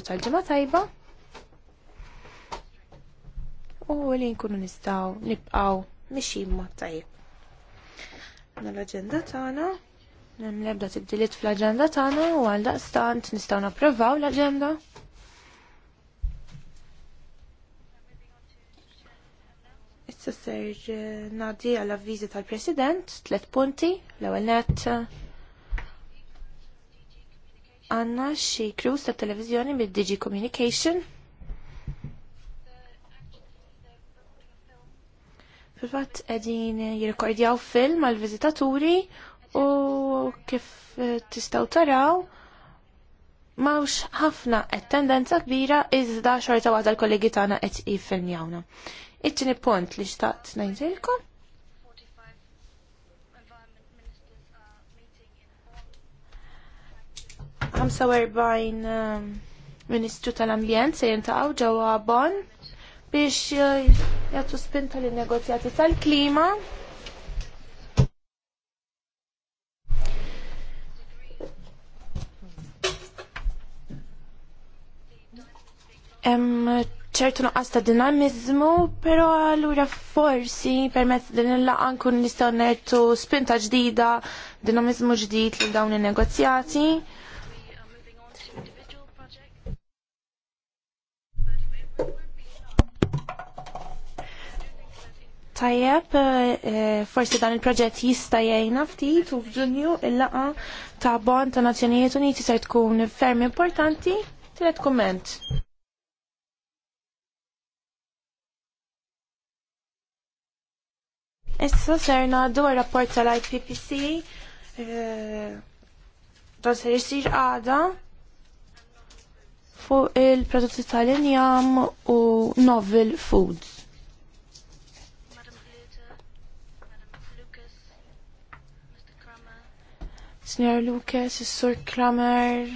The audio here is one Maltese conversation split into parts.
tal-ġimgħa tajba. U li nkunu nistgħu nibqgħu mixin ma tajb. L-aġenda tagħna hemm l-ebda tibdiliet fl-aġenda tagħna u għalda stant nistgħu napprovaw l-aġenda. Issa ser eh, ngħaddi għal avviżi tal-President, tliet punti, l-ewwel nett għanna xi Kruz ta' televizjoni mid Digi Communication. fil fat qegħdin jirrekordjaw film għal viżitaturi u kif eh, tistgħu taraw mawx ħafna qed tendenza kbira iżda xorta waħda l-kollegi tagħna qed jiffilmjawna. Iċ-tieni punt li xtaqt ngħidilkom 45 um, Ministru tal-Ambjent se jintaqgħu ġewwa Bonn biex uh, jagħtu spinta lin negozjati tal-klima. Hemm ċertu noqqas ta' dinamizmu, però allura forsi permezz din il-laqgħa nkun nistgħu nertu spinta ġdida, dinamizmu ġdid lil dawn in-negozjati. tajjeb, eh, eh, forsi dan il-proġett jista' jgħinna ftit u f'Ġunju il-laqa ta' Bond ta' Nazzjonijiet Uniti ser tkun ferm importanti. Tret kumment. Issa ser ngħaddu rapport tal-IPPC eh, dan ser jisir għada fuq il-prodotti tal-injam u novel foods. Snare Lucas, Sir Kramer.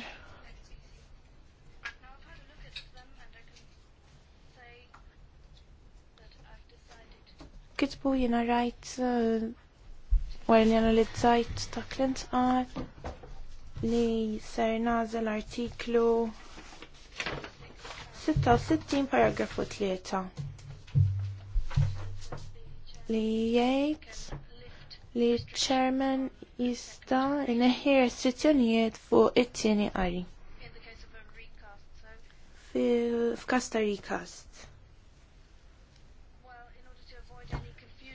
Kitbu jena rajt uh, għarni analizzajt ta' klint klient li ser nażel artiklu 66 paragrafu 3 li jajt li chairman jista neħi restrizzjonijiet fuq it-tieni qari. F'Kasta ta' recast.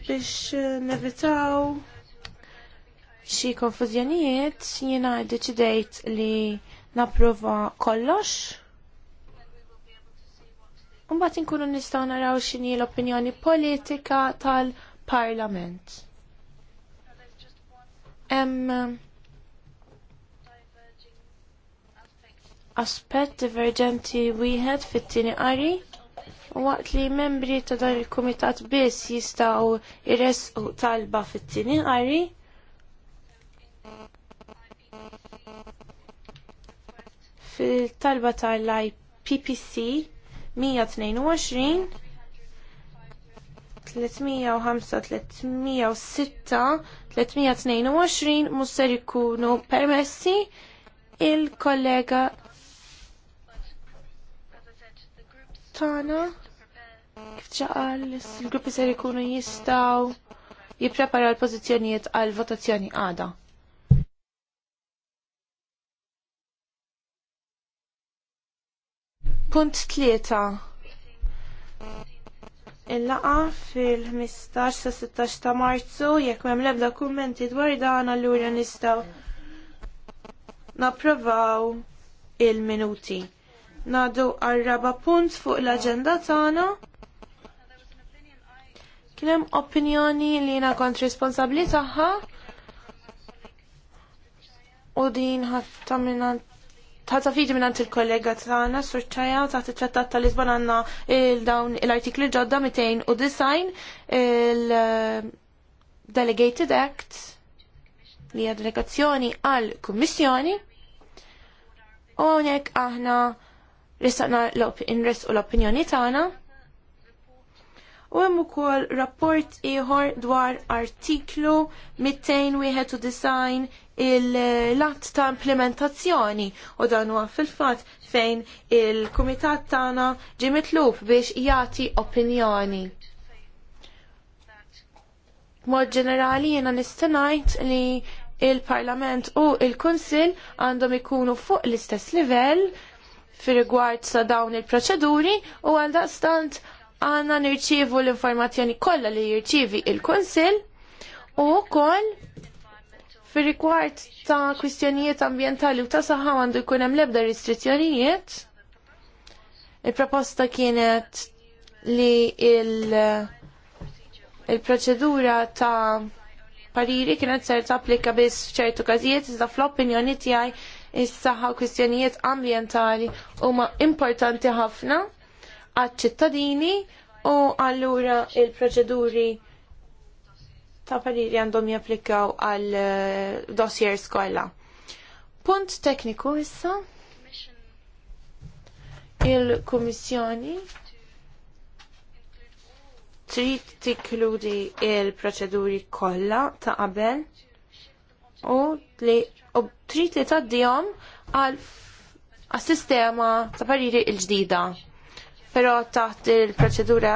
Biex nevitaw xi konfużjonijiet jiena deċidejt li napprova kollox. bat inkunu nistgħu naraw x'inhi l-opinjoni politika tal-Parlament. Hemm eh, aspett divergenti wieħed fit-tieni qari waqt li membri ta' dan il-kumitat biss jistgħu jresqu talba fit-tieni qari. Fil-talba tal-IPPC 122 305-306-322 musser ikunu permessi il-kollega tana kif ġaqal il-gruppi ser ikunu jistaw jiprepara l-pozizjonijiet għal votazzjoni għada. Punt 3 il-laqa fil-15 sa 16 ta' marzu, jekk hemm lebda kummenti dwar dan allura nistgħu napprovaw il-minuti. Nadu għarraba raba punt fuq l-aġenda tagħna. Kien hemm opinjoni li jiena kont responsabbli tagħha u din ħatta minant ħata fiġi minn il-kollega tagħna surċaja taħt it ċattat ta' Lisbon għanna il-dawn l-artikli ġodda 209 il-Delegated eh, Act li hija delegazzjoni għal kummissjoni u nek aħna ristaqna l-inres u l-opinjoni tagħna u hemm ukoll rapport ieħor dwar artiklu 291 il-lat ta' implementazzjoni u dan huwa fil-fatt fejn il-kumitat tagħna ġie mitlub biex jagħti opinjoni. Mod ġenerali jiena nistenajt li il-Parlament u il-Kunsill għandhom ikunu fuq l-istess livell fir rigward sa' dawn il-proċeduri u għal daqstant għanna nirċivu l-informazzjoni kollha li jirċivi il-Konsil u koll Fir rigward ta' kwistjonijiet ambientali u ta' saħħa għandu jkun hemm l-ebda restrizzjonijiet. Il-proposta kienet li il-proċedura il ta' pariri kienet ser tapplika biss ċertu każijiet iżda fl-opinjoni tiegħi is-saħħa u kwistjonijiet ambjentali huma importanti ħafna għaċ-ċittadini u allura il-proċeduri ta' pariri għandhom japplikaw għal eh, dossiers kollha. Punt tekniku issa. Il-Kummissjoni trid tikkludi il-proċeduri kollha ta' qabel u li trid li tgħaddihom għal sistema ta' pariri l-ġdida. Però taħt il-proċedura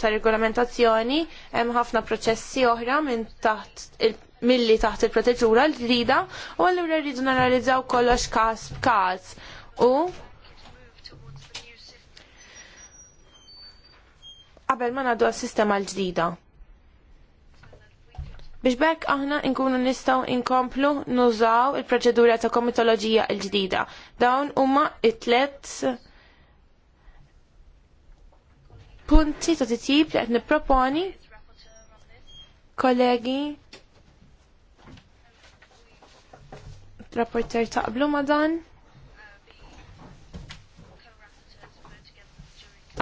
ta' regolamentazzjoni hemm ħafna proċessi oħra minn taħt il milli taħt il proċedura l-ġdida u allura rridu naralizzaw kollox każ b'każ u qabel ma nagħdu għas-sistema l-ġdida. Biex bekk aħna nkunu nistgħu inkomplu nużaw il-proċedura ta' komitoloġija l-ġdida. Dawn huma it tliet punti ta' titjib li qed nipproponi kollegi rapporter taqblu ma madan.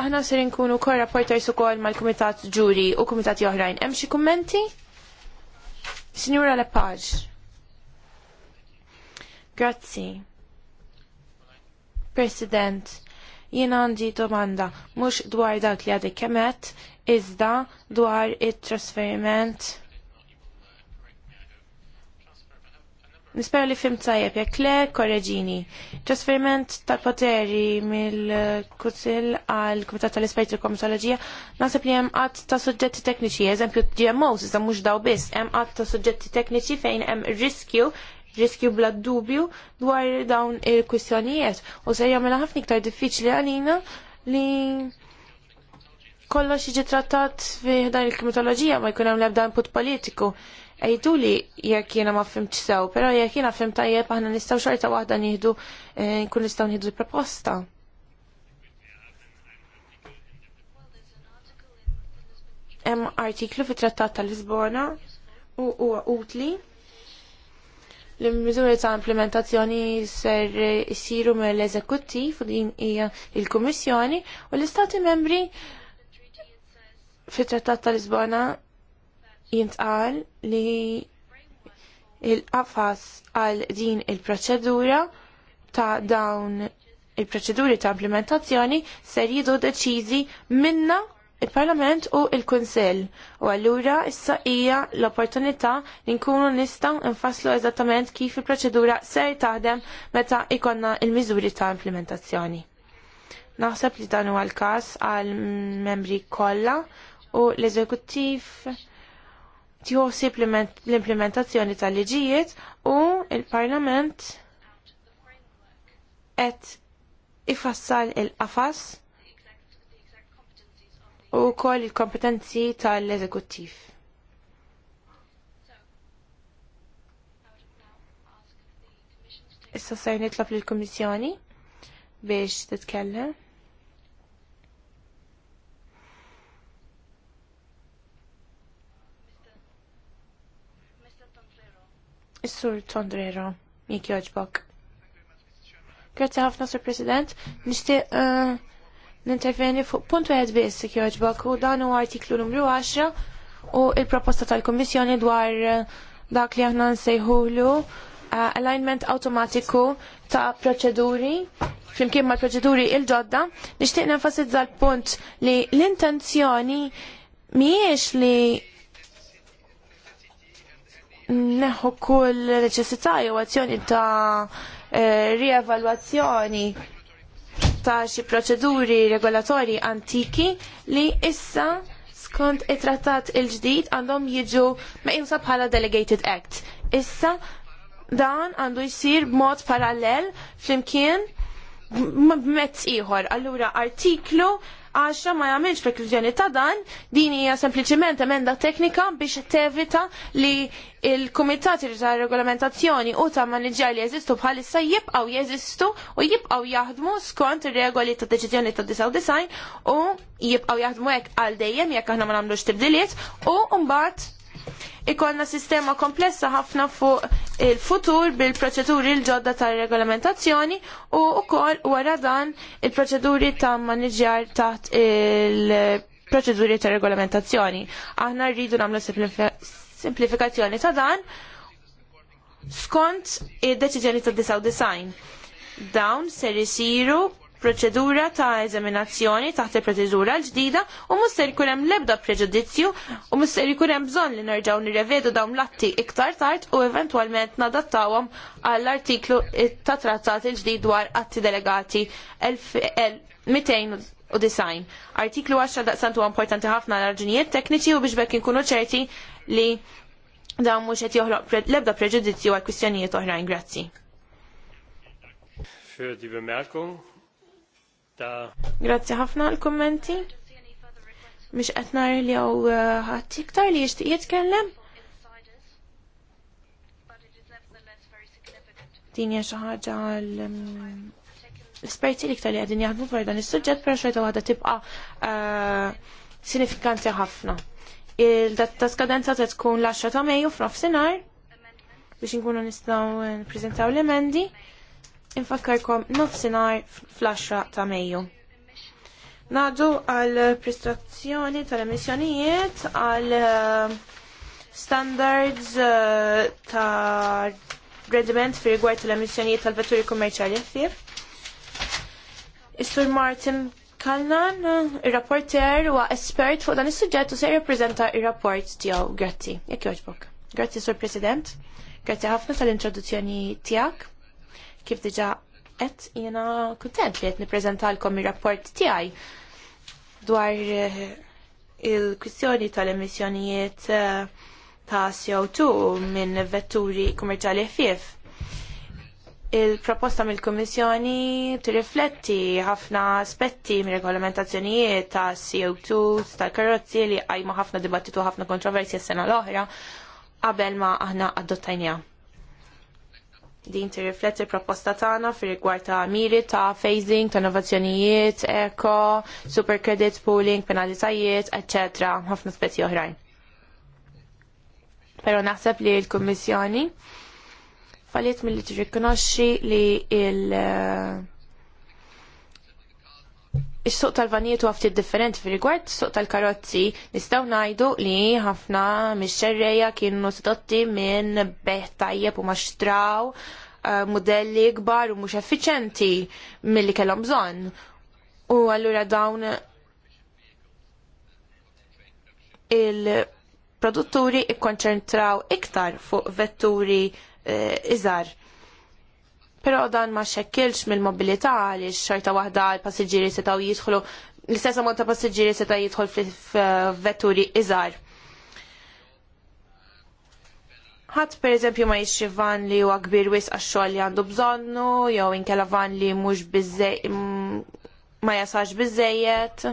Aħna ser nkunu kol rapporter ukoll mal-Kumitat Ġuri u komitat oħrajn. Hemm xi kummenti? Signora Lepage. Grazzi. President Jiena għandi domanda mhux dwar dak li għadek kemet, iżda dwar it-trasferiment. Nispera li fim tajjeb, jek le, korreġini. Trasferiment tal-poteri mill-Kutil għal Komitat tal-Esperti Komitologija nasib li hemm qatt ta' suġġetti tekniċi, eżempju GMOs, iżda mhux daw biss, hemm qatt ta' suġġetti tekniċi fejn hemm riskju riskju bla dubju dwar dawn il-kwistjonijiet u se jagħmilha ħafna iktar diffiċli għalina li kollox jiġi trattat fi dan il-klimatoloġija ma jkun hemm lebda input politiku. Ejtu li jekk jiena ma fimx sew, però jekk jiena fim tajjeb aħna nistgħu xorta waħda nieħdu eh, nkun nistgħu nieħdu proposta. Hemm artiklu fit-Trattat tal-Lisbona u huwa utli L-mizuri ta' implementazzjoni ser jisiru mill-eżekuttiv u din hija il-Kummissjoni u l-Istati membri fit-Trattat ta' Lisbona jintqal li il-qafas għal din il-proċedura ta' dawn il-proċeduri ta' implementazzjoni ser jidu deċiżi minna il-Parlament u il-Kunsill u allura issa hija l-opportunità li nkunu nistgħu nfasslu eżattament kif il-proċedura ser taħdem meta ikonna il-miżuri ta' implementazzjoni. Naħseb li dan huwa l-każ għal membri kollha u l-eżekuttiv tiħossi l-implementazzjoni tal-liġijiet u il-Parlament qed ifassal il-qafas u koll il-kompetenzi tal-eżekuttiv. Issa ser nitlob lill-Kummissjoni biex titkellem. Is-Sur Tondrero, jek joġbok. Grazie ħafna, Sur President. Nishtiq uh, ninterveni fuq punt wieħed biss jogħġbok u dan huwa artiklu numru 10 u il-proposta tal-Kummissjoni dwar eh, dak li aħna nsejħulu eh, alignment automatiku ta' proċeduri flimkien mal proċeduri il-ġodda nixtieq nenfasizza l-punt li l-intenzjoni mhijiex li neħu kull neċessità jew azzjoni ta' eh, rievalwazzjoni ta' xi proċeduri regolatorji antiki li issa skont it-trattat il-ġdid għandhom jiġu meqjusa bħala Delegated Act. Issa dan għandu jsir b'mod parallel flimkien b'mezz ieħor. Allura artiklu 10 ma jagħmilx preklużjoni ta' dan, din hija sempliċiment emenda teknika biex tevita li il-kumitati ta' regolamentazzjoni u ta' maniġġar li jeżistu bħalissa jibqgħu jeżistu u jibqgħu jaħdmu skont ir-regoli ta' deċiżjoni ta' disaw design u jibqgħu jaħdmu hekk għal dejjem jekk aħna ma nagħmlux tibdiliet u mbagħad ikollna sistema komplessa ħafna fuq il-futur bil-proċeduri l-ġodda tal-regolamentazzjoni u wkoll wara dan il-proċeduri ta' maniġjar taħt il-proċeduri ta' regolamentazzjoni. Aħna rridu nagħmlu simplifikazzjoni ta' dan skont id-deċiżjoni ta' disaw design. Dawn ser isiru proċedura ta' eżaminazzjoni taħt il-proċedura l-ġdida u muster jkun hemm l-ebda preġudizzju u muster jkun hemm bżonn li nerġaw nirrevedu dawn l-atti iktar tard u eventwalment nadattawhom għall-artiklu ta' trattat il-ġdid dwar atti delegati 290. Artiklu 10 daqsantu importanti ħafna l-arġunijiet tekniċi u biex bekk inkunu ċerti li dawn mhux qed joħloq l-ebda preġudizzju għal kwistjonijiet oħrajn. Grazzi. Für die Bemerkung Grazzi ħafna l-kommenti. Mish qed li jew uh, ħadd iktar li jixtieq jitkellem. Din hija xi ħaġa um, l-esperti li iktar li qegħdin jaħdmu dwar dan il-sujġet, però xajta għada tibqa' uh, sinifikanti ħafna. Il-datta skadenza se tkun l-10 ta' Mejju f'nofsinhar biex nkunu nistaw uh, n-prezentaw l-emendi infakkarkom nofsinhar fl ta' Mejju. Nadu għal prestazzjoni tal-emissjonijiet għal eh, standards eh, ta' rendiment fi rigward tal-emissjonijiet tal-vetturi kummerċali ħfief. Is-Sur Martin Kallan, ir-rapporter u espert fuq dan is-suġġett u se jirrappreżenta ir-rapport tiegħu. Grazzi, jekk jogħġbok. Grazzi, Sur President. Grazzi ħafna tal-introduzzjoni tiegħek. Kif diġa għet jiena kuntent li qed għalkom ir-rapport tiegħi dwar eh, il-kwistjoni tal-emissjonijiet eh, ta' CO2 minn vetturi kummerċali ħfief. Il-proposta mill-Kummissjoni tirrifletti ħafna aspetti minn regolamentazzjonijiet ta' CO2 tal-karozzi li għajma ħafna dibattitu ħafna kontroversja s-sena l-oħra qabel ma aħna adottajnija din tirrifletti proposta tagħna fir rigward ta' miri ta' phasing, ta' innovazzjonijiet, eko, super credit pooling, penalitajiet, etc. ħafna spezzi oħrajn. Però naħseb li l-Kummissjoni falliet milli tirrikonoxxi li il- Is-suq tal-vanijiet u ftit differenti fi rigward suq tal-karozzi nistaw najdu li ħafna mixerreja xerreja kienu sedotti minn beħ tajjeb u maxtraw eh, modelli kbar u mhux effiċenti milli kellhom bżonn. U allura dawn il-produtturi ikkonċentraw iktar fuq vetturi uh, Pero dan ma xekkilx mill-mobilità għaliex xorta waħda l-passiġġieri setgħu jidħlu l-istess ammont ta' passiġġieri seta' jidħol f'vetturi iżgħar. Ħadd pereżempju ma jixxi van li huwa kbir wis għax-xogħol li għandu bżonnu, jew inkella van li mhux biżej ma jasax biżejjed.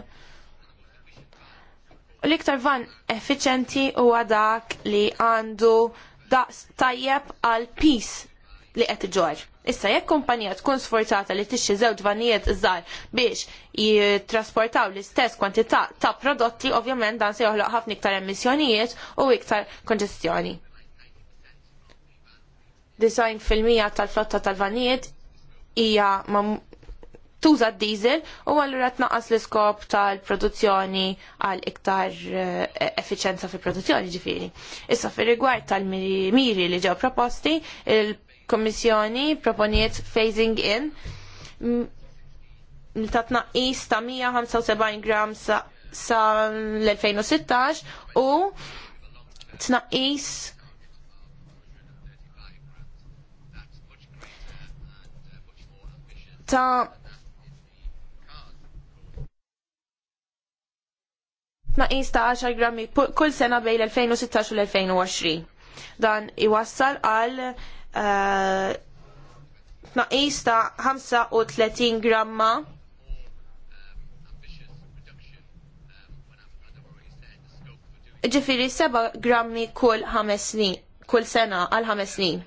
L-iktar van effiċenti huwa dak li għandu daqs tajjeb għal peace li qed iġor. Issa jekk kumpanija tkun sforzata li tixxi żewġ vanijiet żgħar biex jittrasportaw l-istess kwantità ta' prodotti, ovvjament dan se joħloq ħafna iktar emissjonijiet u iktar konġestjoni. Design fil-mija tal-flotta tal-vanijiet hija tuża d-diesel u allura tnaqqas l-iskop tal-produzzjoni għal iktar eh, effiċenza fil-produzzjoni ġifieri. Issa fir rigward tal-miri li ġew proposti, il il-Kommissjoni proponiet phasing in ta' tnaqqis ta' 175 gram sa' l-2016 u tnaqqis ta' tnaqqis ta' 10 grammi kull sena bejn l-2016 u l-2020. Dan iwassal għal tnaqis ta' 35 gramma ġifiri 7 grammi kull ħames snin, kull sena għal ħames snin.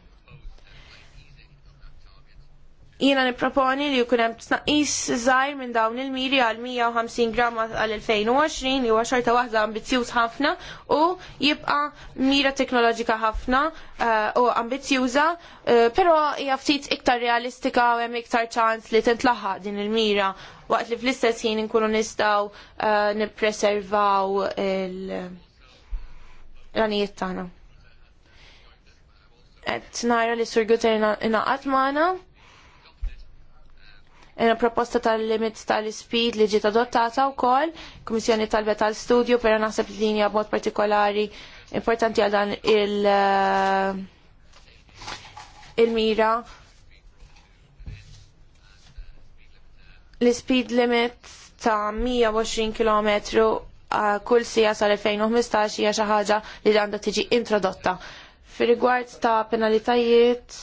Jiena nipproponi li jkun hemm zaħir żgħir minn dawn il-miri għal 150 gramma għal 2020 li huwa xorta waħda ambizjuż ħafna u jibqa' mira teknoloġika ħafna eh, u ambizjuża, eh, però hija ftit iktar realistika u hemm iktar ċans li tintlaħħaq din il-mira waqt li fl-istess ħin inkunu nistgħu eh, nippreservaw il-ranijiet tagħna. Qed nara li Sur Guter inaqat magħna Eh, proposta tal-limit tal-speed li ġiet adottata wkoll, Kummissjoni talbet tal studju però naħseb li linja b'mod partikolari importanti għal dan il- eh, il-mira l-speed limit ta' 120 km eh, kull sija sal-2015 hija xi ħaġa li għandha tiġi introdotta. Fi rigward ta' penalitajiet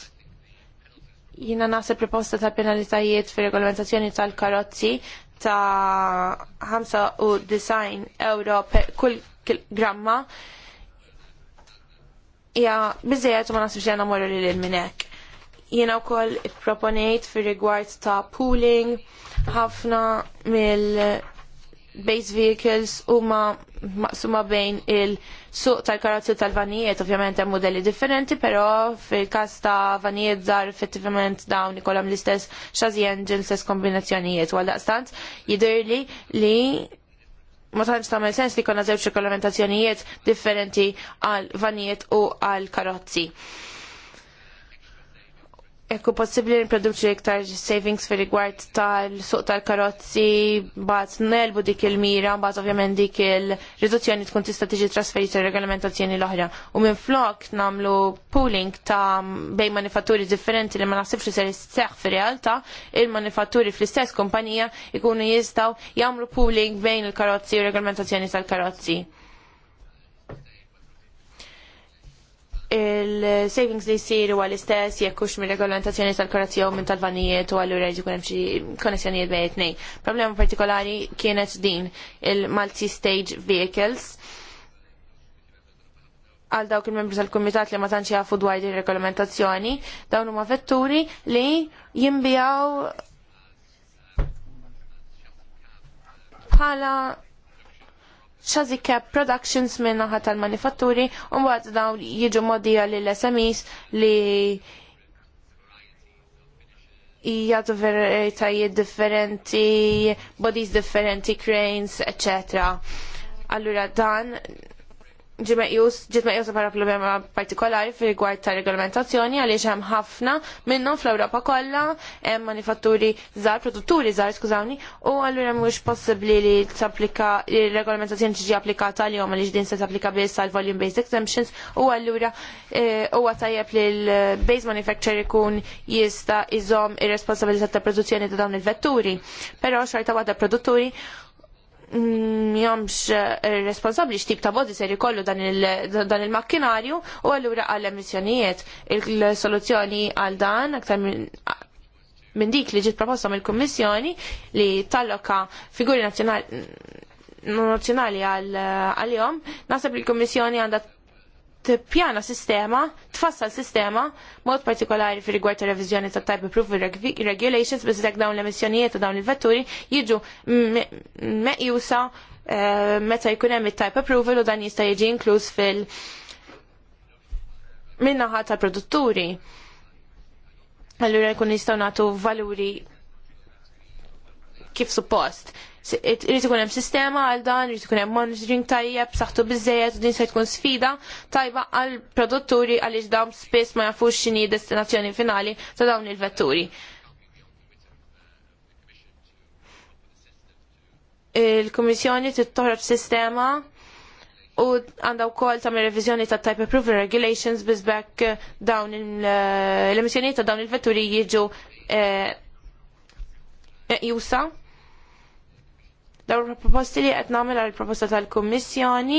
Jina naħseb proposta ta' penalizajiet fir regolamentazzjoni tal-karozzi ta' 95 euro per kull gramma ja bizzejet ma nasibx jena morru li l-minek. jina u koll proponejt fir rigward ta' pooling ħafna mill base vehicles huma maqsuma bejn il-suq tal-karozzi tal-vanijiet, ovvjament hemm modelli differenti, però fil-każ ta' vanijiet żgħar effettivament dawn ikollhom l-istess chassis engine, l-istess kombinazzjonijiet. Wal daqstant jidhirli li ma tantx tagħmel sens li konna żewġ regolamentazzjonijiet differenti għal vanijiet u għal karozzi. Ekku possibli niproduċi iktar savings fi rigward tal-suq tal-karozzi, bat nelbu dik il-mira, bat ovvjament dik il-riduzzjoni tkun tista' tiġi trasferita regolamentazzjoni l-oħra. U minn flok namlu pooling ta' bej manifatturi differenti li ma nasibx li ser isseħ fi realtà, il-manifatturi fl-istess kumpanija ikunu jistaw jagħmlu pooling bejn il-karozzi u regolamentazzjoni tal-karozzi. il-savings li jisiru għal-istess jekk hux mir-regolamentazzjoni tal-korazzi minn tal-vanijiet u għallura jkun hemm xi konnessjonijiet bejn it-tnejn. Problema partikolari kienet din il-multi-stage vehicles għal dawk il-membri tal-Kumitat li ma tantx jafu dwar din regolamentazzjoni, dawn huma vetturi li jimbijaw bħala xazika productions ħat tal-manifatturi un bat dawn jiġu modija li l-SMEs li jgħadu veritajiet differenti, bodies differenti, cranes, eccetera. Allura dan ġimmeqjus bħala problema partikolari fi rigward ta' regolamentazzjoni għaliex hemm ħafna minnhom fl-Ewropa kollha hemm manifatturi zar, produtturi żgħar, skużawni, u allura mux possibbli li tapplika regolamentazzjoni tiġi applikata li għom li din se t-applika bis għal volume based exemptions u allura e, huwa tajjeb li l-base manufacturer ikun jista' iżom ir responsabilizat ta' produzzjoni ta' dawn il-vetturi. Però xorta waħda produtturi Mm, jomx eh, responsabli xtib ta' bodi ser jkollu dan il-makkinarju u għallura għall-emissjonijiet. Il-soluzzjoni għal dan aktar minn dik li ġiet proposta mill-Kummissjoni li talloka figuri nazzjonali eh, għal-jom, nasab il-Kummissjoni għandha tippjana sistema, tfassal sistema, mod partikolari fi rigward revizjoni ta' type approval regulations, biss dak dawn l-emissjonijiet u dawn il-vetturi jiġu meqjusa eh, meta jkun hemm it-type approval u dan jista' jiġi inkluż fil- minnaħa ta' produtturi. Allura jkun jistgħu nagħtu valuri kif suppost. Irrid ikun hemm sistema għal dan, irrid ikun hemm monitoring tajjeb, saħtu biżejjed u din se tkun sfida tajba għal produtturi għaliex dawn spiss ma jafux x'inhi destinazzjoni finali ta' dawn il-vetturi. Il-Kummissjoni tittoħroġ sistema u għandha wkoll ta' tam revizjoni ta' type approval regulations bizbek dawn l-emissjoni ta' dawn il-vetturi jiġu eh, jusa Dawn proposti li qed nagħmel għal proposta tal-Kummissjoni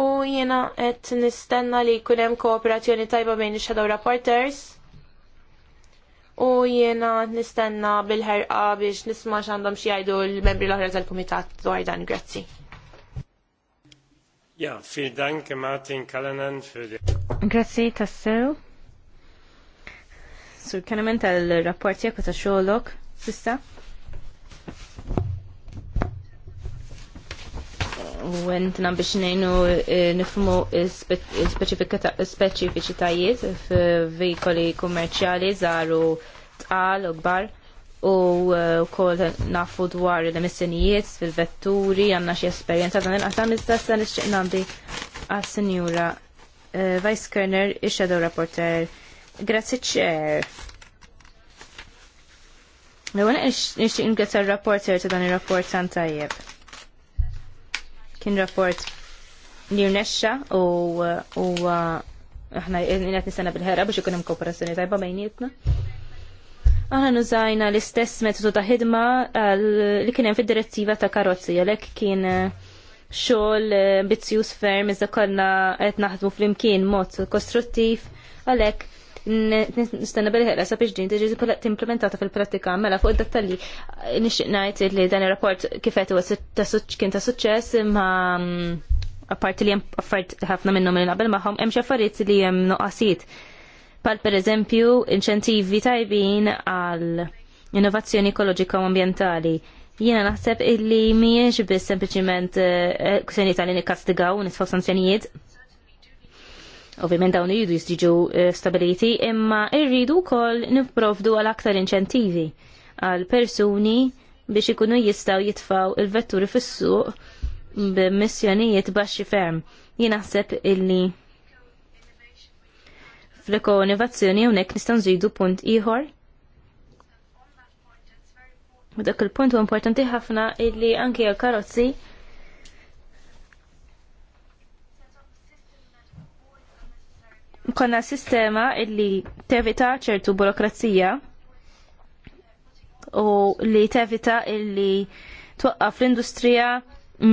u jiena qed nistenna li jkun hemm kooperazzjoni tajba bejn ix-shadow rapporters. U jiena nistenna bil-ħerqa biex nisma' x'għandhom xi jgħidu l-membri l-oħra tal-kumitat dwar dan. Grazzi. Ja, fil Dank Martin Kalanan fil die... Grazzi tassew. Sur kanament tal rapporti jekk ta' xogħlok, sista? u għentina biex nejnu nifmu speċifiċitajiet f'vikoli kummerċjali zaru tqal u gbar u kol nafu dwar l-emissjonijiet fil-vetturi għanna xie esperienza dan il-qasam istessa nixċiq nandi għas-senjura Vice Kerner, il-Shadow Rapporter. Grazie Chair. Għana nixċiq ngrazzja il-rapporter ta' dan il-rapport tan tajjeb kien rapport li rnexxa u aħna qed nistenna bil-ħera biex ikun hemm kooperazzjoni tajba bejnietna. Aħna nużajna l-istess metodu ta' ħidma li kien hemm fid-direttiva ta' karozzi għalhekk kien eh, xogħol eh, bizzjuż ferm iżda konna qed naħdmu flimkien mod kostruttiv għalhekk nistenna bil-ħera sabiex din tiġi implementata fil-prattika mela fuq id-dettalji nixtieq ngħid li dan ir-rapport kifet huwa kien ta' suċċess imma mm, apparti li hemm affarijiet ħafna minnhom li naqbel magħhom hemm xi affarijiet li hemm noqasijiet. Pal pereżempju inċentivi tajbin għal innovazzjoni ekoloġika u ambjentali jiena naħseb illi mhijiex biss sempliċiment eh, kwistjoni tal-li u nitfgħu sanzjonijiet Ovvijament dawn iridu jistiġu eh, stabiliti, imma irridu wkoll nipprovdu għal aktar inċentivi għal persuni biex ikunu jistgħu jitfaw il-vetturi fis-suq b'missjonijiet baxxi ferm. Jien naħseb illi fl-eko innovazzjoni hawnhekk nistgħu nżidu punt ieħor. Dak il-punt huwa importanti ħafna illi anke l-karozzi konna sistema illi tevita ċertu burokrazija u li tevita illi twaqqaf l-industrija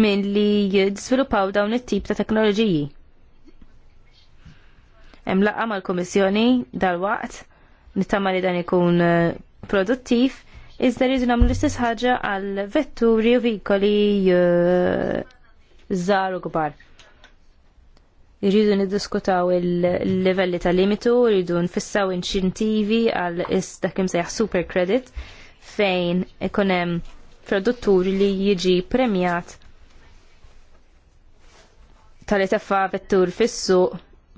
minn li jiżviluppaw dawn it-tip ta' teknoloġiji. Hemm laqgħa mal-Kummissjoni dal-waqt nittama li dan ikun eh, produttiv, iżda rridu nagħmlu l-istess ħaġa għal vetturi u vikoli eh, żgħar u kbar. Irridu niddiskutaw il-livelli ta' limitu, jridu nfissaw inċintivi għal dak sejħ super credit fejn ikonem produttur li jiġi premjat tal-li teffa vettur fissu,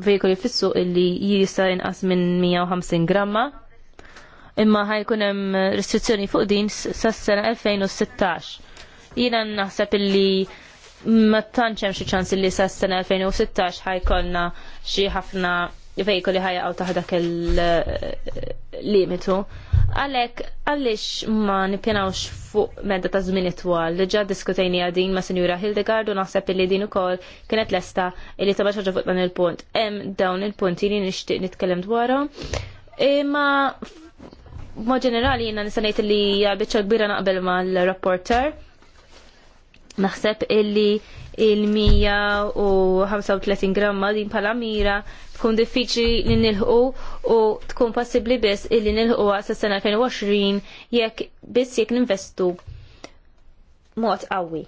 vejkoli fissu illi jista inqas minn 150 gramma imma ħajkun hemm restrizzjoni fuq din sas-sena 2016. Jiena naħseb illi ma tantx hemm xi ċans li sa s-sena 2016 ħajkollna xi ħafna vejkoli ħajjaqgħu taħt dak il-limitu. Għalhekk għaliex ma nippjanawx fuq medda ta' żmien itwal li ġad diskutejni għadin ma' Sinjura Hildegard u naħseb li din ukoll kienet lesta li ta' ħaġa fuq dan il-punt. Hemm dawn il-punti li nixtieq nitkellem dwarhom. Imma ma' ġenerali jiena nista' ngħid li biċċa kbira naqbel mal-rapporter Naħseb illi il-135 gramma din pala mira tkun diffiċli li nilħu u tkun possibli biss illi nilħu sa sena 2020 jekk biss jekk ninvestu mod qawwi.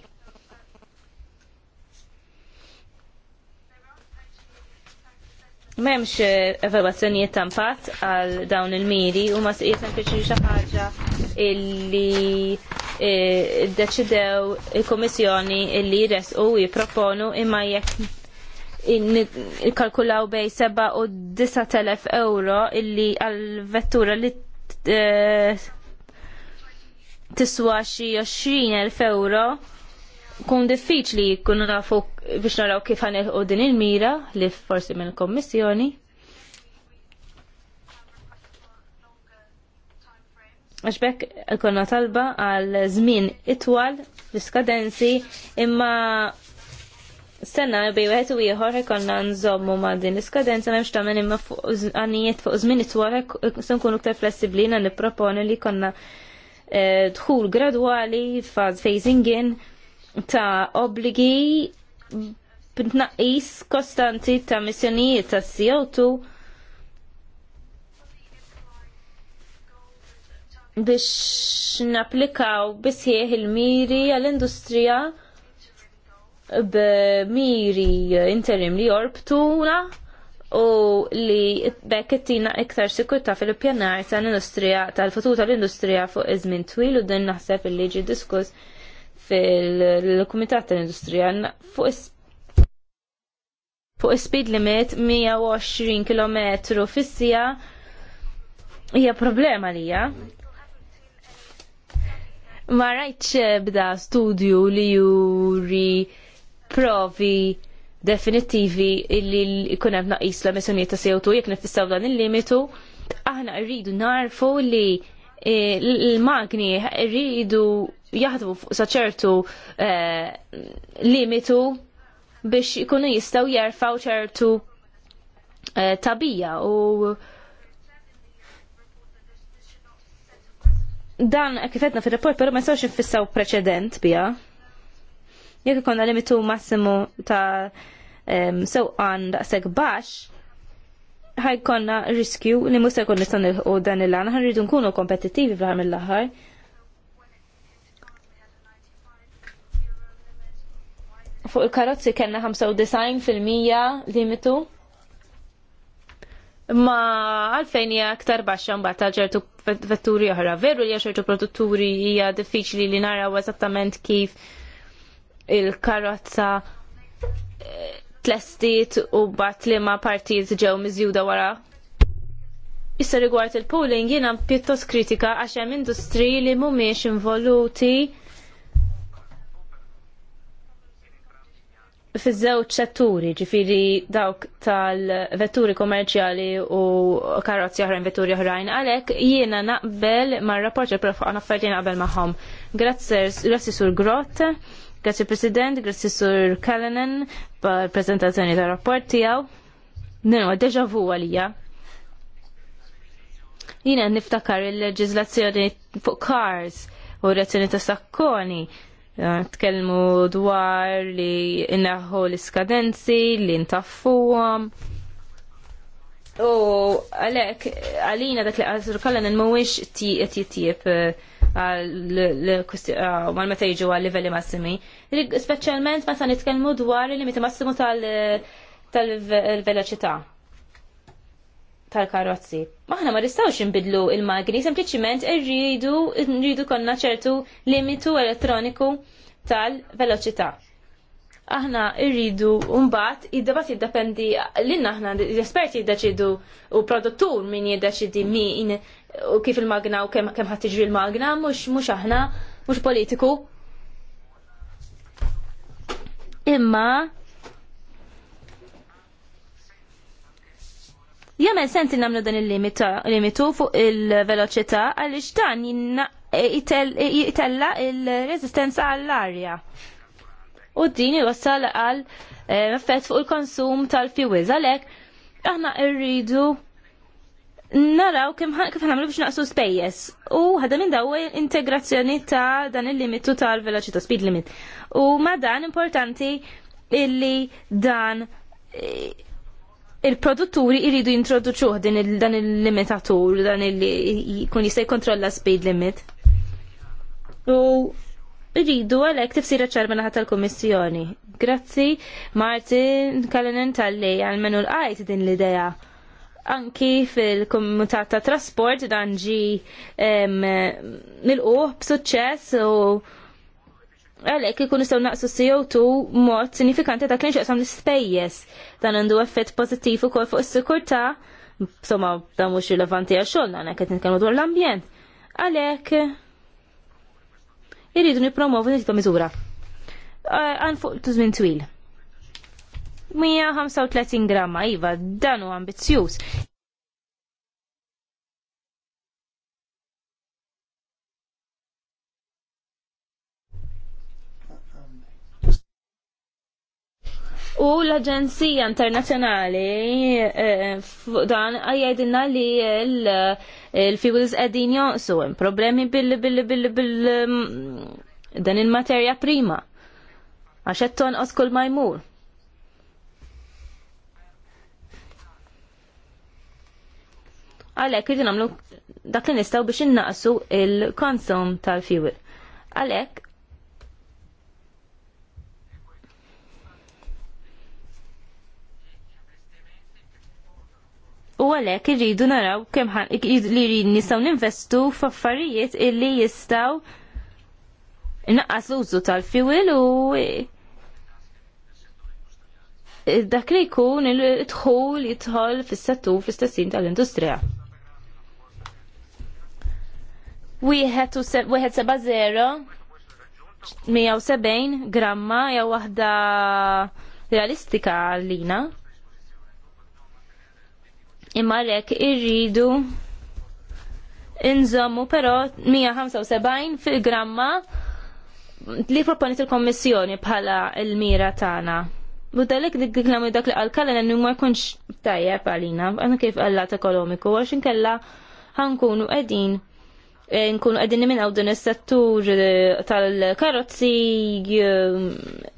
memx eh, evalwazzjonijiet ta' impatt għal dawn il-miri u ma se sempliċi xi ħaġa illi eh, ddeċidew il kummissjoni illi jresqu u jipproponu imma jekk kalkulaw bej 7 u 9000 euro illi għal vettura li eh, tiswa xi 20,000 euro kun diffiċli jkunu nafu biex naraw kif u din il-mira li forsi minn kommissjoni. Għaxbek konna talba għal żmien itwal biskadenzi imma Senna, bej għet u jħor konna nżommu ma din l-iskadenza memx tamen imma għanijiet fuq zmin it-twar sen kunu ktar flessibli na niproponi li konna eh, dħul gradwali faz phasing in ta' obligi b'tnaqqis kostanti ta' emissjonijiet ta' CO2 biex napplikaw bisħieħ il-miri għall-industrija b'miri interim li jorbtuna u li bekk ittina iktar sikurta fil-pjanar tal-industrija tal-futur tal-industrija fuq iż-żmien twil u din naħseb il-liġi diskuss fil-Kumitat tal-Industrija fuq fuq speed limit 120 km fissija hija problema lija. Ma rajtx bda studju li juri provi definittivi illi jkun hemm naqis l-emissjonijiet ta' CO2 jekk nifissaw dan il-limitu, aħna rridu narfu li eh, l-magni rridu jaħdmu saċertu eh, limitu biex ikunu jistaw jerfaw ċertu eh, tabija u dan kifetna fil-report, pero ma jistawx nfissaw preċedent bija. Jekk ikonna limitu massimu ta' um, sewqan daqseg bax, ħajkonna riskju li musa jkun nistgħu dan il-għan, ħan rridu nkunu kompetittivi fl-ħar mill-aħħar. fuq il-karozzi kellna 95% limitu. Ma għalfejn hija aktar baxxa mbagħad għal ċertu vetturi oħra. Veru li ċertu produtturi hija diffiċli li naraw eżattament kif il-karozza eh, tlestit u bat li ma partijiet ġew miżjuda wara. Issa rigward il-pooling jiena pjuttost kritika għax hemm industri li mhumiex involuti fiż-żewġ setturi, ġifiri dawk tal-vetturi kommerċjali u karozzi oħrajn vetturi oħrajn, għalhekk jiena naqbel mar rapport il-prof affarijiet naqbel magħhom. Grazzi sur Grot, grazzi President, grazzi sur Callanan pal prezentazzjoni tar rapport tiegħu. Nino, deja vu għalija. Jiena niftakar il-leġiżlazzjoni fuq cars u reazzjoni ta' sakkoni Tkellmu dwar li innaħu l-iskadenzi, li ntaffuhom. U għalek, għalina dak li għazur kalla n-mawix tjittjib eh, eh, għal meta jġu għal livelli massimi. Specialment meta nitkellmu dwar il-limiti massimu tal-veloċità tal-karozzi. Maħna ma nistgħux inbidlu il-magni, sempliċiment irridu rridu konna ċertu limitu elettroniku tal-veloċità. Aħna irridu mbagħad id-debat jiddependi lilna aħna l-esperti jiddeċidu u produttur min jiddeċidi min u kif il-magna u kemm ħadd tiġri l magna mhux mhux aħna mhux politiku. Imma Jamel senti namlu dan il-limitu fuq il-veloċità għaliex dan jitella e, e, il-resistenza għall-arja. U din jwassal għal e, effett fuq il-konsum tal-fuels għalhekk aħna rridu naraw kif ħamlu biex naqsu spejjes. U ħadda minn daw integrazzjoni ta' dan il-limitu tal-veloċità, speed limit. U ma dan importanti illi dan il-produtturi iridu jintroduċuħ din dan il-limitatur, dan il-li kun jista' jkontrolla speed limit. U iridu għalek tifsira ċarma ħat tal-Komissjoni. Grazzi Martin Kalenen tal-li għal-menu l-għajt din l-ideja. Anki fil-Komitat ta' Trasport dan ġi nil-uħ b'suċċess u għalek ikun nistaw naqsu CO2 mod sinifikanti ta' kienx jaqsam l-spejjes. Dan għandu effett pozittiv u kol fuq s-sikurta, somma da' mux rilevanti għaxol, għana għet nitkanu dwar l-ambjent. Għalek, jiridu nipromovu nittu mizura. Għan fuq tużmin twil. 135 gramma, iva, dan ambizjus. U l-Aġenzija Internazzjonali eh, eh, dan għajajdinna li l-fuels għedin jonqsu, problemi bil mm, dan il-materja prima. Għaxet tonqos kull ma jmur. Għalek, jidin għamlu dak li nistaw biex innaqsu il-konsum tal-fuel. Għalek, u għalhekk irridu naraw kemm li nistgħu ninvestu f'affarijiet illi jistgħu naqqas użu tal-fiwil u dak li jkun il-dħul jidħol fis-settur fl-istessin tal-industrija. Wieħed u wieħed seba' zero 170 gramma jew waħda realistika għallina imma lek irridu inżommu però 175 fil-gramma li proponit il-Kommissjoni bħala il-mira tagħna. U dalek dik dik dak li għal-kalla l ma jkunx tajjeb għalina, għanna kif għallat ekonomiku, għax inkella ħankunu qegħdin e, nkunu għedin għaw din is-settur e, tal-karozzi e,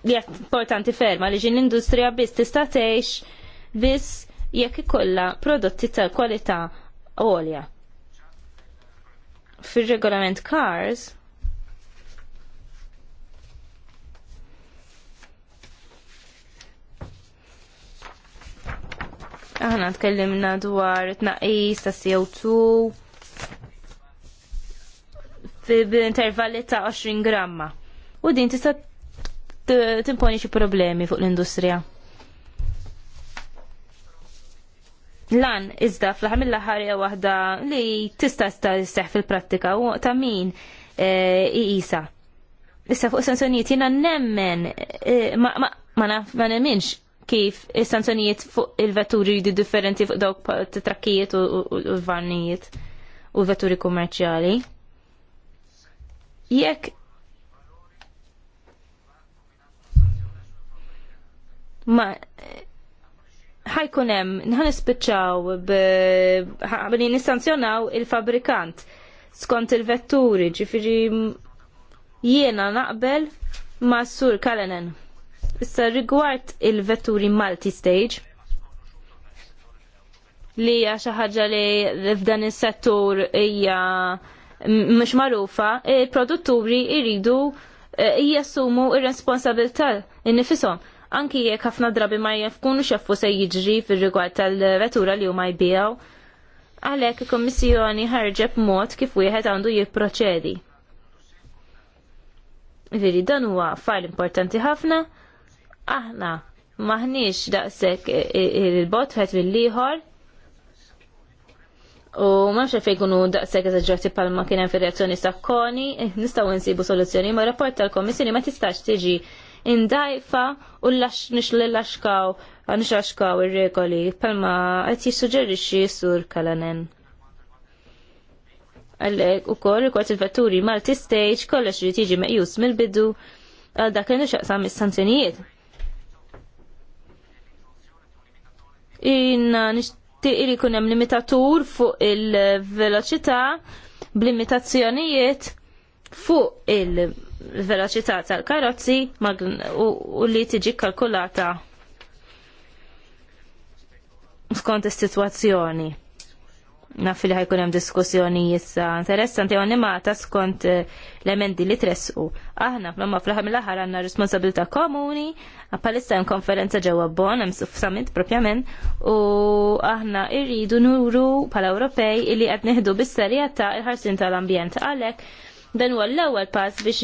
li importanti ferma li ġin l-industrija biss tista' tgħix biss jekk ikollha prodotti ta' kwalità għolja. fil regolament CARS Aħna tkellimna dwar tnaqqis ta' CO2 fil-intervalli ta' 20 gramma. U din tista' timponi xi problemi fuq l-industrija. lan iżda fl-ħar ħarja wahda waħda li tista' sta seħ fil-prattika u ta' min e, iqisa. Issa fuq sanzjonijiet jiena nemmen e, ma naf ma nemminx kif is-sanzjonijiet fuq il-vetturi jridu differenti fuq dawk trakkijiet u l vannijiet u vetturi kummerċjali. Jekk ma ħajkun hemm nħan ispiċċaw ħabni nistanzjonaw il-fabrikant skont il-vetturi, ġifiri jiena naqbel ma' sur Kalenen. Issa rigward il-vetturi multi-stage li hija xi ħaġa li f'dan is-settur hija mhux magħrufa, il-produtturi jridu eh, jassumu ir-responsabilità innifishom. Il anki jekk ħafna drabi ma jafkunu xaffu se jġri fir-rigward tal-vetura li huma jbijaw. Għalhekk il ħarġeb mod kif wieħed għandu jipproċedi. Veri dan huwa fajl importanti ħafna, aħna maħniex daqshekk il-bot fħet mill-ieħor, U mamx fej kunu daqseg eżagġati pal kien hemm fir-reazzjoni sakkoni, nistgħu nsibu soluzzjoni, ma rapport tal komissjoni ma tistax tiġi indajfa u l-lax nixlillaxkaw għanixaxkaw ir-regoli palma għet jissuġerixi sur kalanen. Għallek u kol, rikwart il-vetturi malti stage kollox li tiġi meqjus mill-bidu għal dak li xaqsam is-sanzjonijiet. Inna nixtieq li jkun hemm limitatur fuq il-veloċità b'limitazzjonijiet fuq il-, l-veloċità tal-karozzi u li tiġi kalkulata skont is-sitwazzjoni. Naf li ħajkun hemm diskussjoni issa interessanti u animata skont eh, l-emendi li tressqu. Aħna fl-omma fl mill-aħħar għandna responsabilità komuni, palissa hemm konferenza ġewwa Bonn hemm summit propjament u aħna rridu nuru bħala Ewropej li qed nieħdu bis-serjetà l ħarsin tal-ambjent għalhekk Dan huwa l-ewwel pass biex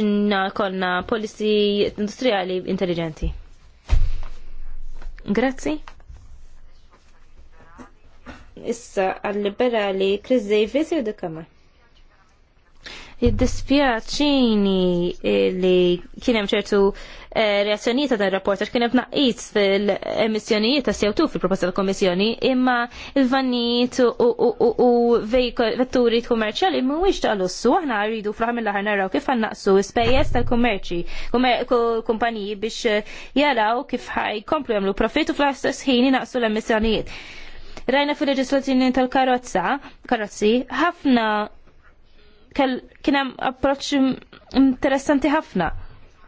konna policy industrijali intelligenti. Grazzi. Issa għall liberali Chris Davis jew Kamar. Jiddispjaċini li kien hemm ċertu Eh, reazzjonijiet ta' dan reporter kien hemm naqqiet fil-emissjonijiet ta' CO2 fil-proposta tal-Kommissjoni, imma il vannijiet u vetturi kummerċjali mhuwiex ta' lussu, aħna rridu fl-aħħar mill-aħħar naraw kif għannaqsu spejjeż tal-kummerċi, kumpaniji biex eh, jaraw kif ħajkomplu jagħmlu u fl-istess ħin naqsu l-emissjonijiet rajna fil-leġislazzjoni tal-karozza, karozzi, ħafna kien hemm approċċ interessanti ħafna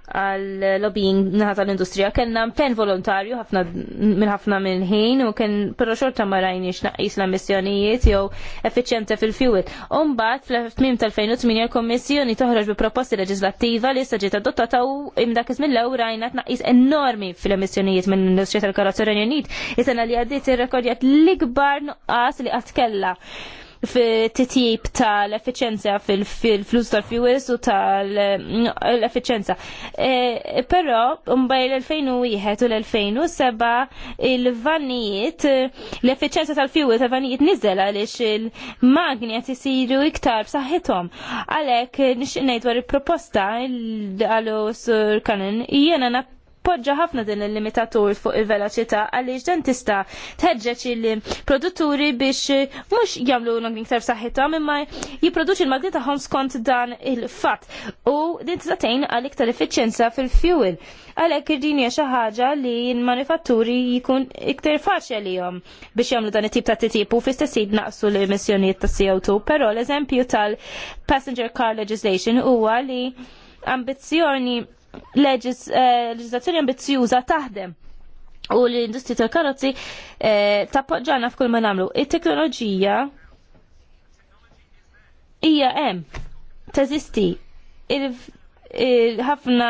għal lobbying naħat tal-industrija. Kenna pen volontarju ħafna minn ħafna minn ħin u kien però xorta ma rajniex naqis l-emissjonijiet jew effiċjenta fil-fjuwet. Umbat fl 2008 il-Kommissjoni toħroġ bi proposti leġislattiva li issa ġiet adottata u imdak iż mill rajna tnaqis enormi fil-emissjonijiet minn l-industrija tal-karozza Renju Unit. is li għaddiet ir-rekordjat l-ikbar nuqqas li qatt kella titjib tal-efficienza fil-flus tal-fuels u tal-efficienza. E, però, mbaj l-2001 u l-2007 il-vanijiet, l-efficienza tal-fuels tal-vanijiet nizzel għalix il magnia għat jisiru iktar b'saħħithom. Għalek, nix nejt il-proposta għal sur kanin, jena Poġġa ħafna din il-limitatur fuq il-veloċità għaliex dan tista' tħeġġeġ il-produtturi biex mhux jagħmlu l-ogni iktar saħħithom imma jipproduċi l-magni tagħhom skont dan il-fatt u din tista' tgħin għal iktar effiċjenza fil-fuel. Għalhekk din hija xi ħaġa li l-manifatturi jkun iktar faċli għalihom biex jagħmlu dan it-tip ta' titip u fl-istess naqsu l-emissjonijiet ta' CO2, però l-eżempju tal-passenger car legislation huwa li ambizzjoni Eh, leġislazzjoni ambizzjuża taħdem u l-industri tal-karozzi eh, tappoġġana f'kull ma nagħmlu. It-teknoloġija hija hemm teżisti ħafna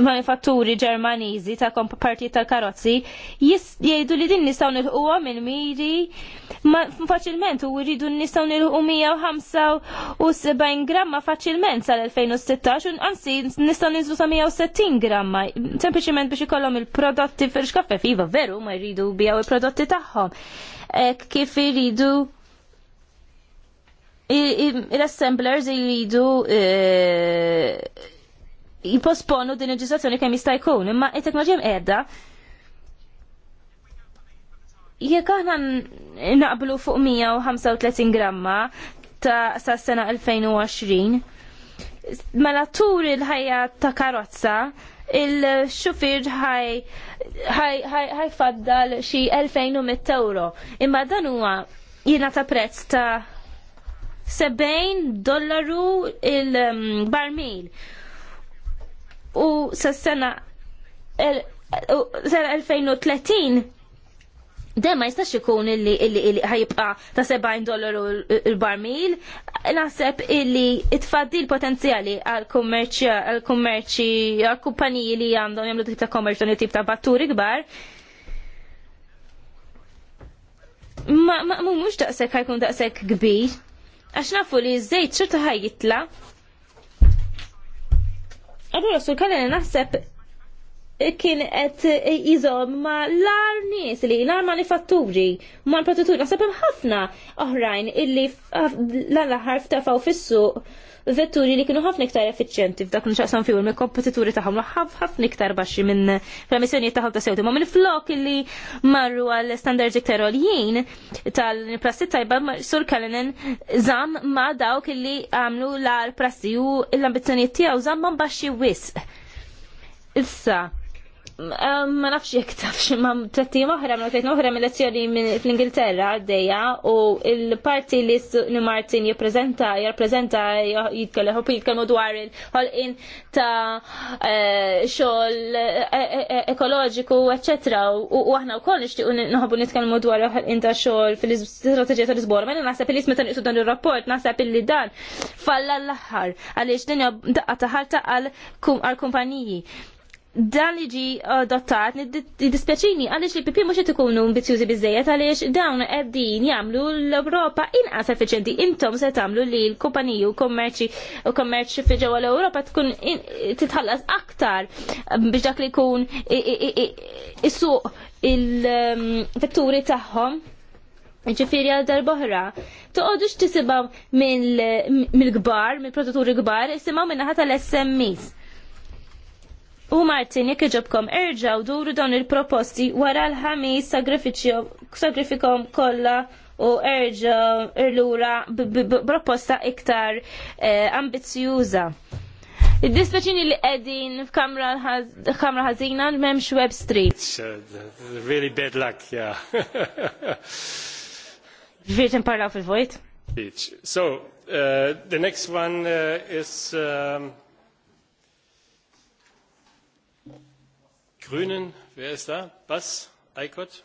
manifatturi ġermaniżi ta' parti tal karozzi jgħidu li din nistgħu nilħuha minn miri faċilment u jridu nistgħu nilħu 175 gramma faċilment sal-2016 u għansi nistgħu ninżlu sa 160 gramma. Sempliċiment biex ikollhom il-prodotti firx kaffe fiva veru ma jridu bijaw il-prodotti tagħhom. Kif jridu l-assemblers jridu eh, jiposponu din il-ġizazzjoni kemm jista' jkun, imma qed ma ġiem qiegħda. Jekk aħna naqblu fuq 135 gramma ta' sa' sena 2020, mela tur il-ħajja ta' karozza, il-xufir ħaj faddal xi 2100 euro. Imma dan huwa jiena ta' prezz ta' 70 dollaru il-barmil. Mm, u s sena sena 2030 dema ma jistax ikun illi illi ħajibqa ta' 70 dollaru il-barmil, naħseb illi itfaddi l-potenzjali għal-kummerċi għal-kummerċi għal-kumpaniji li għandhom jagħmlu tip ta' kommerċ dan tip ta' batturi kbar. Ma mhux daqsek ħajkun daqshekk kbir, għax nafu li ż-żejt xorta ħajjitla' Allura sul kalena naħseb eh, kien qed eh, iżom ma l-ar nies li l-ar manifatturi ma l-produtturi naħseb hemm ħafna oħrajn illi ah, l-aħħar ftafaw fis-suq vetturi li kienu ħafna iktar effiċjenti f'dak li xaqsam fihom il-kompetituri tagħhom ħafna iktar baxxi minn fl-emissjonijiet tagħhom ta' sewtu. Ma minn flok li marru għal standards iktar għoljien tal-prassi tajba sur Kalinen żamm ma dawk li għamlu l-prassi u l-ambizzjonijiet tiegħu żamm ma baxxi wisq. Issa, ma nafx jek tafx ma tretti oħra ma tretti moħra mill lezzjoni fl-Ingilterra għaddejja u il-parti li Martin jiprezenta, jipprezenta jitkellem u jitkellmu dwar il-ħolqin ta' eh, xogħol eh, eh, ekoloġiku eccetera u aħna wkoll nixtiequ naħobu nitkellmu dwar il-ħolqin ta' xogħol fil-istrateġija ta' Lisbona. Mela naħseb li meta jisud dan ir-rapport naħseb illi dan falla l-aħħar għaliex din daqqa ta' għal kumpaniji dan li ġi adottat uh, dispjaċini għaliex li PP mhux qed ikunu bizzejet għalix għaliex dawn qegħdin jagħmlu l-Ewropa inqas effiċenti, intom se tagħmlu li l kumpaniju u kommerċi u kommerċi fi ġewwa l-Ewropa tkun titħallas aktar biex dak li jkun is-suq il-vetturi tagħhom ġifiri għal darboħra. Toqodux tisibaw mill-gbar, mill-produtturi gbar, isimaw minnaħat tal-SMEs U Martin, jek iġobkom erġaw duru dawn il-proposti wara l-ħamis sagrifikom kolla u erġaw il-lura proposta iktar eh, ambizjuza. Id-dispeċini li qegħdin f'kamra ħażina memx Web Street. Uh, really bad luck, yeah. Virgin parlaw fil-vojt? So, uh, the next one uh, is um, Grünen, wer ist da? Bas, Eikot?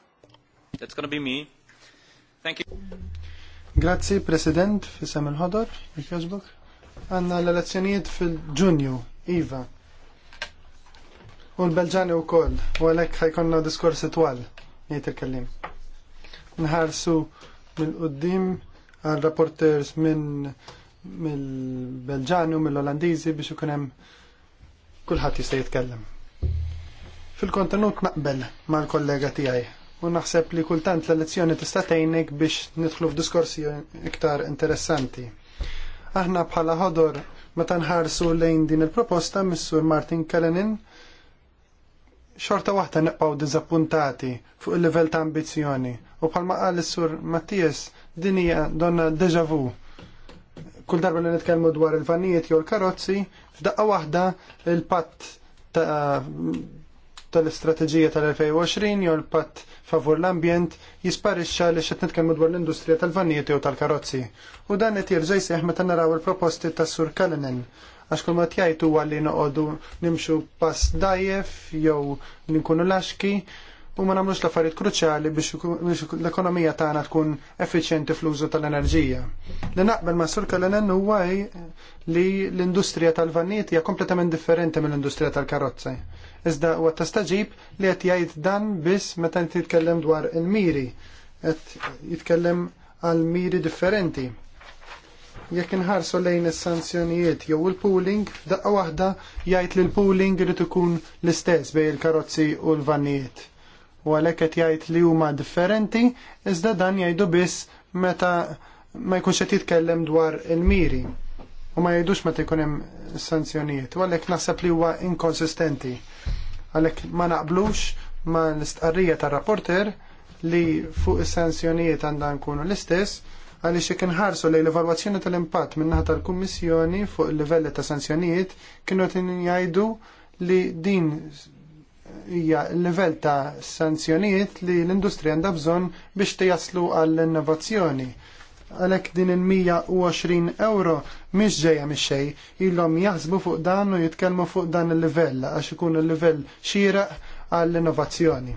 That's going to be me. Thank you. Grazie, President, fissam il-ħodor, il-Kjosbuk. Għanna l-elezzjonijiet fil-ġunju, Iva. U l-Belġani u koll, u għalek ħajkonna diskorsi twal, jiet il-kellim. Nħarsu mill-qoddim għal rapporters minn mill-Belġani u mill-Olandizi biex ukunem kullħat jista' jitkellem. Fil-kontenut naqbel mal-kollega tiegħi u naħseb li kultant l-elezzjoni tista' tgħinek biex nidħlu f'diskorsi iktar interessanti. Aħna bħala ħodor meta nħarsu lejn din il-proposta mis-Sur Martin Kalenin xorta waħda neqgħu diżappuntati fuq il-livell ta' ambizzjoni u bħalma qal is-Sur Mattias din hija donna deja vu. Kull darba li nitkellmu dwar il-vanijiet jew l-karozzi, f'daqqa waħda il-patt ta' tal-istrateġija tal-2020 jew l-patt favur l-ambjent jisparixxa li xed nitkellmu dwar l-industrija tal-vannieti u tal-karozzi. U dan qed jerġa' jseħħ meta naraw il-proposti tas-Sur Kalinen għax kull ma tjajtu għalli noqogħdu nimxu pass dajjef jew ninkunu laxki u ma nagħmlux l-affarijiet kruċjali biex l-ekonomija tagħna tkun effiċjenti fl-użu tal-enerġija. Li naqbel ma' sur Kalenen huwa li l-industrija tal-vanniet hija kompletament differenti mill-industrija tal-karozzi Iżda huwa tastaġib li qed jgħid dan biss meta inti titkellem dwar il-miri, qed jitkellem għal miri differenti. Jekk inħarsu lejn is-sanzjonijiet jew il-pooling, daqqa waħda jgħid li l-pooling irid ikun l-istess bejn il-karozzi u l-vannijiet. U għalhekk qed jgħid li huma differenti, iżda dan jgħidu biss meta ma jkunx qed jitkellem dwar il-miri u ma jgħidux ma jkun hemm sanzjonijiet. U għalhekk naħseb li huwa inkonsistenti. Għalhekk ma naqblux ma l-istqarrija tar-rapporter li fuq is-sanzjonijiet għandha nkunu l-istess għaliex xe kienħarsu li l-evalwazzjoni tal-impatt min-naħa tal-Kummissjoni fuq il-livelli ta' sanzjonijiet kienu jgħidu li din hija l-livell ta' sanzjonijiet li l-industrija għandha bżonn biex tejaslu għall-innovazzjoni għalhekk din il-120 euro mhix ġejja mix xejn, ilhom jaħsbu fuq dan u jitkellmu fuq dan il-livell għax ikun il-livell xieraq għall-innovazzjoni.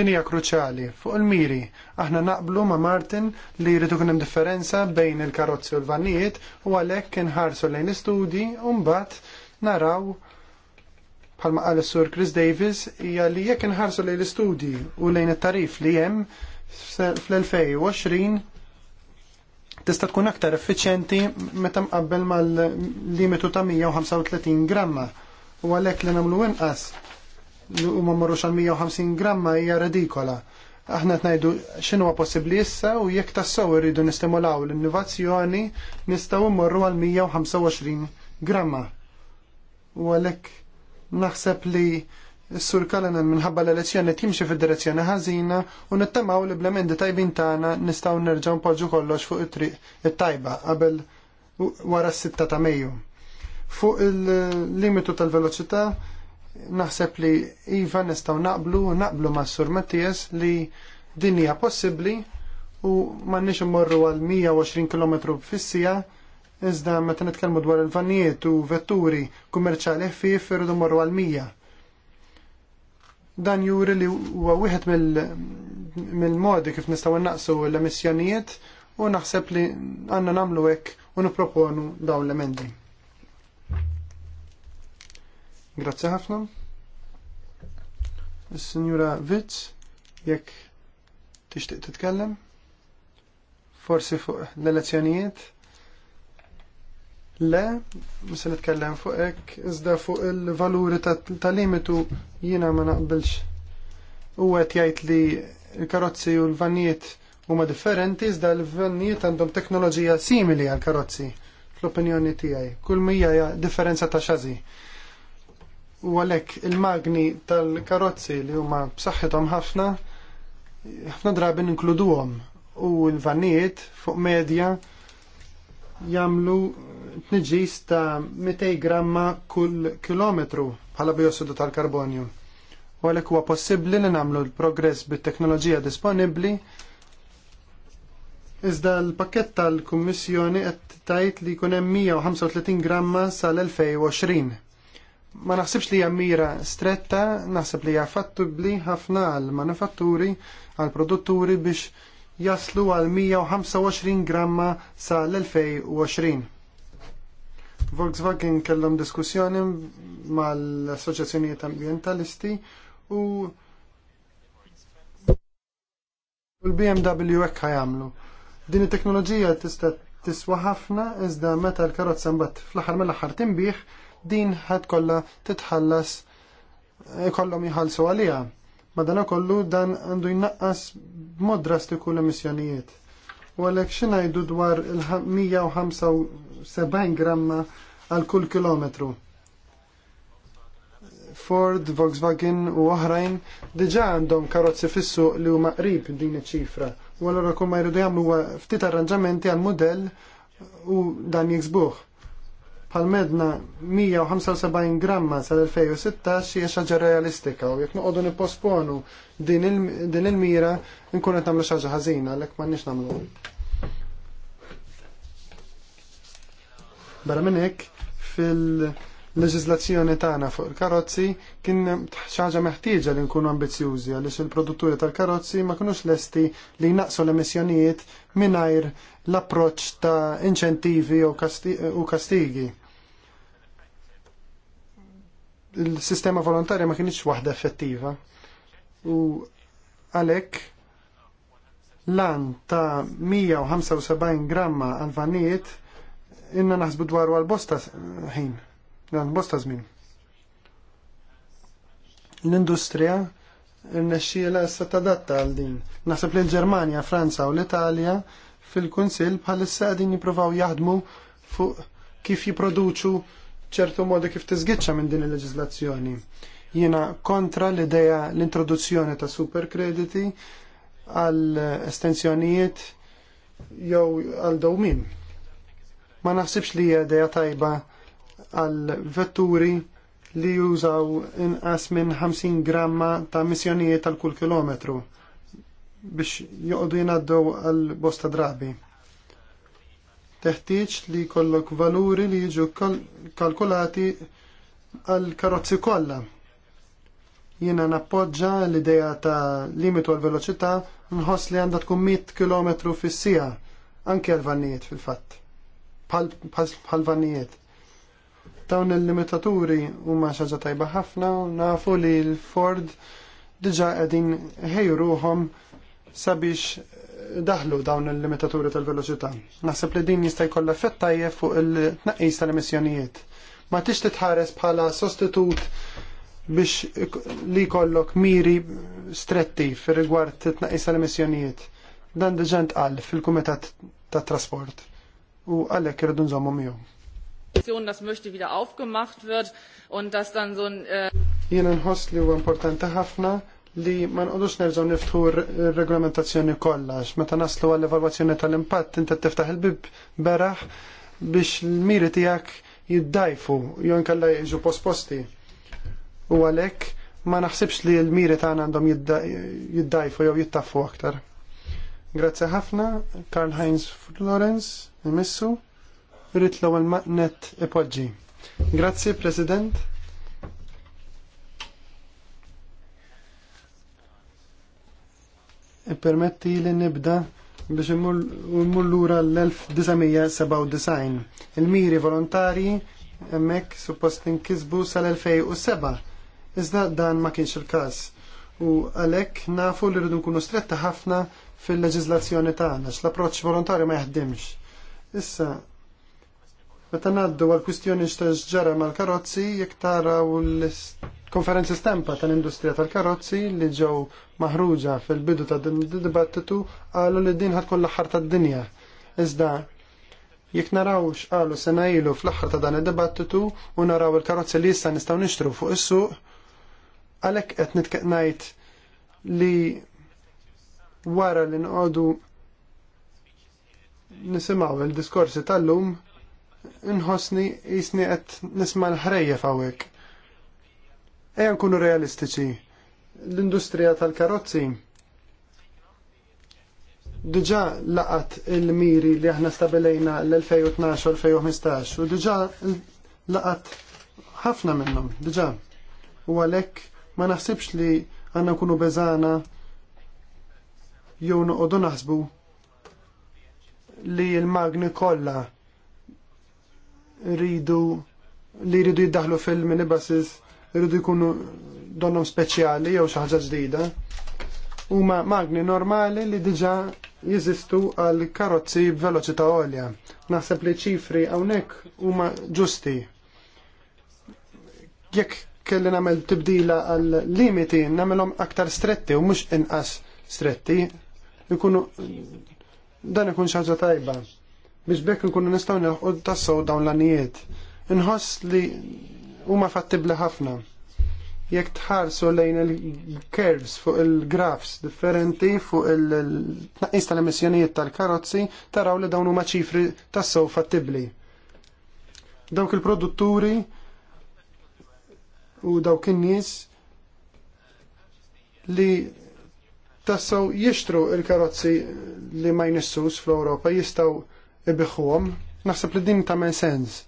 Din hija kruċjali fuq il-miri. Aħna naqblu ma' Martin li jrid ikun hemm differenza bejn il-karozzi u l vanijiet u għalhekk inħarsu lejn l istudji u mbagħad naraw bħalma qal is-Sur Chris Davis hija li jekk inħarsu lejn l-istudji u lejn it-tarif li hemm fl-2020 tista' tkun aktar effiċjenti meta mqabbel mal-limitu ta' 135 gramma u għalhekk li nagħmlu inqas li huma marrux għal 150 gramma hija redikola. Aħna qed ngħidu x'inhu possibbli issa u jekk tassew irridu nistimulaw l-innovazzjoni nistgħu mmorru għal 125 gramma. U għalhekk naħseb li Is-sur Kalanen minħabba l-elezzjoni timxie fil direzzjoni ħażina u nittamaw li blemendi tajbin tagħna nistgħu nerġaw npoġġu kollox fuq it-triq it-tajba qabel wara s-sitta ta' Mejju. Fuq il-limitu tal-veloċità naħseb li iva nistgħu naqblu u naqblu ma' sur Mattias li din hija possibbli u nix immorru għal 120 km fissija sija iżda meta nitkellmu dwar il-vanijiet u vetturi kummerċali ħfief irridu morru għal 100 Dan juri li huwa wieħed mill-modi kif nistgħu naqsu l-emissjonijiet u naħseb li għandna nagħmlu hekk u nipproponu dawn l-emendi. Grazzi ħafna. Is-Sinjura Vitz, jekk tixtieq titkellem? Forsi fuq l-elezzjonijiet? Le, mis nitkellem fuq hekk, iżda fuq il-valuri ta' limitu jiena ma naqbilx. U qed jgħid li l-karozzi u l-vannijiet huma differenti iżda l vanijiet għandhom teknoloġija simili għall karozzi fl-opinjoni tiegħi. Kull mija differenza ta' xażi u għalek il-magni tal-karozzi li huma b'saħħithom ħafna ħafna drabi ninkluduhom u l-vanijiet fuq medja jamlu tniġis ta' 200 gramma kull kilometru bħala biossidu tal-karbonju. U għalek huwa possibbli li namlu l-progress bit-teknoloġija disponibbli Iżda l-pakket tal-Kummissjoni qed tajt li jkun hemm 135 gramma sal-2020. Ma naħsibx li hija mira stretta, naħseb li hija fattubbli ħafna għal manifatturi għal produtturi biex jaslu għal 125 gramma sa l-2020. Volkswagen kellhom diskussjoni mal-assoċjazzjonijiet ambientalisti u l-BMW hekk ħajamlu. Din it-teknoloġija tista' tiswa ħafna iżda meta l-karozza mbagħad fl-aħħar mill-aħħar tinbih din ħadd kollha titħallas kollhom jħallsu għaliha. Madanakollu dan għandu jnaqqas b'mod drastiku l-emissjonijiet. U għalhekk xi ngħidu dwar il-175 gramma għal kull kilometru. Ford, Volkswagen u oħrajn diġà għandhom karozzi fissu li huma qrib din iċ-ċifra. U allura kull ma jridu jagħmlu ftit arranġamenti għal mudell u dan jiksbuh. Palmedna 175 gramma sal-2016 hija xaġa realistika u jekk noqogħdu nipposponu din il-mira nkun qed nagħmlu xaġa ħażina għalhekk m'għandniex nagħmlu. Barra minn hekk fil-leġiżlazzjoni tagħna fuq il-karozzi kien xaġa meħtieġa li nkunu ambizzjużi għaliex il-produtturi tal-karozzi ma kinux lesti li jnaqsu l-emissjonijiet mingħajr l-approċċ ta' inċentivi u kastigi il-sistema volontarja ma kienx waħda effettiva. U għalek lan ta' 175 gramma għal-vanijiet inna naħsbu dwar għal-bosta ħin, għal-bosta zmin. L-industrija n-nexxiela s tadatta għal din. Naħseb li l-Ġermanja, Franza u l-Italja fil-Kunsil bħalissa għadin jiprofaw jaħdmu fuq kif jiproduċu ċertu modi kif tiżgiċċa minn din il leġislazzjoni Jiena kontra l-idea l-introduzzjoni ta' superkrediti għal estensjonijiet jew għal dawmin. Ma naħsibx li hija idea tajba għal vetturi li jużaw inqas minn 50 gramma ta' missjonijiet għal kull kilometru biex joqdu jinaddu għal bosta drabi teħtieġ li jkollok valuri li jiġu kalkulati għal karozzi kollha. Jiena nappoġġa l-idea ta' limitu għal veloċità nħoss li għandha tkun 100 km fis-sija anke għal vannijiet fil-fatt. Bħal vannijiet. Dawn il-limitaturi huma xi ħaġa tajba ħafna u nafu li l-Ford diġà qegħdin ħejruhom sabiex daħlu dawn il-limitaturi tal-veloċità. Naħseb li din jista' jkollha effett tajjeb fuq il-tnaqqis tal-emissjonijiet. Ma tix titħares bħala sostitut biex li kollok miri stretti fir rigward tnaqqis tal-emissjonijiet. Dan diġà ntqal fil-Kumitat tat Trasport u għalhekk irridu nżommu miegħu. Das möchte wieder aufgemacht wird und dann so ein. Äh, nħoss li huwa importanti ħafna li ma nqodux nerġgħu niftħu r-regolamentazzjoni kollha meta naslu għall-evalwazzjoni tal-impatt inti tiftaħ il-bib beraħ biex l-miri tiegħek jiddajfu jew inkella jiġu posposti. U għalhekk ma naħsibx li l-miri tagħna għandhom jiddajfu jew jittaffu aktar. Grazzi ħafna, Karl Heinz Florence, imissu, rritlu l-ewwel net ipoġġi. Grazzi, President. permetti li nibda biex immullura lura l-1997. Il-miri volontari emmek suppost inkisbu sal-2007. Iżda dan ma kienx il-kas. U għalek nafu li rridu nkunu stretta ħafna fil-leġizlazzjoni tagħna l-approċċ volontarju ma jaħdimx. Issa, meta ngħaddu għal kwistjoni x'ġara mal-karozzi jekk taraw l istat Konferenzi stampa tal-industrija tal-karozzi li ġew maħruġa fil-bidu ta' din dibattitu qalu li din ħatkun l-aħħar tad-dinja. Iżda jekk narawx qalu sena ilu fl-aħħar ta' dan id-dibattitu u naraw il-karozzi li issa nistgħu nixtru fuq is-suq, għalhekk qed nitkeq ngħid li wara li nqogħdu nisimgħu il-diskorsi tal-lum inħossni jisni qed nisma' l-ħrejjef hawnhekk Ejja nkunu realistiċi. L-industrija tal-karozzi Dġa laqat il-miri li aħna stabilejna l-2012-2015 u dġa laqat ħafna minnhom, dġa. U għalhekk ma naħsibx li għandna nkunu beżana jew noqogħdu naħsbu li l-magni kollha rridu li jridu jiddaħlu fil minibasis rridu jkunu donnom speċjali jew xi ħaġa ġdida. Huma magni normali li diġà jeżistu għal karozzi b'veloċità għolja. Naħseb li ċifri hawnhekk huma ġusti. Jekk kelli nagħmel tibdila għal limiti nagħmelhom aktar stretti u mhux inqas stretti, ikunu dan ikun xi ħaġa tajba. Biex bekk nkunu nistgħu nilħqu tassew dawn l-anijiet. Inħoss li huma fattibli ħafna. Jekk tħarsu lejn il-curves fuq il-grafs differenti fuq il-tnaqqis tal-emissjonijiet tal-karozzi, taraw li dawn huma ċifri tassew fattibli. Dawk il-produtturi u dawk in-nies li tassaw jixtru il-karozzi li ma jnissus fl-Europa jistaw ibiħuhom, naħseb li din tamen sens.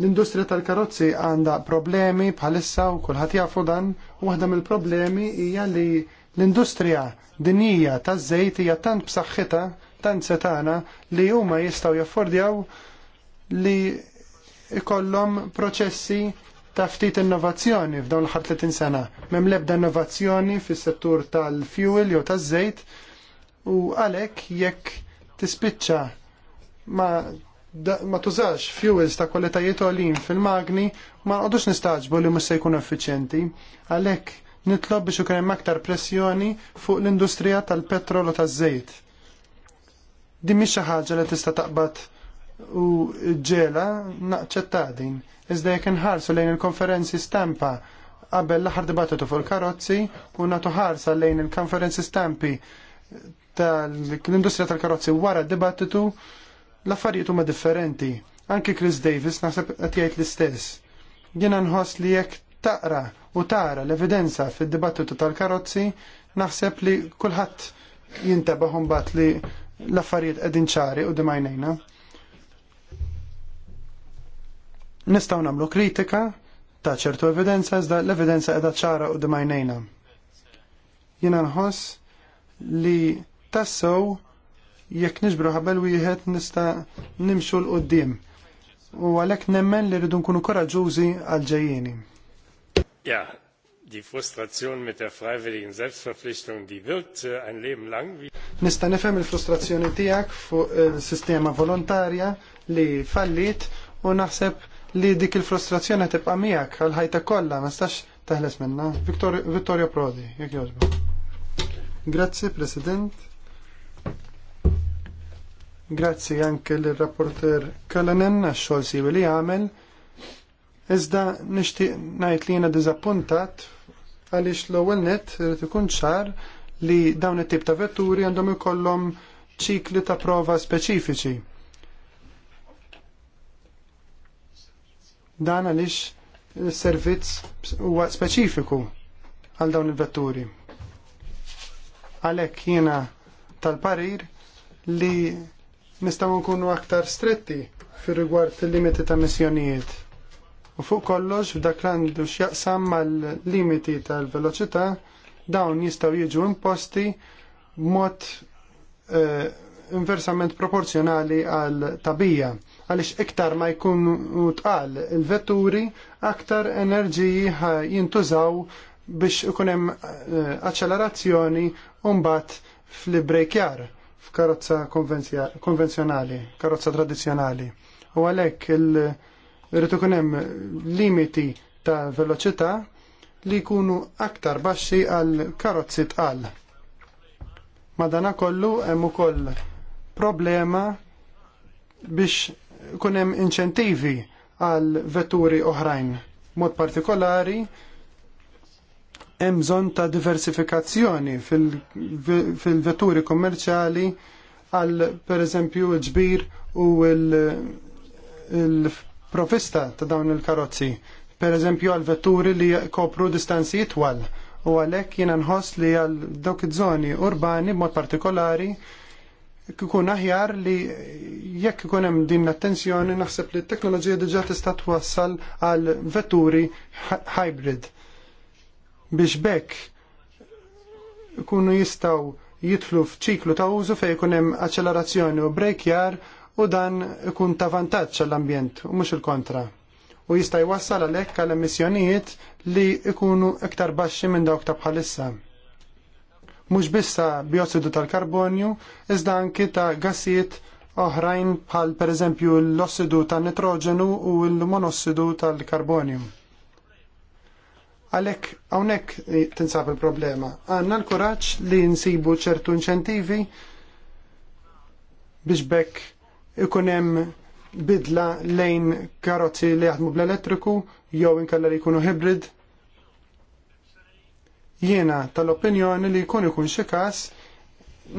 L-industrija tal-karozzi għandha problemi bħalissa u kulħadd jafu dan u waħda mill-problemi hija li l-industrija dinija taż-żejt hija tant b'saħħitha, tant setana li huma jistgħu jaffordjaw li ikollhom proċessi ta' ftit innovazzjoni f'dawn l-ħar 30 sena. Mem lebda innovazzjoni fis-settur tal-fuel jew taż-żejt u għalhekk jekk tispiċċa ma ma tużax fuels ta' kwalitajiet għolin fil-magni ma għadux nistaġbu li musse jkun effiċenti. Għalek nitlob biex ukrem aktar pressjoni fuq l-industrija tal-petrolu taż-żejt. Din mhix xi ħaġa li tista' taqbad u ġela naċċetta din. Iżda jekk inħarsu lejn il-konferenzi stampa qabel l-aħħar dibattitu fuq il-karozzi u nagħtu ħarsa lejn il-konferenzi stampi tal-industrija tal-karozzi wara d-dibattitu L-affarijiet huma differenti. Anki Chris Davis naħseb qed jgħid l-istess. Jiena nħoss li jekk taqra u tara l-evidenza fid-dibattitu tal-karozzi, naħseb li kulħadd jintabaħ mbagħad li l-affarijiet qegħdin ċari u dimajnejna. Nistgħu nagħmlu kritika ta' ċertu evidenza iżda l-evidenza qiegħda ċara u dimajnejna. Jiena nħoss li tassew jekk niġbru ħabel wieħed nista' nimxu l qoddim U għalhekk nemmen li rridu nkunu koraġużi għal ġejjieni. Ja, die Frustration mit der freiwilligen Selbstverpflichtung, di wirkt äh, ein Leben lang. Nista' nifhem il-frustrazzjoni tiegħek fuq il-sistema volontarja li fallit u naħseb li dik il-frustrazzjoni tibqa' miegħek għal ħajta kollha ma stax teħles minnha. Vittorio Prodi, jekk jogħġbu. Grazzi, President. Grazzi anke l-rapporter Kalanen għax-xogħol siwi li għamel. Iżda nixtieq ngħid li jiena diżappuntat għaliex l-ewwel nett irid ikun ċar li dawn it-tip ta' vetturi għandhom ikollhom ċikli ta' prova speċifiċi. Dan għaliex is-servizz huwa speċifiku għal dawn il-vetturi. Għalhekk jiena tal-parir li nistgħu nkunu aktar stretti fir rigward il-limiti ta' missjonijiet. U fuq kollox f'dak għandu x'jaqsam mal-limiti tal-veloċità dawn jistgħu jiġu imposti b'mod eh, inversament proporzjonali għal tabija għalix iktar ma jkunu tqal il-vetturi, aktar enerġiji jintużaw biex ikunem eh, accelerazzjoni umbat fl-brejkjar f'karozza konvenzjonali, karozza tradizjonali. U għalhekk irrid ikun hemm limiti ta' veloċità li jkunu aktar baxxi għal karozzi tqal. Madana kollu hemm ukoll problema biex kunem inċentivi għal vetturi oħrajn. Mod partikolari hemm bżonn ta' diversifikazzjoni fil-vetturi fil kommerċjali għal pereżempju l-ġbir u l-provista ta' dawn il-karozzi. Pereżempju għal vetturi li kopru distanzi itwal u għalhekk jiena nħoss li għal dawk iż-żoni urbani b'mod partikolari kikun aħjar li jekk ikun hemm din l-attenzjoni naħseb li t-teknoloġija diġà tista' twassal għal vetturi hybrid biex bekk ikunu jistaw jitlu f'ċiklu ta' użu fej ikun hemm aċċelerazzjoni u brekjar u dan ikun ta' vantaġġ għall-ambjent u mhux il-kontra. U jista' jwassal għalhekk għall emissjonijiet li ikunu iktar baxxi minn dawk ta' bħalissa. Mhux bissa biossidu tal-karbonju, iżda anki ta' gassijiet oħrajn bħal pereżempju l-ossidu tan nitroġenu u l-monossidu tal-karbonju. Għalek, għawnek tinsab il-problema. Għanna l-kuraċ li nsibu ċertu inċentivi biex bekk ikunem bidla lejn karozzi li jaħdmu bl-elettriku jew inkella li jkunu hybrid. Jiena tal-opinjoni li jkun ikun xi każ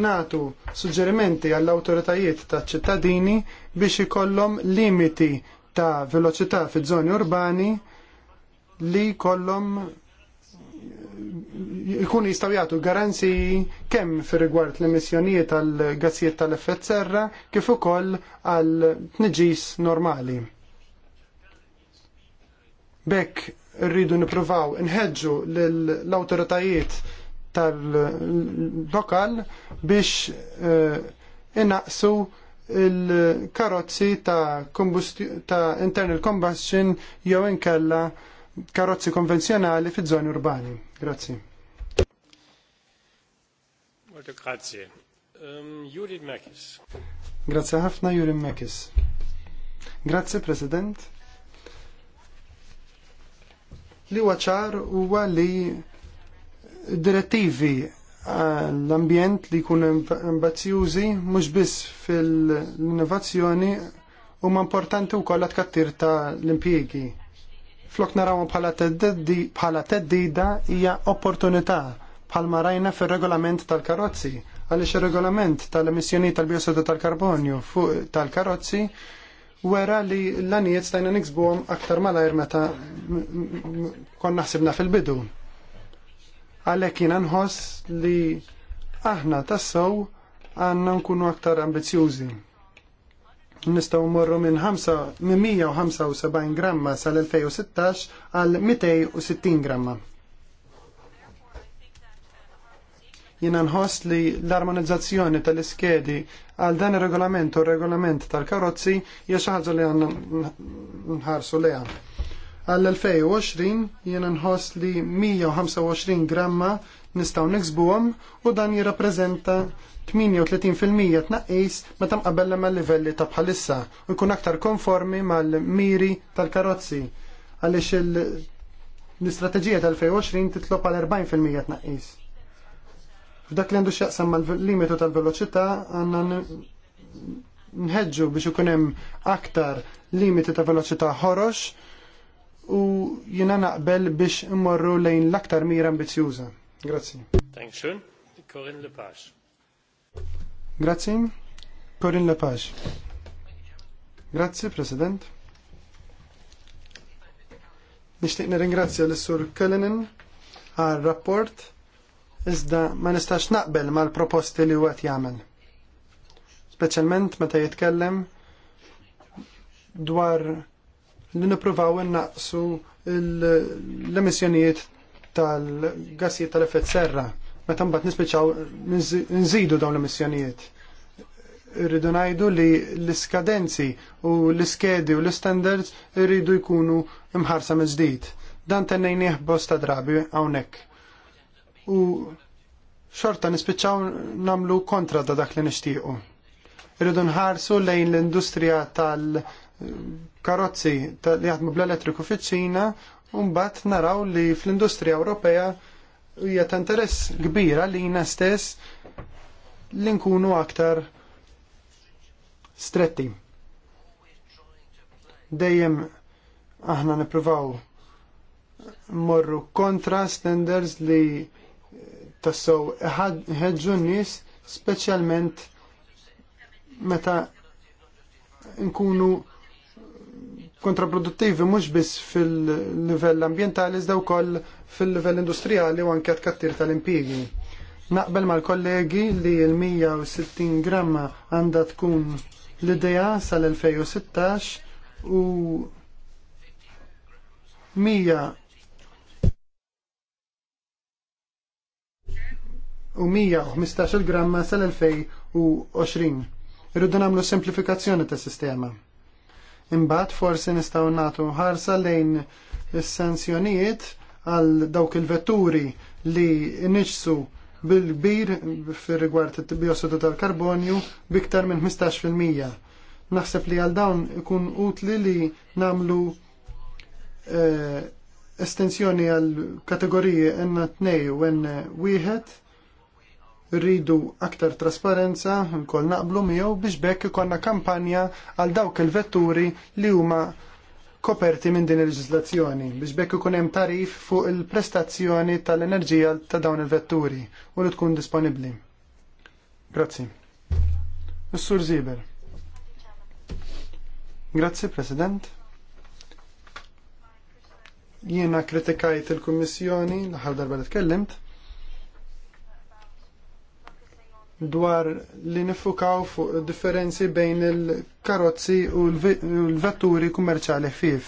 natu suġġerimenti għall-awtoritajiet taċ ċittadini biex ikollhom limiti ta' veloċità fiż-żoni urbani li kollom ikun jistaw jagħtu garanziji kemm fir-rigward l-emissjonijiet tal-gassijiet tal-effett serra kif ukoll għal tniġis normali. Bekk rridu nippruvaw nħeġġu l-awtoritajiet tal-lokal biex uh, eh, inaqsu il-karozzi ta', ta internal combustion jew inkella karozzi konvenzjonali fi zoni urbani. Grazzi. Molto grazie. Um, Judith Mekis. Grazie ħafna, Judith Mekis. Grazie, President. Li waċar huwa li direttivi l-ambjent li kun ambazzjużi mhux biss fil-innovazzjoni huma importanti wkoll kollat kattir ta' l-impjiegi flok naraw bħala teddida hija opportunità bħalma rajna fir-regolament tal-karozzi għaliex ir-regolament tal-emissjoni tal-biossidu tal-karbonju fuq tal-karozzi wera li l-anijiet stajna niksbuhom aktar malajr meta kon naħsibna fil-bidu. Għalhekk jiena nħoss li aħna tassew għandna nkunu aktar ambizjużi nistaw morru minn 175 gramma sal-2016 għal 260 gramma. Jina nħoss li l-armonizzazzjoni tal-iskedi għal dan il-regolament u regolament tal-karozzi hija li għandna nħarsu leha. għal 2020 jiena nħoss li 125 gramma nistgħu niksbuhom u dan jirrappreżenta 38% tnaqqis meta mqabbel ma' livelli ta' bħalissa u jkun aktar konformi mal-miri tal-karozzi għaliex l-istrateġija tal-2020 titlob għal 40% tnaqqis. F'dak li għandu x'jaqsam mal-limitu tal-veloċità għandna nħedġu biex ikun hemm aktar limiti ta' veloċità ħorox u jiena naqbel biex immorru lejn l-aktar mira ambizjuża. Grazzi. Thank you. Corinne Lepage. Grazzi. Corinne Lepage. Grazzi, President. Nishtiq nirringrazzja l-Sur Kellenin għal rapport iżda ma nistax naqbel mal proposti li huwa jagħmel. Speċjalment meta jitkellem dwar li nippruvaw innaqsu l-emissjonijiet tal-gassijiet tal-effett serra meta mbagħad nispiċċaw nżidu dawn l-emissjonijiet. Irridu ngħidu li l-iskadenzi u l-iskedi u l-standards irridu jkunu imħarsa minn ġdid. Dan tennejnieh bosta drabi hawnhekk. U xorta nispiċċaw namlu kontra da dak li nixtiequ. Irridu nħarsu lejn l-industrija tal-karozzi li jaħdmu bl-elettriku fiċ-Ċina u mbagħad naraw li fl-industrija Ewropea hija ta' interess kbira li jina stess li nkunu aktar stretti. Dejjem aħna nippruvaw morru kontra standards li tassew ħedġu n-nies speċjalment meta nkunu kontraproduttivi mhux biss fil-livell ambjentali iżda wkoll fil-livell industrijali u anke tkattir tal-impjigi. Naqbel mal-kollegi li l-160 gramma għandha tkun l-ideja sal-2016 u 100 u 115 gramma sal-2020. Irridu nagħmlu semplifikazzjoni tas sistema. Imbagħad forsi nistgħu nagħtu ħarsa lejn is-sanzjonijiet għal dawk il-vetturi li nixsu bil-kbir fir rigward it-biossidu tal-karbonju biktar minn 15%. Naħseb li għal dawn ikun utli li namlu eh, estensjoni għal kategoriji N2 u N1 rridu aktar trasparenza, nkoll naqblu miegħu biex bekk ikonna kampanja għal dawk il-vetturi li huma koperti minn din il-leġislazzjoni biex bekk ikun hemm tarif fuq il-prestazzjoni tal-enerġija ta' dawn il-vetturi u li tkun disponibbli. Grazzi. Mussur Zieber. Ziber. Grazzi, President. Jiena kritikajt il-Kummissjoni l-aħħar darba li tkellimt dwar li nifukaw fuq differenzi bejn il-karozzi u l-vetturi kummerċali ħfif.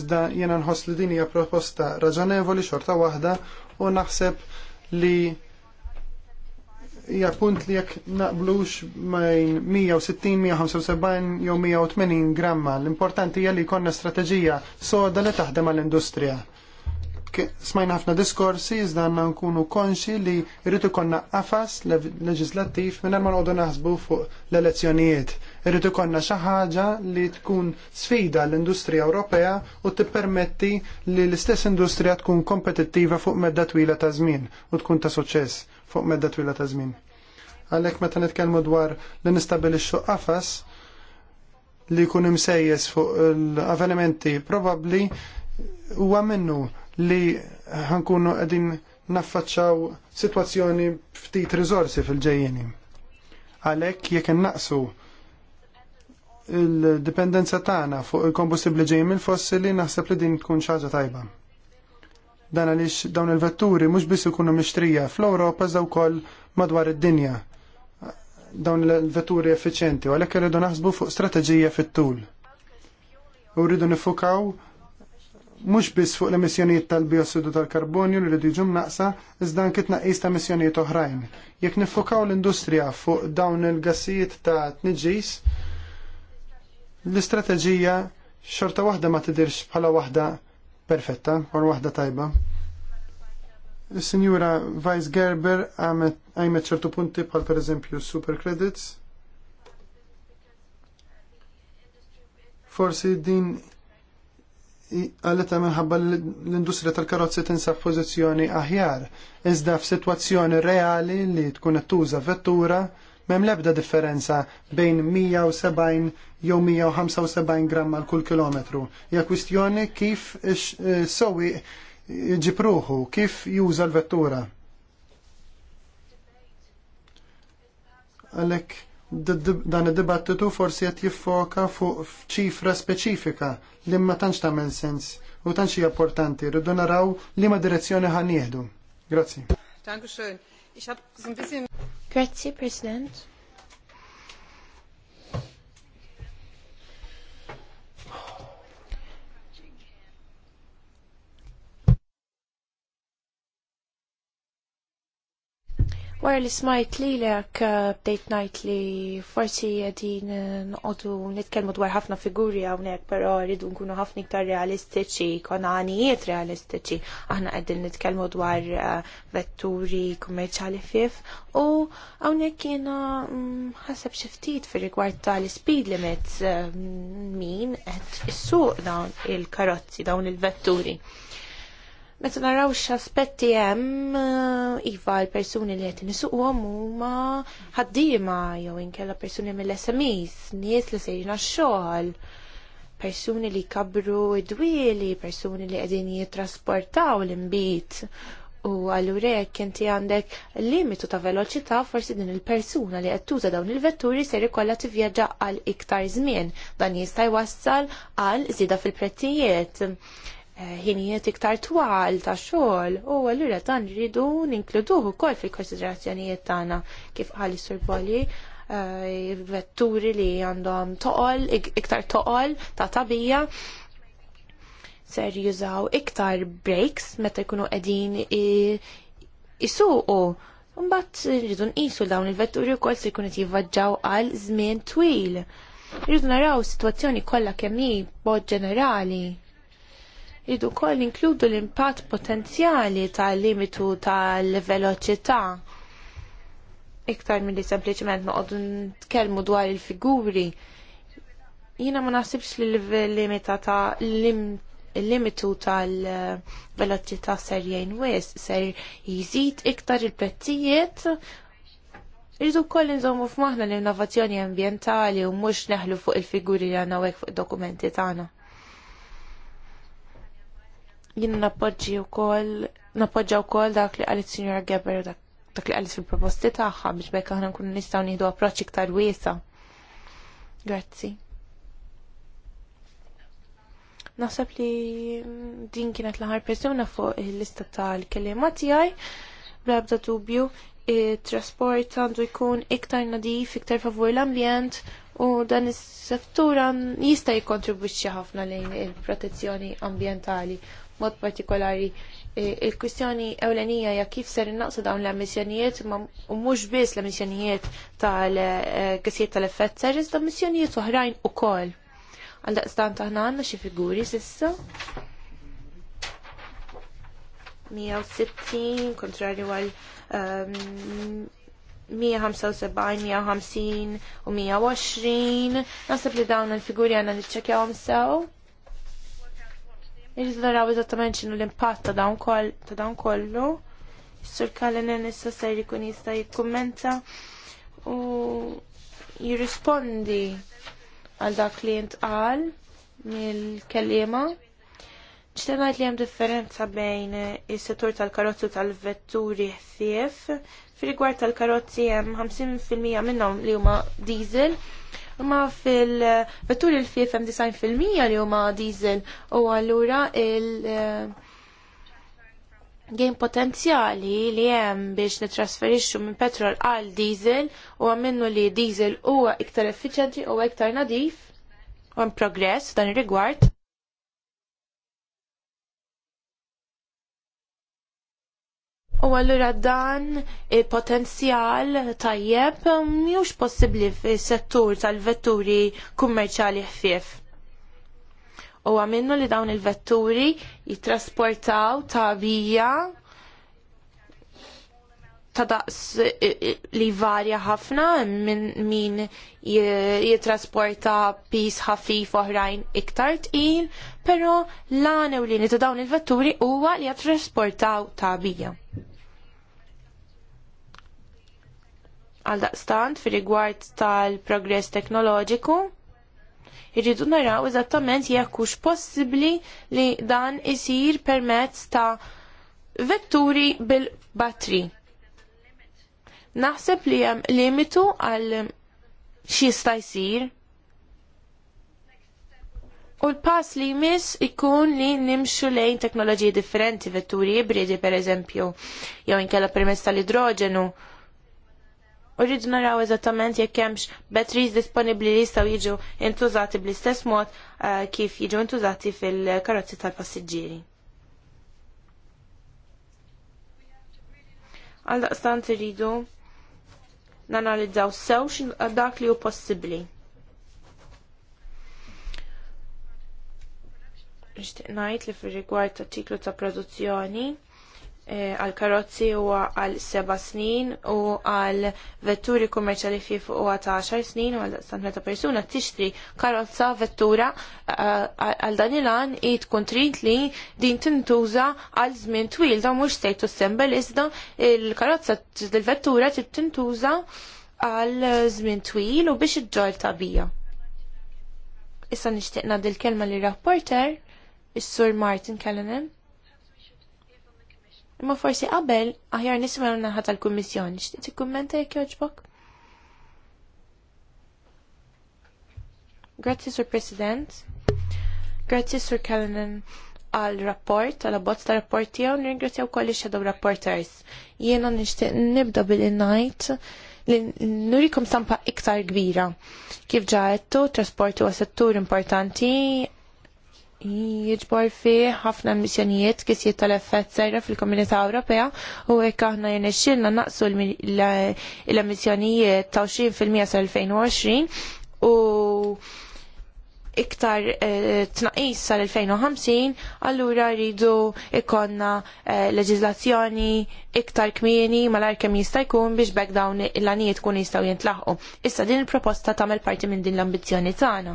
Iżda jena nħoss li din hija proposta raġonevoli xorta waħda u naħseb li hija punt li jekk naqblux bejn 160, 175 jew 180 gramma. L-importanti hija li jkollna strateġija soda li taħdem għall-industrija smajna ħafna diskorsi, iżda għanna nkunu konxi li rritu konna għafas leġislattiv minn ma għodu naħsbu fuq l-elezzjonijiet. Rritu konna xi ħaġa li tkun sfida l-industrija Ewropea u tippermetti li l-istess industrija tkun kompetittiva fuq medda twila ta' żmien u tkun ta' suċċess fuq medda twila ta' żmien. Għalek meta nitkellmu dwar li nistabilixxu qafas, li jkun imsejjes fuq l-avvenimenti probabli huwa minnu li ħankunu qegħdin naffaċċaw sitwazzjoni ftit rizorsi fil-ġejjeni. Għalhekk jekk innaqsu il-dipendenza tagħna fuq il-kombustibbli ġej mill-fossili naħseb li din tkun xaġa tajba. Dan għaliex dawn il-vetturi mhux biss ikunu mixtrija fl-Ewropa żew ukoll madwar id-dinja dawn il-vetturi effiċenti u għalhekk irridu naħsbu fuq strateġija fit-tul. U rridu nifukaw mhux biss fuq l-emissjonijiet tal-biossidu tal-karbonju li rridu jiġu naqsa iżda anke tnaqqis ta' emissjonijiet oħrajn. Jekk niffokaw l-industrija fuq dawn il-gassijiet ta' tniġis, l-istrateġija xorta waħda ma tidirx bħala waħda perfetta, or waħda tajba. Is-Sinjura Vice Gerber għajmet ċertu punti bħal per eżempju super credits. Forsi din għalleta minħabba l-industrija tal-karozzi tinsab pożizzjoni aħjar. Iżda f'sitwazzjoni reali li tkun qed tuża vettura m'hemm l-ebda differenza bejn 170 jew 175 gram għal kull kilometru. Ja kwistjoni kif eh, sowi ġipruħu, kif juża l-vettura. Għalhekk dan id-dibattitu forsi qed jiffoka fuq ċifra speċifika li ma tantx tagħmel sens u tantx hija importanti rridu naraw li ma direzzjoni ħan Grazzi. Grazie, Grazzi, President. Wara li smajt li għak bdejt night li forsi għedin uh, nqodu nitkelmu dwar ħafna figuri għawnek, pero rridu nkunu ħafna iktar realistiċi, konanijiet realistiċi. Aħna għedin nitkelmu dwar uh, vetturi kummerċali fif u għawnek jena mm, ħasab xiftit fil rigward tal-speed limits uh, min għed issuq dawn il-karozzi, dawn il-vetturi. il dawn il il karozzi dawn il vetturi Meta naraw x'aspetti hemm eh, iva l-persuni li qed nisuqhom huma ħaddiema jew inkella persuni mill-SMEs, nies li sejrin għax-xogħol, persuni li kabru id-dwieli, persuni li qegħdin jittrasportaw l-imbit. U allura jekk inti għandek limitu ta' veloċità forsi din il-persuna li qed tuża dawn il-vetturi ser ikollha tivvjaġġa għal iktar żmien. Dan jista' jwassal għal żieda fil-prezzijiet ħinijiet iktar twal ta' xogħol u allura dan rridu ninkluduhu wkoll fil-konsiderazzjonijiet tagħna kif qal is-Sur eh, vetturi li għandhom toqol, iktar toqol ta' tabija ser jużaw iktar breaks meta jkunu qegħdin isuqu. Mbagħad rridu nqisu dawn il-vetturi wkoll se jkunu jivvaġġaw għal żmien twil. Rridu naraw is-sitwazzjoni kollha kemm hi b'mod ġenerali Idu koll inkludu l-impatt potenzjali tal-limitu tal-veloċità. Iktar mill-li sempliciment noqogħdu nkellmu dwar il-figuri. Jiena ma naħsibx li l-limita ta' il-limitu tal-veloċità ser jgħin wis ser jżid iktar il-prezzijiet Irridu koll nżommu f'maħna l-innovazzjoni ambientali u mhux neħlu fuq il-figuri li għandna fuq id-dokumenti tagħna jinn nappoġġi wkoll nappoġġa wkoll dak li qalet Sinjora Geber dak dak li qalet fil-proposti tagħha biex bekk aħna nkunu nistgħu nieħdu approċċi ktar wiesa. Grazzi. Naħseb li din kienet l-aħħar persuna fuq il-lista tal-kelliema tiegħi bl-ebda dubju il trasport għandu jkun iktar nadif, iktar favur l-ambjent u dan is-settur jista' jikkontribwixxi ħafna lejn il-protezzjoni ambjentali mod partikolari e, il-kwistjoni ewlenija ja kif ser innaqsu dawn l-emissjonijiet u mhux biss l-emissjonijiet tal-gassijiet e, tal-effett serris da missjonijiet oħrajn ukoll. Għaldaqstant aħna għandna xi figuri s'issa. 160 kontrarju għal 175, ehm, 150 u 120. Nasib li dawn il-figuri għanna nitċekjawhom sew. Irriżveraw eżattament x'inhu l-impatt ta' dawn kol ta' dawn kollu. Sur Kalinen issa ser jkun jista' jikkummenta u jirrispondi għal dak li jintqal mill-kelliema. Ġtenajt li hemm differenza bejn is-settur tal-karozzu tal-vetturi ħfief Fil-rigward tal-karozzi hemm 50% minnhom li huma diesel, ma fil-vetturi l-fief fil-mija li huma diesel u allura il- eh, gain potenzjali li hemm biex nitrasferixxu minn petrol għal diesel u għamennu li diesel huwa iktar effiċenti u iktar nadif u hemm progress dan ir-rigward. U allura dan il-potenzjal tajjeb mhux possibbli fis-settur tal-vetturi kummerċjali ħfief. U għamennu li dawn il-vetturi jitrasportaw tabija ta' daqs li varja ħafna minn min jitrasporta pis ħafif oħrajn iktar tqil, pero l-għanew li ta' dawn il-vetturi huwa li jattrasportaw tabija. Għaldaqstant fi rigward tal-progress teknoloġiku, irridu naraw eżattament jekk hux possibbli li dan isir permezz ta' vetturi bil-batri. Naħseb li hemm limitu għal xista jsir. U l-pass li jmiss ikun li nimxu lejn teknoloġiji differenti, vetturi ibridi per eżempju, jew inkella permezz tal-idroġenu Uridu naraw eżattament jekk hemmx batteries disponibbli li jistgħu jiġu intużati bl-istess mod uh, kif jiġu intużati fil-karozzi tal-passiġġieri. Għal daqstant irridu nanalizzaw sew eh, dak li hu possibbli. Nixtieq ngħid li fir-rigward tat ċiklu ta' produzzjoni Eh, għal karozzi huwa għal seba' snin u għal vetturi kummerċali fif u huwa ta' 10 snin u għal stant meta persuna tixtri karozza vettura eh, għal dan il-għan i tkun trid li din tintuża għal żmien twil da mhux sejtu sembel iżda il-karozza il-vettura trid tintuża għal żmien twil u biex iġġol tabija. Issa nixtieq ngħaddi l-kelma li rapporter is-Sur Martin Callanan. Imma forsi qabel aħjar nisma' naħa tal-Kummissjoni. Xtieq tikkummenta jekk jogħġbok? Grazzi Sur President. Grazzi Sur Callanan għal rapport, għal abbozz ta' rapport tiegħu, nirringrazzjaw wkoll ix-shadow rapporters. Jiena nixtieq nibda bil ngħid li nurikom stampa iktar kbira. Kif ġaħettu, trasport huwa settur importanti jiġbor fi ħafna missjonijiet kisjiet tal-effett serra fil-Komunità Ewropea u hekk aħna jirnexxielna naqsu l-emissjonijiet ta' 20% sal-2020 u iktar eh, tnaqis sal-2050, allura rridu ikonna eh, leġizlazzjoni iktar kmieni malar kemm jista' jkun biex back dawn il-għanijiet kun jistgħu jintlaħu. Issa din il-proposta tagħmel parti minn din l-ambizzjoni tagħna.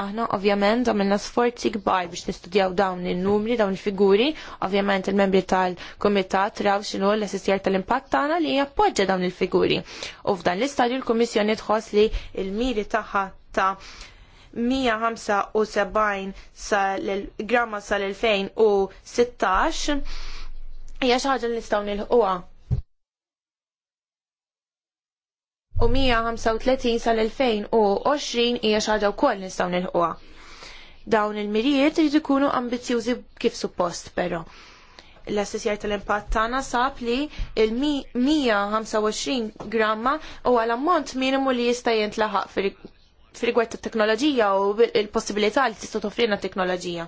Aħna ovvjament għamilna sforzi kbar biex nistudjaw dawn il-numri, dawn il-figuri, ovvjament il-membri tal-komitat raw xinu l-assistjar tal-impatt tagħna li jappoġġa dawn il-figuri. U f'dan l-istadju l-Kummissjoni tħoss li il-miri tagħha ta' 175 sal-gramma sal-2016 hija xi ħaġa li nistgħu nilħuha u 135 sal-2020 hija xi ħaġa wkoll nistgħu nilħuha. Dawn il-mirijiet irid ikunu ambizjużi kif suppost però. L-assessjar tal-impatt tagħna sab li il-125 gramma huwa l-ammont minimu li jista' jintlaħaq fir-rigward tat-teknoloġija u l possibilità li tista' toffrina t-teknoloġija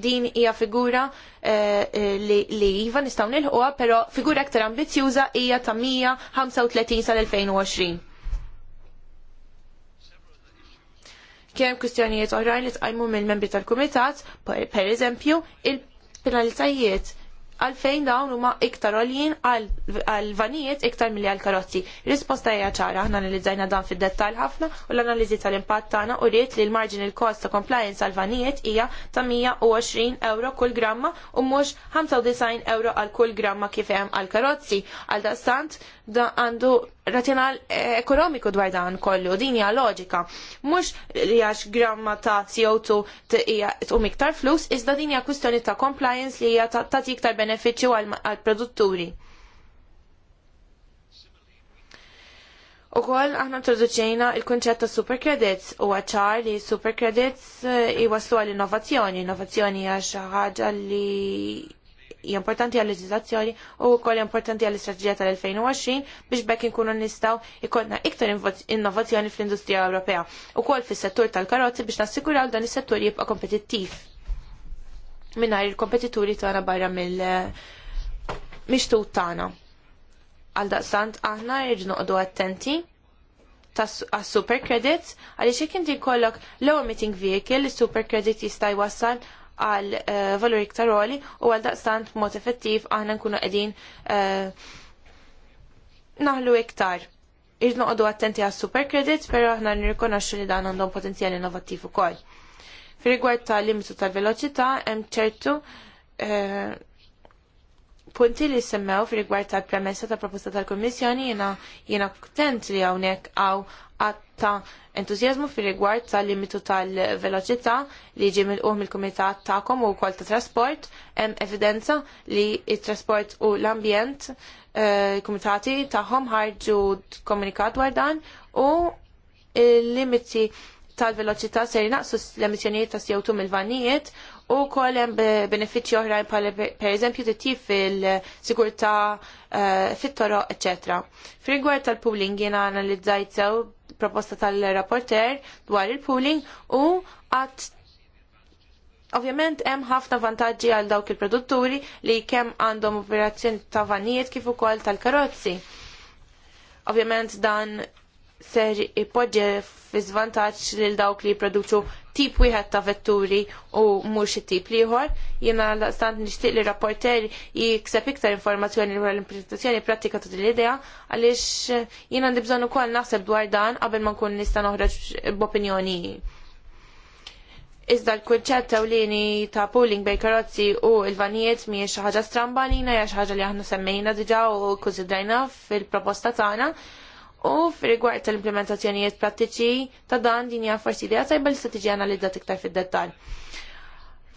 din hija figura eh, eh, li iva nistgħu nilħuha, però figura aktar ambizjuża hija ta' 135 sal-2020. Kemm kwistjonijiet oħrajn li tqajmu mill-membri tal-Kumitat, per eżempju, il-penalitajiet għalfejn dawn huma iktar għoljin għal vanijiet iktar milli għal karozzi. Risposta hija ċara, aħna analizzajna dan fid-dettall ħafna u l-analiżi tal-impatt tagħna u riet li l-marginal cost ta' compliance għal vanijiet hija ta' 120 euro kull gramma u mhux 95 euro għal kull gramma kif hemm għal karozzi. Għal dastant da għandu razzjonal eh, ekonomiku dwar dan kollu, din hija loġika. Mhux li għax gramma ta' CO2 tqum iktar flus, iżda din hija kwistjoni ta' compliance li hija tagħti iktar benefiċċju għall produtturi. U kol, aħna introduċejna il-konċett ta' credits u għacħar li supercredits eh, iwaslu għall-innovazzjoni. Innovazzjoni għax xi ħaġa li importanti għall-leġizazzjoni u wkoll importanti għall-istraġġija tal-2020 biex bekk inkunu nistgħu ikollna iktar innovazzjoni fl-industrija Ewropea u kol fis-settur tal-karozzi biex nassiguraw dan is-settur jibqa' kompetittiv mingħajr il-kompetituri tagħna barra mill mixtu tagħna. Għal daqsant aħna rridu noqogħdu attenti għas super credits għaliex jekk inti jkollok low emitting vehicle, is super credit jista' jwassal għal eh, valur iktar għoli u għal daqstant mod effettiv aħna nkunu qegħdin eh, naħlu iktar. Irid noqogħdu attenti għas supercredit, però aħna nirrikonoxxu li dan għandhom potenzjal innovattiv ukoll. Fir-rigward tal-limitu tal-veloċità hemm ċertu eh, punti li semmew fil rigward tal-premessa ta' proposta tal komissjoni jena jena kontent li hawnhekk għaw għatta entuzjazmu fir rigward tal-limitu tal-veloċità li ġi mill-qum il-Kumitat ta'kom u kol ta' trasport, hemm evidenza li il-trasport u l-ambjent eh, il-Kumitati ta'hom ħarġu komunikat dwar dan u il-limiti tal-veloċità ser jnaqsu l-emissjonijiet ta' CO2 mill-vanijiet u kol hemm benefiċċji oħrajn bħal pereżempju titjib fil-sigurtà eh, fit-toroq, eċetera. Fir rigward tal-pooling jiena analizzajt sew proposta tal-rapporter dwar il-pooling u għat Ovvjament hemm ħafna vantaġġi għal dawk il-produtturi li kemm għandhom operazzjoni ta' vanijiet kif ukoll tal-karozzi. Ovvjament dan ser ipoġġe fi żvantaġġ lil dawk li jipproduċu tip wieħed ta' vetturi u mhux it-tip ieħor. Jiena stant nixtieq li rapporter jikseb iktar informazzjoni dwar l-implementazzjoni pratika ta' din l-idea għaliex jiena għandi bżonn ukoll naħseb dwar dan qabel ma nkun nista' noħroġ b'opinjoni. Iżda l-kunċett ewlieni ta' pooling bej karozzi u l-vanijiet mhijiex xi ħaġa strambalina hija xi ħaġa li aħna semmejna diġà u kkunsidrajna fil-proposta tagħna U f'rigward tal-implementazzjonijiet prattiċi ta' dan din hija forsi idea tajba li istatiġi analizzat iktar fid-dettall.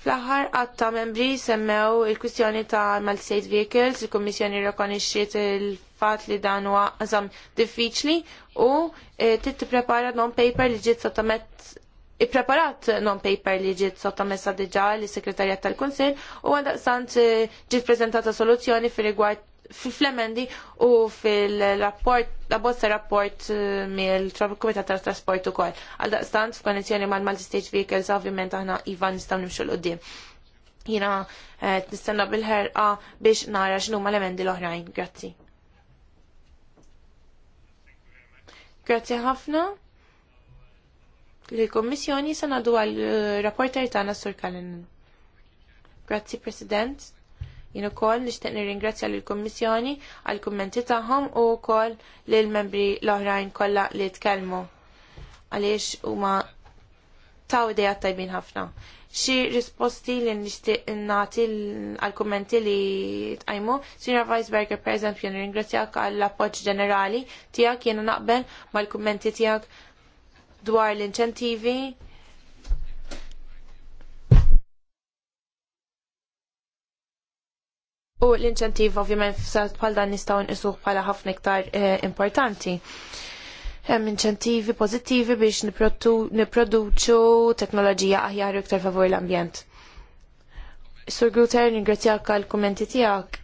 Fl-aħħar għatta membri semmew il-kwistjoni ta' mal-state vehicles, il-Kommissjoni rekonixxiet il-fat li dan huwa għażam diffiċli u e, trid tipprepara non-paper li ġiet sottomett Ippreparat non-paper li ġiet sottomessa diġà lis sekretarjat tal-Kunsill u sant e, ġiet prezentata soluzzjoni fir rigward fil-flemendi u fil-rapport, la bozza rapport eh, mill komitat tal trasport u koll. Għal-daqstant, f'konnezzjoni mal multi-stage vehicles, ovvjament aħna Ivan nistaw nimxu l-qoddim. Jina, eh, nistanna bil-ħerqa biex nara x'nu l emendi l-oħrajn. Grazzi. Grazzi ħafna. L-Kommissjoni sanadu għal-rapporter eh, tagħna Sur Kalin. Grazzi, President. Jien ukoll nixtieq nirringrazzja lill kummissjoni għall kummenti tagħhom u wkoll lill membri l-oħrajn kollha li tkellmu għaliex huma taw idejat tajbin ħafna. Xi risposti li nixtieq nagħti għall kummenti li tqajmu, Sina Weisberger pereżempju nirringrazzjak għall appoġġ ġenerali tiegħek jiena naqbel mal-kummenti tiegħek dwar l-inċentivi U l-inċentiv ovvjament f'sat bħal dan nistgħu nqisuh bħala ħafna iktar eh, importanti. Hemm inċentivi pożittivi biex nipproduċu teknoloġija aħjar iktar favur l-ambjent. Sur Gruter, ningrazzjak għal kummenti tiegħek.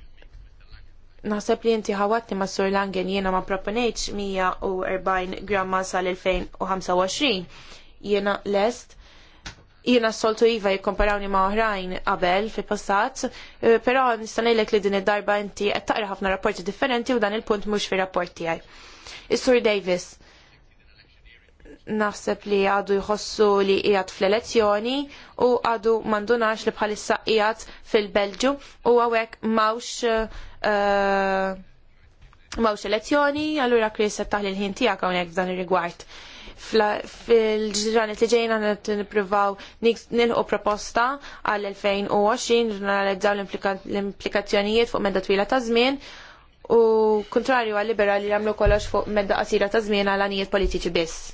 Naħseb li inti ħawatni ma' Sur Langen jiena ma' proponejċ 140 gramma sal-2025. Jiena lest jiena soltu iva jikkomparawni ma' oħrajn qabel fil-passat, eh, però nistanejlek li din id-darba inti qed taqra ħafna rapporti differenti u dan il-punt mhux fir-rapport tiegħi. Is-Sur Davis, naħseb li għadu jħossu li qiegħed fl-elezzjoni u għadu mandunax li bħalissa qiegħed fil-Belġu u hawnhekk mawx m'hawnx eh, mawx elezzjoni, allura Chris qed taħli l-ħin tiegħek hawnhekk f'dan ir-rigward fil-ġrani n nipruvaw nilħu proposta għal-2020 r-nalizzaw l-implikazzjonijiet fuq medda twila ta' żmien u kontrarju għal-liberali jagħmlu kollox fuq medda qasira ta' żmien għal anijiet politiċi biss.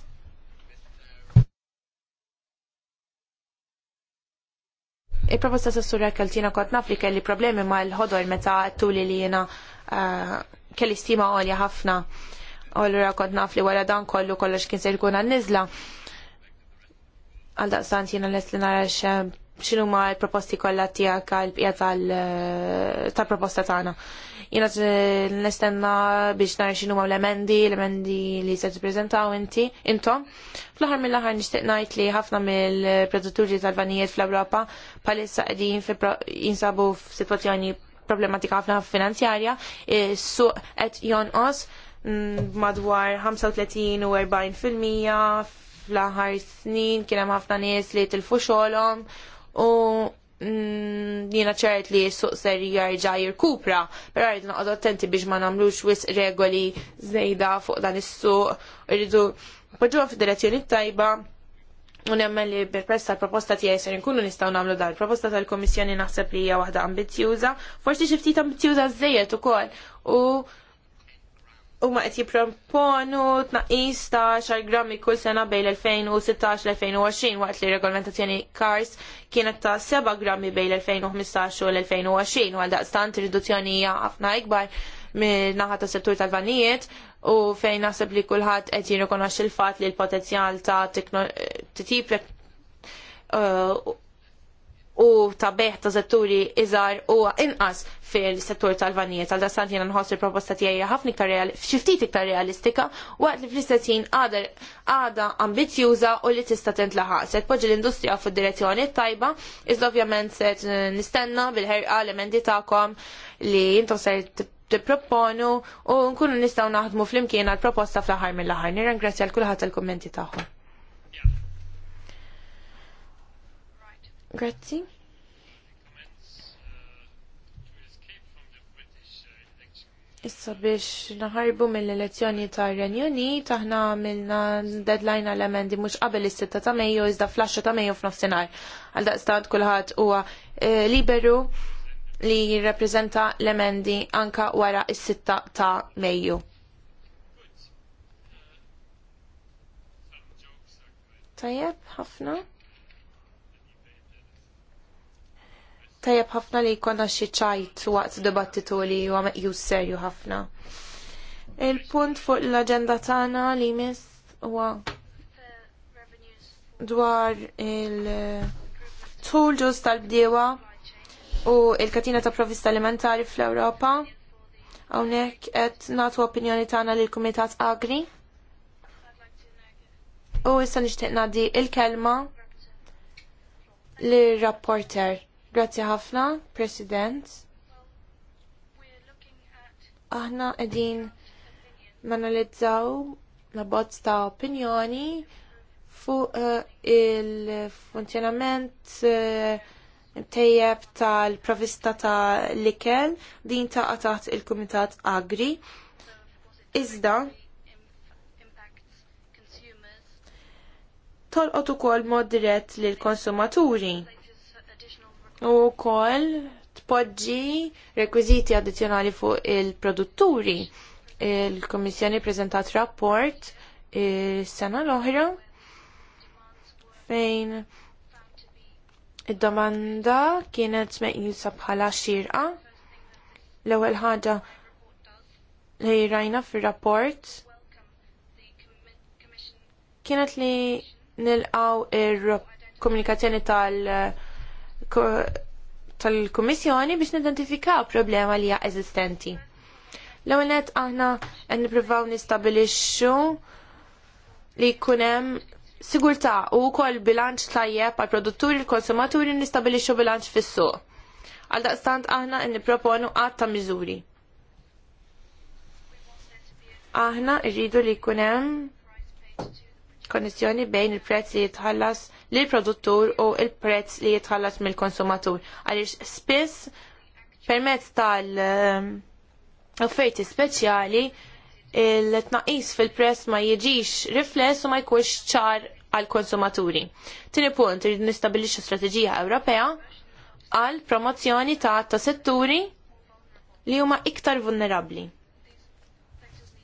Il-proposta s-sura kaltina kont naf li kelli problemi ma l-ħodor meta tuli li jena eh, kelli stima għolja ħafna. Allura kont naf li wara dan kollu kollox kien se jkun għan-niżla. Għal daqstant jiena lest li nara x'inhu ma l-proposti kollha tiegħek għal bqija tal-proposta tagħna. Jiena nistenna biex nara x'inhu ma l-emendi, l-emendi li se tippreżentaw inti intom. Fl-aħħar mill-aħħar nixtieq ngħid li ħafna mill-produtturi tal-vanijiet fl-Ewropa bħalissa qegħdin jinsabu f'sitwazzjoni problematika ħafna finanzjarja, is-suq qed jonqos Mm, madwar 35 u 40 fil-mija fl-aħħar snin kien hemm ħafna nies li tilfu xogħolhom u mm, jiena ċert li s-suq ser jarġa' jirkupra, però rridu noqgħod attenti biex ma nagħmlux wisq regoli żejda fuq dan is-suq, irridu poġġuha fid-direzzjoni tajba u nemmen li bil-press tal-proposta tiegħi ser inkunu nistgħu nagħmlu dan. Il-proposta tal-Kummissjoni naħseb li hija waħda ambizzjuża, forsi xi ftit ambizzjuża żejjed ukoll u ma qed jipproponu tnaqqis ta' xar grammi kull sena bejn l-2016-2020 waqt li regolamentazzjoni CARS kienet ta' 7 grammi bejn l-2015 u l-2020 għal daqstant riduzzjoni hija ħafna ikbar minn naħa ta' settur tal-vanijiet u fejn naħseb li kulħadd qed jirrikonoxxi il fatt li l-potenzjal ta' titip uh, u ta' beħ ta' setturi iżgħar huwa inqas fil-settur tal-vanijiet għal dasant jena nħossu proposta tiegħi ħafna iktar xiftit iktar realistika waqt li fl-istess jien għada ambizjuża u li tista' tintlaħaq. Se tpoġġi l-industrija fuq direzzjoni tajba, iżda ovvjament se nistenna bil-ħerqa emendi tagħkom li intom se tipproponu u nkunu nistgħu naħdmu flimkien għall proposta fl-aħħar mill-aħħar. Nirringrazzja l kulħadd tal-kummenti tagħhom. Grazzi. Issa biex naħarbu mill-elezzjoni ta' Renjoni, taħna għamilna deadline għal emendi mux qabel is-6 ta' Mejju, iżda fl-10 ta' Mejju f'nofsinhar. Għal daqstad kulħadd huwa eh, liberu li jirrappreżenta l-emendi anka wara is-6 ta' Mejju. Tajjeb, ħafna. tajab ħafna li jkollna xi ċajt waqt dibattitu li huwa meqjus serju ħafna. Il-punt fuq l-aġenda tagħna li miss huwa dwar il-tul ġus tal-bdiewa u il-katina ta' provvista alimentari fl-Ewropa. Hawnhekk qed nagħtu opinjoni tagħna lill kumitat Agri. U issa nixtieq ngħaddi il-kelma lir rapporter Grazzi ħafna, President. Aħna qegħdin manalizzaw la bozz ta' opinjoni fuq uh, il-funzjonament uh, eh, tejjeb tal-provista ta' l-ikel din ta' għatat il-Kumitat Agri. Iżda, tolqot ukoll mod dirett lill konsumaturi u koll tpoġġi rekwiziti addizjonali fuq il-produtturi. Il-Komissjoni prezentat rapport is-sena l-oħra fejn id-domanda kienet meqjusa bħala xirqa. L-ewwel ħaġa li rajna fir-rapport kienet li nilqaw il komunikazzjoni tal- tal-Kummissjoni biex nidentifikaw problema li hija eżistenti. L-ewwel net aħna qed nippruvaw nistabilixxu li jkun hemm sigurtà u wkoll bilanċ tajjeb għall produtturi l konsumaturi nistabilixxu bilanċ fis-suq. Għaldaqstant aħna nipproponu qatt ta' miżuri. Aħna rridu li jkun hemm konnessjoni bejn il-prezz li jitħallas lill produttur u l prezz li jitħallas mill-konsumatur. Għaliex spiss permezz tal-offerti ehm, speċjali il-tnaqis fil-prezz ma jiġix rifless u ma jkunx ċar għal konsumaturi. Tini punt, rridu nistabilixxu strateġija Ewropea għal promozzjoni ta' ta' setturi li huma iktar vulnerabbli.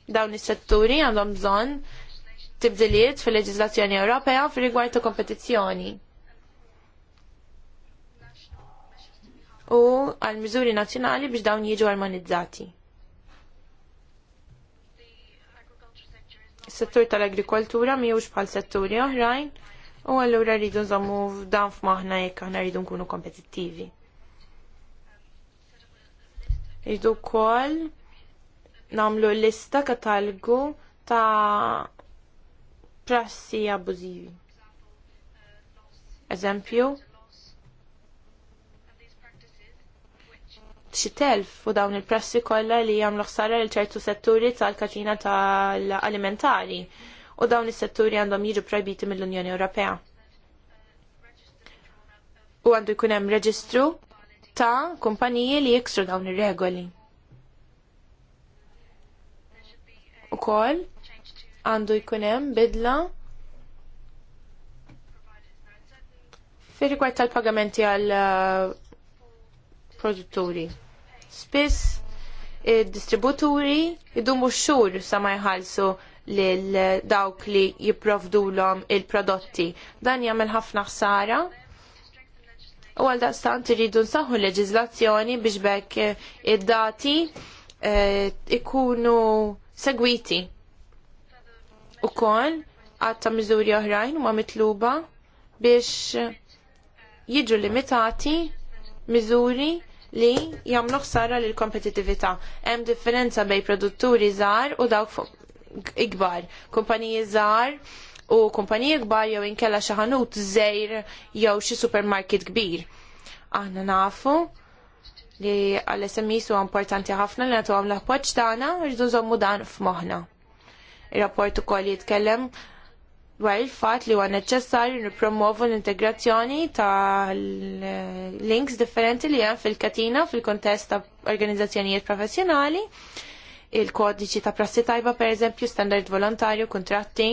Dawn is-setturi għandhom bżonn tibdiliet fil-leġizlazzjoni Ewropea fil-rigward ta' kompetizzjoni. U għal miżuri nazzjonali biex dawn jiġu armonizzati. Is-settur tal-agrikoltura miħux bħal setturi oħrajn u allura rridu nżommu f'dan f'maħna jekk aħna rridu nkunu kompetittivi. Rridu wkoll nagħmlu lista katalgu ta' prassi abużivi. Eżempju, xitelf u dawn il-prassi kollha li jagħmlu ħsara l ċertu setturi tal-katina tal-alimentari u dawn is-setturi għandhom jiġu projbiti mill-Unjoni Ewropea. U għandu jkun hemm reġistru ta' kumpaniji li jiksru dawn ir-regoli. Ukoll għandu jkun hemm bidla fir-rigward tal-pagamenti għal uh, produtturi. Spiss id-distributuri idumu xhur sa ma jħallsu lil dawk li jipprovdulhom il-prodotti. Dan jagħmel ħafna ħsara u għal daqstant irridu nsaħħu leġizlazzjoni biex bekk id-dati eh, ikunu segwiti kol għatta miżuri oħrajn huma mitluba biex jiġu limitati miżuri li jagħmlu ħsara l kompetitività. Hemm differenza bejn produtturi żgħar u dawk ikbar. Kumpaniji zar u kumpaniji kbar jew inkella xi ħanut żgħir jew xi supermarket kbir. Aħna nafu li għal-SMIs huwa importanti ħafna li nagħtuhom l-appoġġ tagħna rridu żommu dan f'moħħna. Ir-rapport ukoll jitkellem dwar il-fatt li huwa neċessarju nippromovu l-integrazzjoni ta' links differenti li hemm fil-katina fil-kontest ta' organizzazzjonijiet professjonali, il-kodiċi ta' prassi tajba pereżempju, standard volontarju, kuntratti.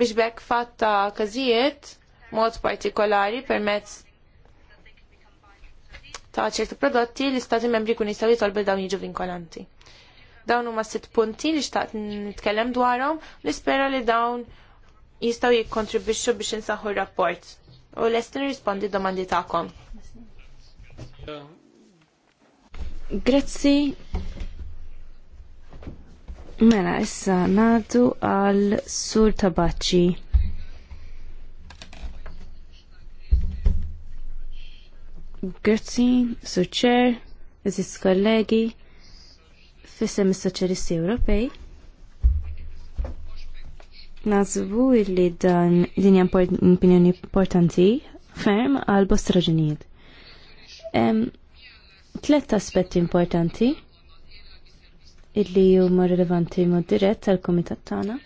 Biex bekk fatt ta' każijiet mod partikolari permezz ta' ċerti prodotti li stati membri kun jistgħu jitolbu dawn jiġu vinkolanti. Dawn huma sitt punti li xtaqt nitkellem dwarhom, nispera li dawn jistgħu jikkontribwixxu biex insaħħu r-rapport. U lest nirrispondi domandi tagħkom. Grazzi. Mela, issa nadu għal Sur Tabaċi. Grazzi, Sur Cher, Aziz kollegi fissem is-soċjalisti Ewropej nazvu illi dan din opinjoni importanti ferm għal bost raġunijiet. Tlet aspetti importanti illi huma rilevanti mod dirett għal komitat tagħna.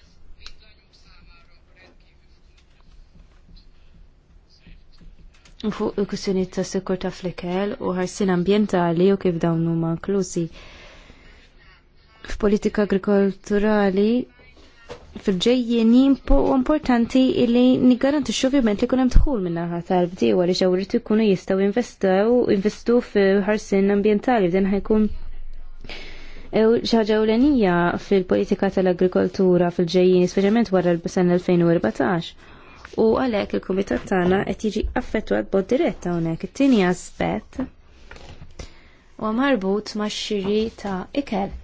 Fuq il-kussjoni ta' sekur ta' ikel u ħarsin ambientali u kif dawn huma inklużi f'politika agrikolturali fil-ġejjien jimpu importanti illi nigaranti xovjament li kunem tħul minna ħata għal u li ġawrit ikunu jistaw investaw, investu fil-ħarsin ambientali, b'den ħajkun l ulenija fil-politika tal-agrikoltura fil-ġejjien, speċjalment wara l-bisan 2014. U għalek il-komitat tagħna qed jiġi affettwat bod diretta hawnhekk. It-tieni aspett u marbut ma' xiri ta' ikel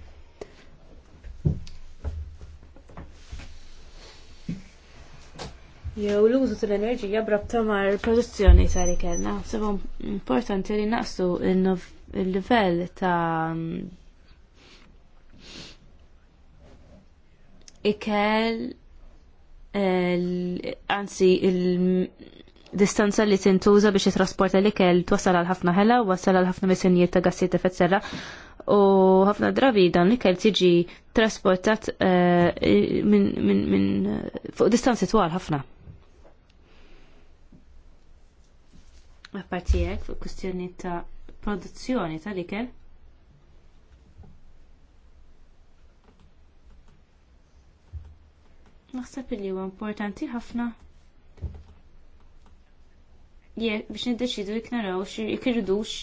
jew l-użu tal-enerġija brabta mar produzzjoni tal kellna. Seba importanti li naqsu il-livell ta' ikel anzi il-distanza li tintuża biex jitrasporta l-ikel twassal għal ħafna ħela u wassal għal ħafna misinjiet ta' gassijiet effett serra u ħafna drabi dan l-ikel tiġi trasportat eh, minn fuq distanzi twal ħafna. tiegħek fuq kwistjoni ta' produzzjoni tal-ikel. Naħseb li huwa importanti ħafna biex niddeċidu jekk naraw jkirdux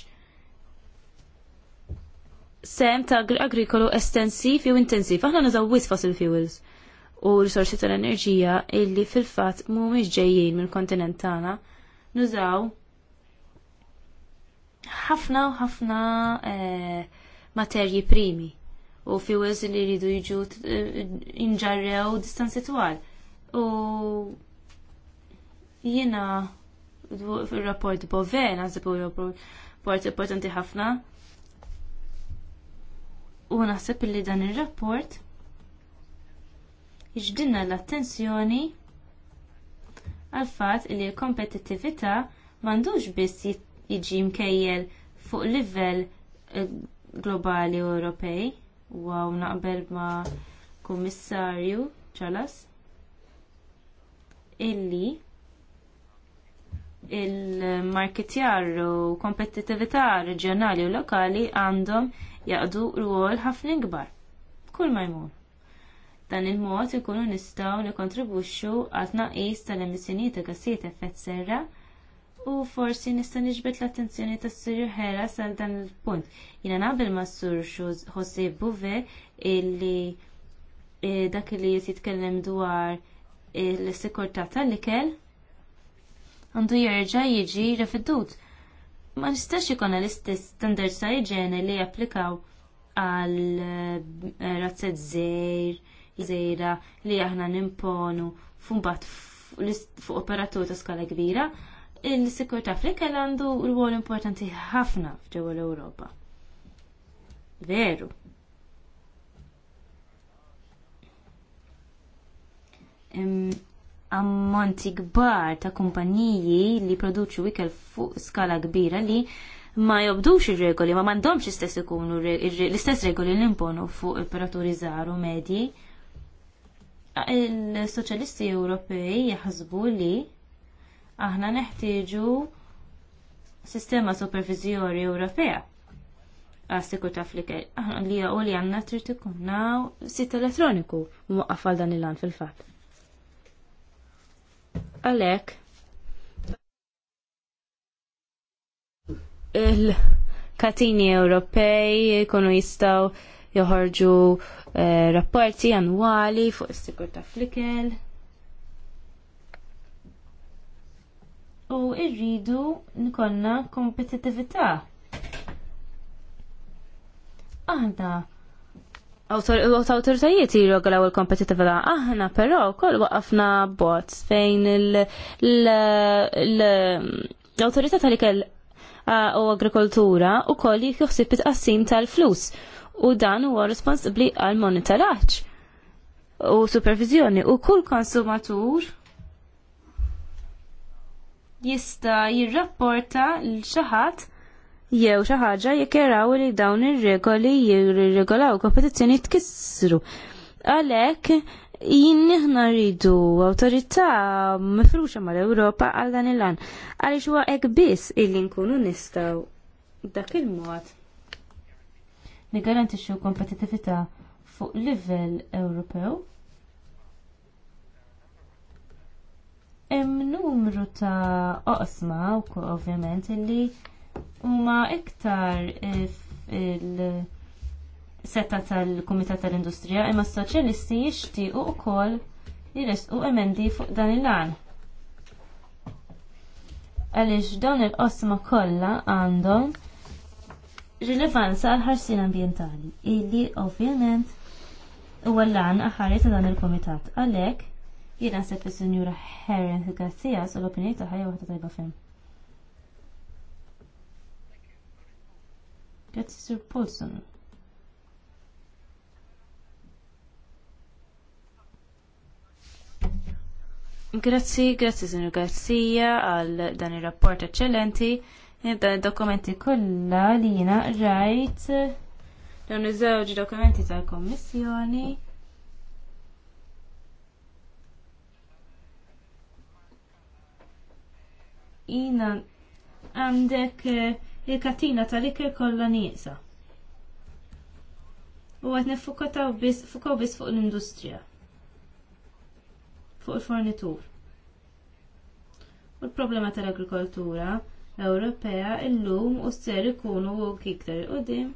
sem ta' agrikolu estensiv jew intensiv. Aħna nużaw wis fossil fuels u risorsi tal-enerġija illi fil-fatt mhumiex ġejjin mill-kontinent tagħna nużaw ħafna u ħafna eh, materji primi u fuels li jridu jiġu eh, inġarrew distanzi twal. U jiena fil-rapport Bove, naħseb rapport importanti ħafna. U naħseb li dan il-rapport jġdinna l-attenzjoni għal fatt li l-kompetittività mandux biss jit jiġi mkejjel fuq livell eh, globali Ewropej u naqbel ma kummissarju ċalas illi il-marketjar u kompetitività reġjonali u lokali għandhom jaqdu rwol ħafna kbar. Kull ma jmur. Dan il-mod ikunu nistgħu nikkontribwixxu għal tnaqqis tal-emissjonijiet ta' gassijiet effett serra u forsi nista' niġbed l-attenzjoni tas Sir Hera sal dan il-punt. Jiena naqbel ma' Sur Jose Buve illi eh, dak li jitkellem dwar eh, l-sikurtà tal-ikel għandu jerġa' jiġi refiddut. Ma nistax ikun l-istess standards ta' iġene li japplikaw għal eh, razzet żejr, żejra li aħna nimponu fumbat fuq operatur ta' skala kbira, il-sikurta fl-ikel għandu rwol importanti ħafna ġewwa l-Ewropa. Veru. ammonti kbar ta' kumpaniji li produċu ikel fuq skala kbira li ma jobdux ir-regoli, ma mandomx istess ikunu l-istess regoli li imponu fuq operaturi żgħar u medji. Ah, il-soċjalisti Ewropej jaħsbu li aħna neħtieġu sistema Superviżjoni Ewropea għas-sikurta aħna li u li għanna trid naw sit elettroniku mwaqqaf għal dan il-għan fil fat Għalhekk il-katini Ewropej kunu jistgħu joħorġu eh, rapporti annwali fuq is sigur ta' flikel u rridu nkonna kompetitività. Aħna l-autoritajiet jirregolaw il-kompetitività. Aħna però wkoll waqafna bots fejn l-autorità tal-ikel u agrikoltura u koll jħuħsib it-qassim tal-flus u dan huwa responsabbli għal monitoraġġ u supervizjoni u kull konsumatur jista' jirrapporta l xi ħadd jew xi ħaġa jekk jaraw li dawn ir-regoli jirregolaw kompetizzjoni tkissru. Għalhekk jien aħna rridu awtorità mifruxa mal-Ewropa għal dan il-lan. Għaliex huwa hekk biss illi nkunu nistgħu dak il-mod. Nigarantixxu kompetitività fuq livell Ewropew Hemm numru ta' oqsma wkoll ovvjament illi huma iktar il-setta tal-Kumitat tal-Industrija imma s-soċjalisti jixtiequ wkoll jresqu emendi fuq dan il-lan. Għaliex dawn il-qosma kollha għandhom rilevanza għal ħarsien ambjentali illi ovvjament huwa l-lan aħari ta' dan il-Kumitat. Għalhekk Jina sepp il-Senjura Herren Garcia u l-opinjoni taħħa jew ħata tajba ferm. Grazzi Sir Paulson. Grazzi, grazzi Sinjur Garcia għal dan il-rapport eccellenti. Dan il-dokumenti kollha li jina rajt dawn iż-żewġ dokumenti tal-Kommissjoni. jina għandek eh, il-katina tal-ikel kollha nieqsa. U għed nifukataw bis, fukaw bis fuq l-industrija. Fuq il-fornitur. U l-problema tal-agrikoltura Ewropea illum u s-ser ikunu u kiktar il-qoddim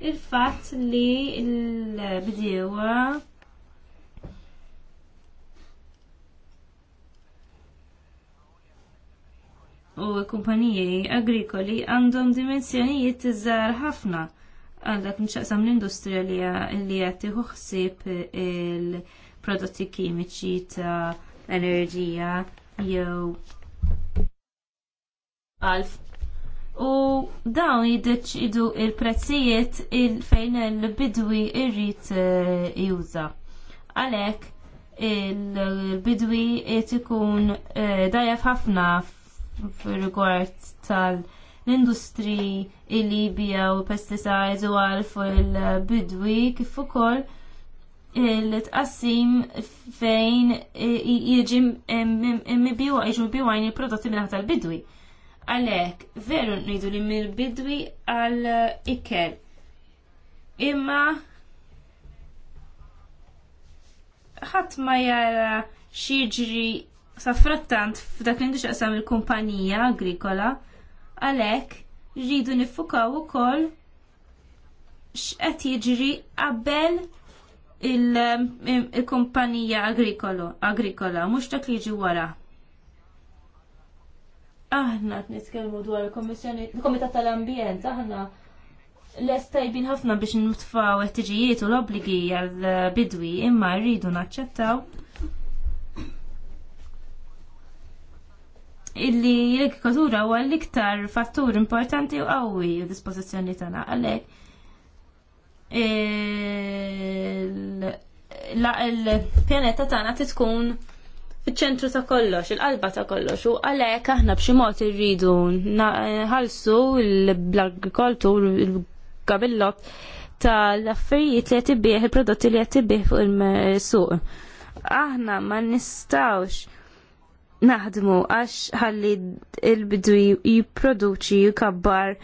il-fat li l-bdiewa u kumpaniji agrikoli għandhom dimensjonijiet iżgħar ħafna għal dak nċaqsam l-industrija li qed tieħu ħsieb il-prodotti kimiċi ta' enerġija jew għalf U dawn jiddeċidu l prezzijiet fejn il-bidwi irrit eh, juża. Għalhekk il-bidwi qed ikun eh, dajjef ħafna fil-rigward tal-industri illi u pesticides u għal fil-bidwi kif ukoll il-tqassim fejn jiġi mibiju mibiju għajn il-prodotti minnaħ tal-bidwi. Għalek, veru nidu li mill-bidwi għal-ikel. Imma ħadd ma jara xieġri Saffrattant f'dak li xaqsam il-kumpanija agrikola għalhekk rridu nifukaw ukoll x'qed jiġri qabel il-kumpanija agrikola, mhux dak li jiġi wara aħna nitkellmu dwar il-Kommissjoni, il-Komitat tal-Ambjent, aħna l-estajbin ħafna biex nutfaw it-tiġijiet u l-obligi għal-bidwi imma rridu naċċettaw illi l-agrikoltura huwa l-iktar fattur importanti u qawwi u dispożizzjoni tagħna għalhekk il-pjaneta tagħna tkun fiċ-ċentru ta' kollox, il-qalba ta' kollox, u għalhekk aħna b'xi mod irridu nħallsu l-agrikoltur il-gabillot tal-affarijiet li qed ibbieħ il-prodotti li qed ibbieħ fuq il-suq. Aħna ma nistawx naħdmu għax ħalli il-bidu jipproduċi jikabbar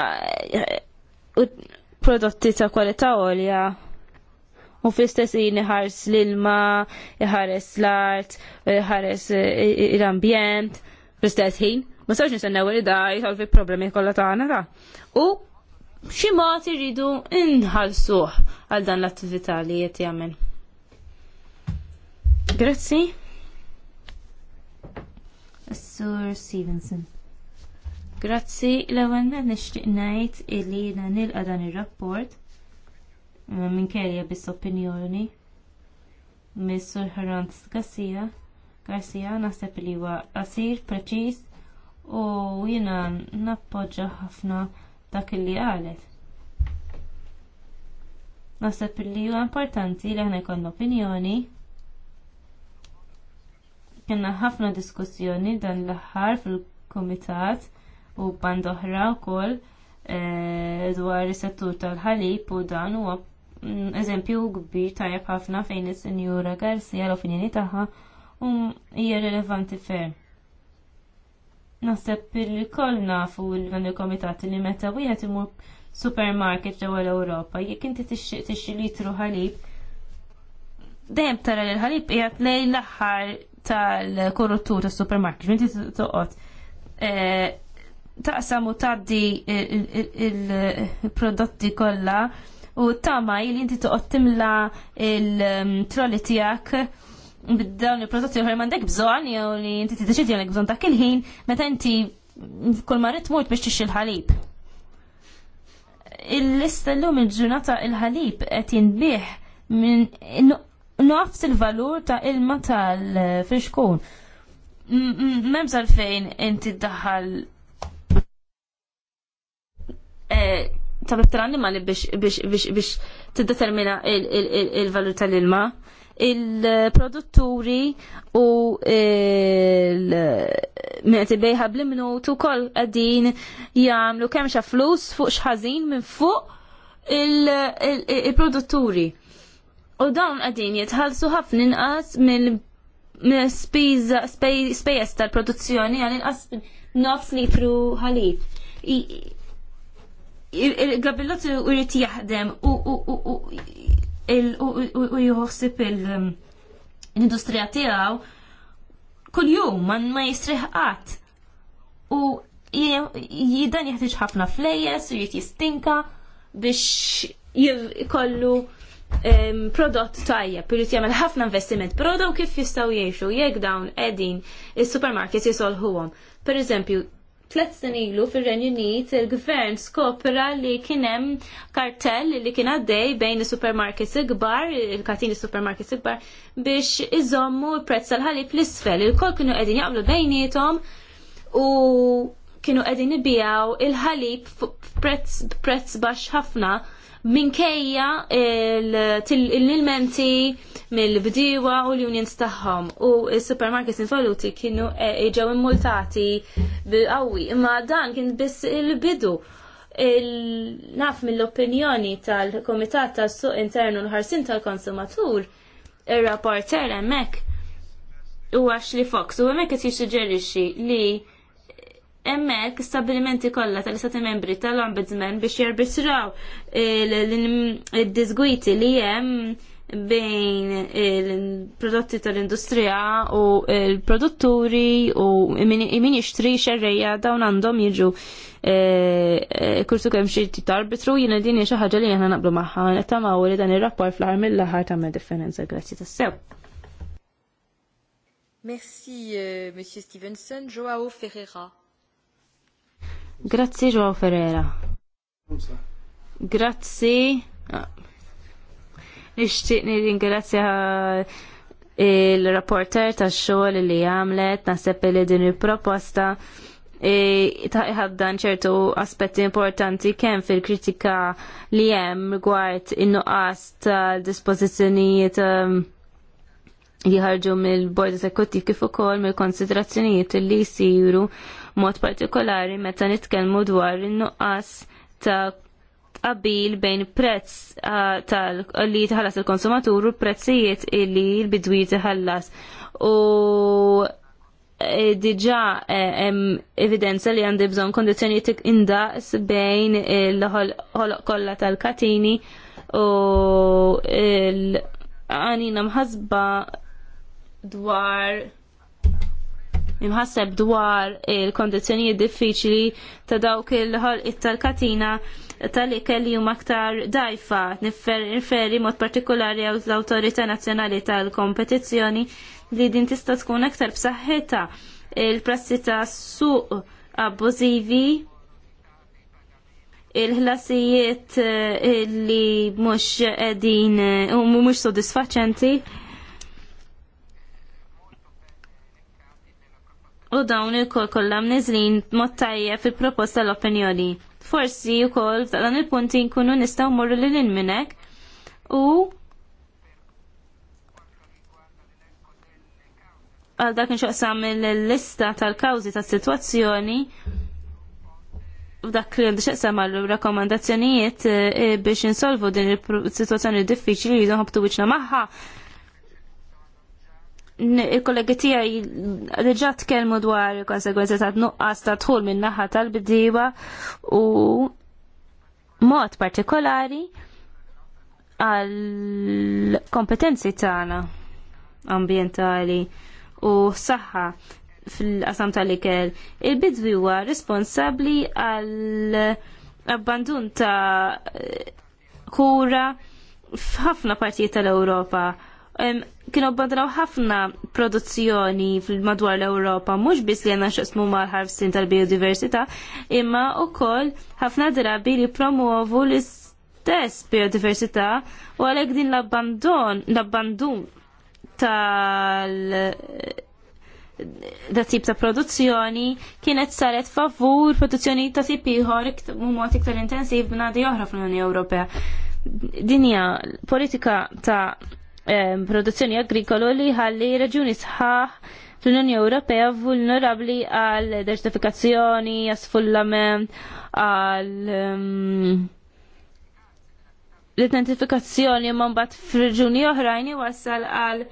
eh, eh, prodotti ta' kwalità għolja u fl-istess ħares l-ilma, ħares l-art, ħares eh, l-ambjent, fl-istess ħin. Ma sarx nistennew li da jsolvi problemi kollha tagħna da. U xi mod irridu inħalsuħ għal dan l-attività li qed jagħmel. Grazzi. Sur Stevenson. Grazzi, l-ewwel ma nixtieq ngħid illi jiena nilqa dan ir-rapport minn kelja bis opinjoni mis Sur Ħarant Garcia. Garcia naħseb li huwa qasir preċiż u jiena nappoġġa ħafna dak li qalet. Naħseb li huwa importanti li aħna jkollna opinjoni Kienna ħafna diskussjoni dan l-aħħar fil-komitat u band oħra wkoll eh, dwar is-settur tal-ħalib u dan huwa mm, eżempju kbir tajjeb ħafna fejn is-Sinjura Garcia l-opinjoni tagħha hija rilevanti ferm. Naħseb li koll nafu dan il-komitat li meta wieħed imur supermarket ġewwa l-Ewropa, jekk inti tixtieq tixtri litru ħalib, dejjem tara li l-ħalib qiegħed lejn l-aħħar tal-korruttur tas supermarket inti toqgħod eh, taqsam u tgħaddi il-prodotti kollha u tama li inti toqgħod timla il-trolli tiegħek bid-dawn il-prodotti uħra mandek bżon jew li inti tiddeċidi għandek bżon ta' il-ħin meta inti kull marit mort biex tixxi l-ħalib. Il-lista l-lum il-ġurnata il-ħalib qed jinbih minn nofs il-valur ta' ilma tal-friskun. Memx għalfejn inti daħal ta' biftar animali biex tiddetermina il-valur tal-ilma. Il-produtturi u il-bejħa bl tu kol għadin jgħamlu kemm xa flus fuq xħazin minn fuq il-produtturi. il produtturi U dawn qegħdin jitħallsu ħafna inqas mill spiża spejjeż tal-produzzjoni għal inqas nofs litru ħalib. Il-gabillot irid jaħdem u jħossib il-industrija tiegħu kull-jum ma jistriħqat. U jidan jħtiġ ħafna flejjes u jit jistinka biex jikollu prodott tajjeb, irrit jagħmel ħafna investiment, però daw kif jistgħu jgħixu jekk dawn qegħdin is-supermarkets jisolħuhom. Pereżempju, tlet sin ilu fir-Renju Unit il-gvern skopra li kien hemm kartell li kien għaddej bejn is-supermarkets ikbar, il-katin is-supermarkets ikbar biex iżommu l-prezz tal-ħalib l-isfel. Il-kol kienu qegħdin jaqblu bejnietom u kienu qegħdin ibijaw il-ħalib prezz baxx ħafna minkejja l-ilmenti mill-bdiewa u l-unions tagħhom u s-supermarkets involuti kienu e, ġew immultati bil qawwi imma dan kien biss il-bidu naf mill-opinjoni tal-Komitat tas-Suq Internu l-Ħarsin tal-Konsumatur ir-rapporter hemmhekk u għax li Fox u hemmhekk qed jissuġġerixxi li emmek stabilimenti kollha tal-istati membri tal-ombudsman biex jarbitraw il-disgwiti li hemm bejn il-prodotti tal-industrija u il-produtturi u min jixtri xerreja dawn għandhom jiġu eh, kursu kem xi tip arbitru jina din xaħġa xi ħaġa li aħna naqblu magħha u li dan ir-rapport fl-aħħar mill ħar tagħmel differenza grazzi tassew. Merci, euh, Monsieur Stevenson. Joao Ferreira. Grazzi Joao Ferrera. Grazzi. Nixtieq nirringrazzja eh, il-rapporter tax-xogħol li għamlet, naħseb li din il-proposta eh, taħħaddan ċertu aspetti importanti kemm fil-kritika li hemm rigward in-nuqqas tal-dispożizzjonijiet eh, li ħarġu mill-bord eżekuttiv kif ukoll mill-konsiderazzjonijiet li jsiru mod partikolari meta nitkellmu dwar in-nuqqas ta' qabil bejn prezz tal-li tħallas il-konsumatur u prezzijiet li l bidwi tħallas. U e, diġa e, hemm evidenza li għandi bżonn kondizzjonijiet indaqs bejn il-ħolq kolla tal-katini u l-għanina mħazba dwar imħasseb dwar il kondizjoni diffiċli ta' dawk il-ħolqiet tal-katina tal-ikel li huma aktar dajfa niferi mod partikolari għaw l-Awtorità Nazzjonali tal-Kompetizzjoni li din tista' tkun aktar b'saħħitha il-prassi ta' suq abbużivi il-ħlasijiet eh, li mhux qegħdin eh, u mux sodisfaċenti u dawn il koll kollha mniżlin mod tajjeb fil-proposta l-opinjoni. Forsi wkoll f'dan il-punti nkunu nistaw mmorru lil inminek u għal dak nxaqsam il-lista tal-kawżi tas-sitwazzjoni f'dak li għandu xaqsam għal rakkomandazzjonijiet eh, biex insolvu din il-situazzjoni diffiċli li jidhom ħabtu wiċna magħha il-kollegi tijaj reġa tkellmu dwar il konsegwenza ta' nuqqas ta' tħul minn naħa tal-bdiba u mod partikolari għal kompetenzi tagħna ambientali u saħħa fil-qasam tal-ikel. Il-bidwi huwa responsabbli għal abbandun ta' kura f'ħafna partijiet tal-Ewropa kienu badraw ħafna produzzjoni fil-madwar l-Europa, mux bis li għanna xasmu mal-ħarfsin tal-biodiversita, imma u koll ħafna drabi li promuovu l-istess biodiversita u għalek din l-abbandon, l-abbandun tal- da tip ta' produzzjoni kienet saret favur produzzjoni ta' tip ieħor mhumot iktar intensiv b'nadi oħra fl-Unjoni Ewropea. Dinja politika ta' produzzjoni agrikolo li ħalli reġjuni sħaħ l-Unjoni Ewropea vulnerabli għal desertifikazzjoni, għasfullament, għal l-identifikazzjoni ma mbagħad f'reġuni oħrajn iwassal għal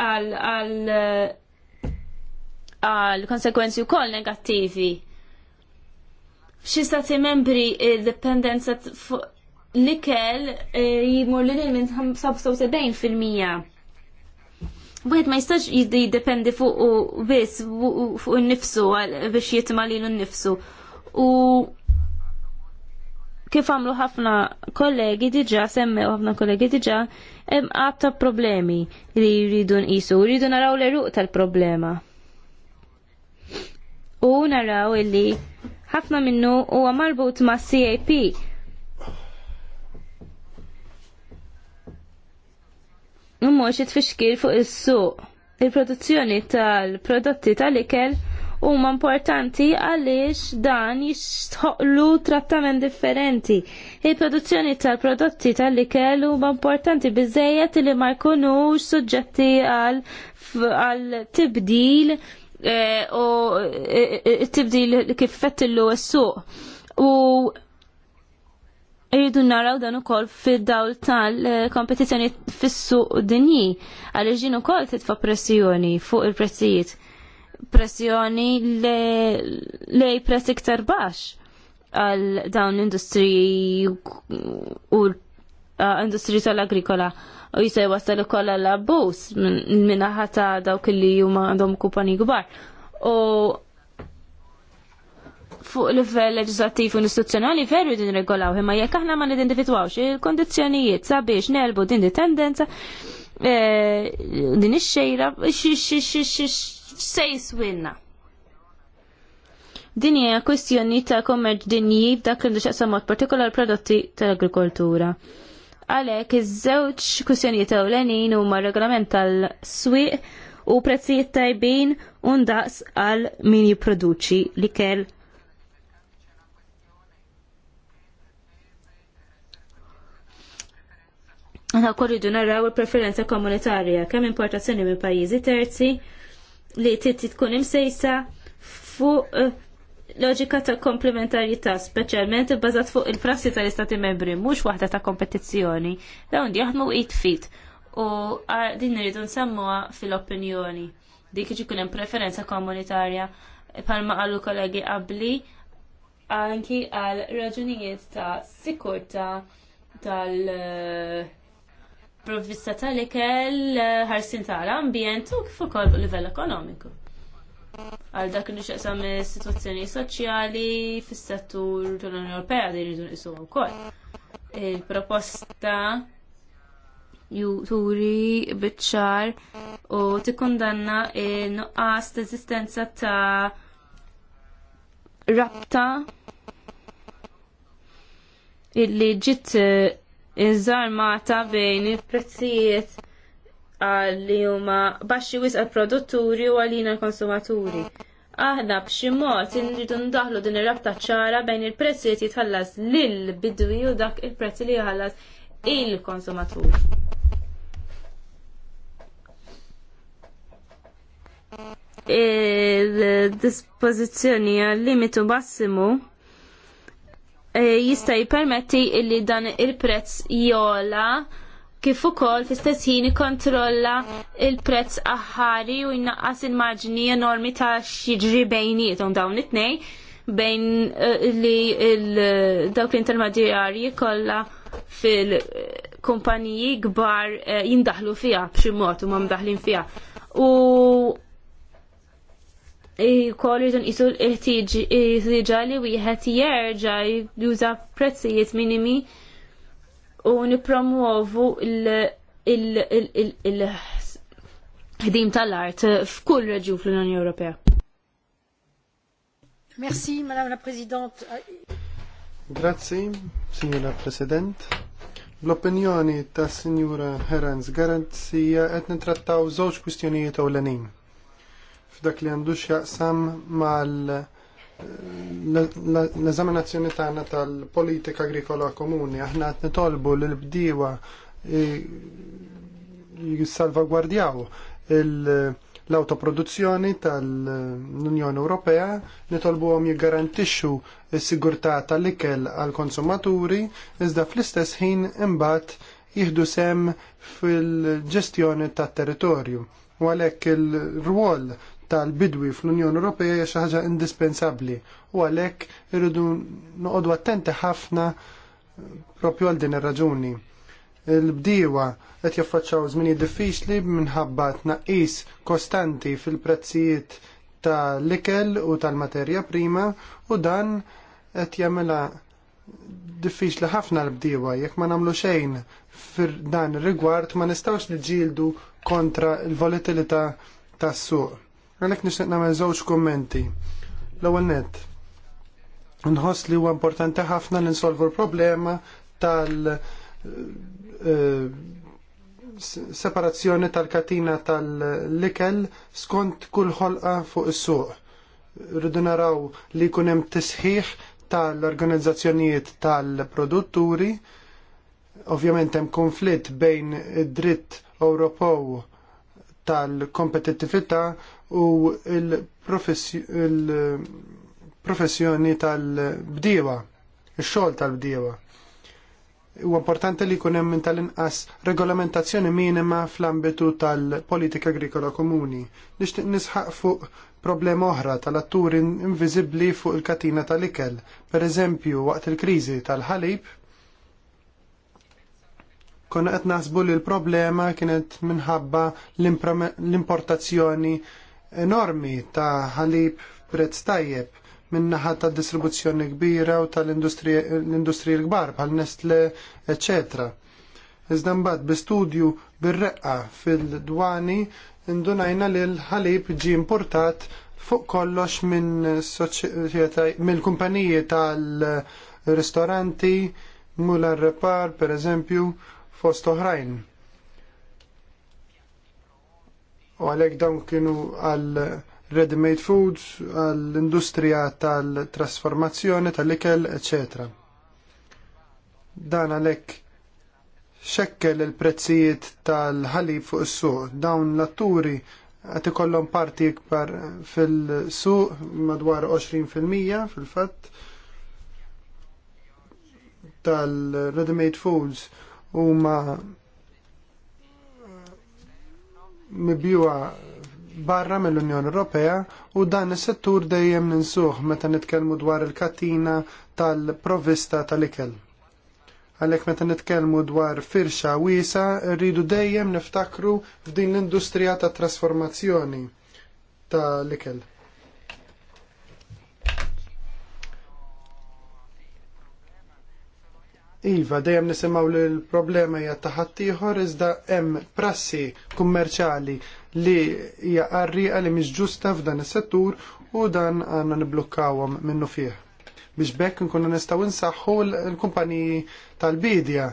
għal għal għal konsekwenzi wkoll negattivi. F'xi stati membri il dependenza l-ikel eh, jimur li minn 75%. Bħed ma jistax jiddependi fuq biss fuq n-nifsu biex jitma li l-nifsu. U kif għamlu ħafna kollegi diġa, semmew ħafna kollegi diġa, hemm għatta problemi li jridu nqisu, jridu naraw l-eruq tal-problema. U naraw illi ħafna minnu huwa marbut ma' CAP mhux it-fixkil fuq is-suq. Il-produzzjoni tal-prodotti tal-ikel huma importanti għaliex dan jistħoqlu trattament differenti. Il-produzzjoni tal-prodotti tal-ikel huma importanti biżejjed li ma jkunux suġġetti għal tibdil eh, u eh, eh, tibdil kif fettillu s-suq. U Irridu naraw dan ukoll fid-dawl tal kompetizjoni fis-suq dinji għaliex din ukoll titfa' pressjoni fuq il-prezzijiet. Pressjoni lej prezz iktar baxx għal dawn l-industriji u industriji tal-agrikola u jista' jwassal ukoll għall abbuż minn ħata dawk li huma għandhom kupani kbar. U fuq livell leġislattiv u istituzzjonali veru din regolaw imma jekk aħna ma nidentifitwawx il-kondizzjonijiet sabiex nelbu din tendenza eh, din ix-xejra sejs winna. Din hija kwestjoni ta' kommerġ dinji f'dak li xaqsam mod partikolar prodotti tal-agrikoltura. Għalhekk iż-żewġ kwistjonijiet ewlenin huma regolament tal-swieq u prezzijiet tajbin u ndaqs għal min jipproduċi li kell Aħna korridu naraw il-preferenza komunitarja kemm importazzjoni minn pajjiżi terzi li titti tkun imsejsa fuq eh, loġika ta' komplementarjità, speċjalment bbażat fuq il-prassi tal-Istati membri, mhux waħda ta' kompetizzjoni. Dawn jaħdmu it fit u din nridu nsemmuha fil-opinjoni. Dik ikun hemm preferenza komunitarja palma għallu kollegi qabli anki għal raġunijiet ta' sikurta tal- uh, provvista tal-ikel ħarsin tal-ambjent u kif ukoll livell ekonomiku. Għal dak li xaqsam is-sitwazzjoni soċjali fis-settur tal-Unjoni Ewropea li irridu nqisu wkoll. Il-proposta turi biċċar u tikkundanna il-nuqqas ta' esistenza ta' rabta illi liġit iżarmata bejn il-prezzijiet għalli huma baxxi wis għal-produtturi u għalina l-konsumaturi. Aħna b'xi mod inridu ndaħlu din ir-rabta ċara bejn il-prezzijiet jitħallas lil bidwi u dak il prezzi li jħallas il konsumaturi Il-dispożizzjoni għal limitu massimu Eh, jista' jippermetti illi dan il-prezz jola kif ukoll fl-istess ħin ikkontrolla il-prezz aħħari u jnaqqas il-marġini enormi ta' xiġri bejnietom dawn it-tnejn bejn eh, li eh, dawk l-intermedjarji kollha fil-kumpaniji kbar jindaħlu fiha b'xi mod u ma mdaħlin fiha. U jkoll jridun jisu l-ħtiġa li wieħed jerġa' juża prezzijiet minimi u nipromuovu il-ħdim tal-art f'kull reġun fl-Unjoni Ewropea. Merci, Madame la Presidente. Grazzi, Signora President. l opinjoni ta' Signora Herans Garanzija qed nitrattaw żewġ kwistjonijiet ewlenin f'dak li għandu x'jaqsam mal eh, l-eżaminazzjoni tagħna tal-politika agrikola komuni. Aħna qed nitolbu l bdiewa eh, jissalvagwardjaw l-autoproduzzjoni tal-Unjoni Ewropea, nitolbu għom jiggarantixxu s-sigurtà tal-ikel għal-konsumaturi, iżda fl-istess ħin imbagħad jieħdu sem fil-ġestjoni tat territorju u għalhekk il-rwol tal-bidwi fl-Unjoni Ewropea hija xi ħaġa indispensabbli u għalhekk irridu noqogħdu attenti ħafna propju għal din ir-raġuni. Il-bdiewa qed jaffaċċaw żminijiet diffiċli minħabba tnaqqis kostanti fil-prezzijiet tal-ikel u tal-materja prima u dan qed jagħmilha diffiċli ħafna l-bdiewa jekk ma nagħmlu xejn fir dan ir-rigward ma nistgħux niġġieldu kontra l-volatilità tas-suq Għalek nixtieq nagħmel żewġ kummenti. L-ewwel nett. Nħoss li huwa importanti ħafna li nsolvu l-problema tal eh, separazzjoni tal-katina tal-likel skont kull ħolqa fuq is-suq. Rridu naraw li jkun hemm tisħiħ tal-organizzazzjonijiet tal-produtturi. Ovvjament hemm konflitt bejn id-dritt Ewropew tal-kompetittività u il-professjoni tal-bdiewa, il-xogħol tal-bdiewa. U importanti li jkun hemm tal-inqas regolamentazzjoni minima fl-ambitu tal-politika agrikola komuni. Nixtieq nisħaq fuq problema oħra tal-atturi invizibli fuq il-katina tal-ikel, pereżempju waqt il-kriżi tal-ħalib, konna qed naħsbu li l-problema kienet minħabba l-importazzjoni enormi ta' ħalib prezz tajjeb minnaħa ta' distribuzzjoni kbira u tal-industrija l-kbar bħal Nestle, etc. Iżda mbagħad bi studju bir-reqqa fil-dwani indunajna li l-ħalib ġi importat fuq kollox minn mill-kumpaniji tal-ristoranti, mular repar, per eżempju, fost oħrajn. U għalhekk dawn kienu għal ready-made foods, għall industrija tal-trasformazzjoni, tal-ikel, etc. Dan għalhekk xekkel il-prezzijiet tal-ħalib fuq is-suq. Dawn l-atturi qed ikollhom parti ikbar fil-suq madwar 20% fil-fatt tal-ready-made foods huma mibjuwa barra mill-Unjoni Ewropea u dan is-settur dejjem ninsuh meta nitkellmu dwar il-katina tal-provista tal-ikel. Għalhekk meta nitkellmu dwar firxa wiesa, rridu dejjem niftakru f'din l-industrija tat trasformazzjoni tal-ikel. Iva, dejjem nisimgħu li l-problema hija taħaddieħor iżda hemm prassi kummerċali li hija qarrieqa li mhix ġusta f'dan is-settur u dan għandna niblukkawhom minnu fih. Biex bekk nkunu nistgħu nsaħħu l-kumpaniji tal-bidja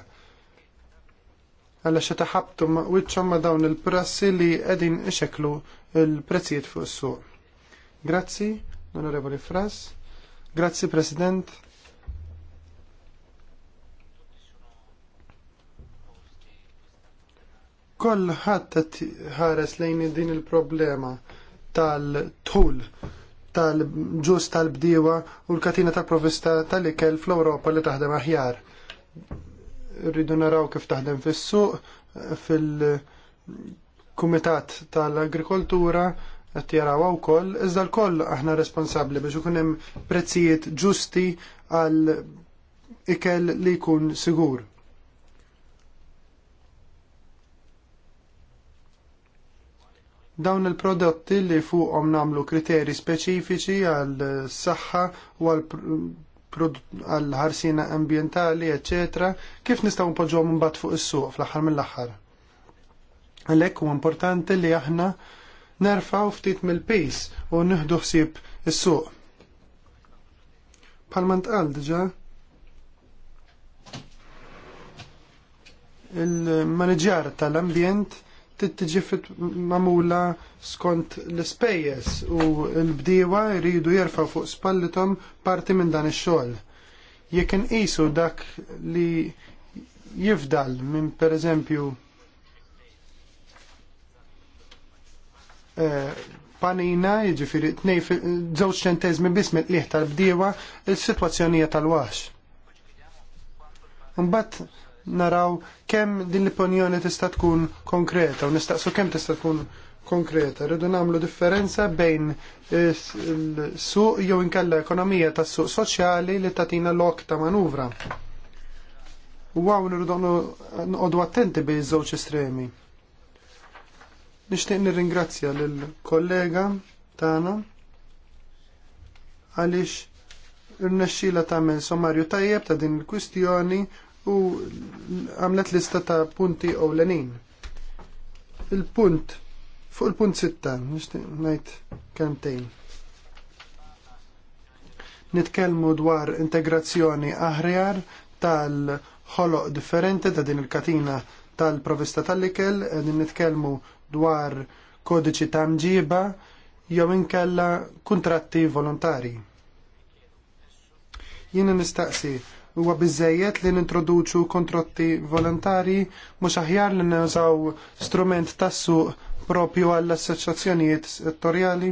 għalla xe taħabtu wiċċom ma dawn il-prassi li qegħdin ixeklu l-prezzijiet fuq is-suq. Grazzi, l-Onorevoli Fras. Grazzi, President. Kolħat ħares lejn din il-problema tal-tul tal-ġus tal-bdiewa u l-katina tal-provista tal-ikel fl-Europa li taħdem aħjar. Rridu naraw kif taħdem fis-suq, fil-Kumitat tal-Agrikoltura, qed jaraw wkoll, iżda l-koll aħna responsabbli biex ikun hemm prezzijiet ġusti għal ikel li jkun sigur. Dawn il-prodotti li fuqhom nagħmlu kriteri speċifiċi għal saħħa u għal ħarsina ambjentali, eċetera, kif nistgħu npoġġuhom mbagħad fuq is-suq fl-aħħar mill-aħħar. Għalhekk huwa importanti li aħna nerfgħu ftit mill-pejs u nieħdu ħsieb is-suq. Palma ntqal diġà il-manager tal-ambjent tiġi mamula skont l-spejjes u l-bdiewa jridu jerfa' fuq spallithom parti minn dan ix-xogħol. Jekk inqisu dak li jifdal minn pereżempju eh, panina, jiġifieri tnej, żewġ ċentezmi bismet liħ tal-bdiewa, il-situazzjonija tal-wax. Mbatt, naraw kemm din l-opinjoni tista' tkun konkreta u nistaqsu kemm tista' tkun konkreta. Rridu nagħmlu differenza bejn suq jew inkella ekonomija tas suq soċjali li tatina lok ta' manuvra. U għaw nirridu noqogħdu attenti bejn żewġ estremi. Nixtieq nirringrazzja lill-kollega tagħna għaliex irnexxila tagħmel sommarju tajjeb ta' din il-kwistjoni u għamlet lista ta' punti u l-enin. Il-punt, fuq il-punt sitta, nishtiq najt kantejn. Nitkelmu dwar integrazzjoni aħrijar tal-ħoloq differenti ta' din il-katina tal-provista tal likel din nitkelmu dwar kodiċi ta' mġiba jew inkella kontratti volontari. Jiena nistaqsi huwa biżżejjed li nintroduċu kontrotti volontari mhux aħjar li nużaw strument tas-suq propju għall-assoċjazzjonijiet settorjali?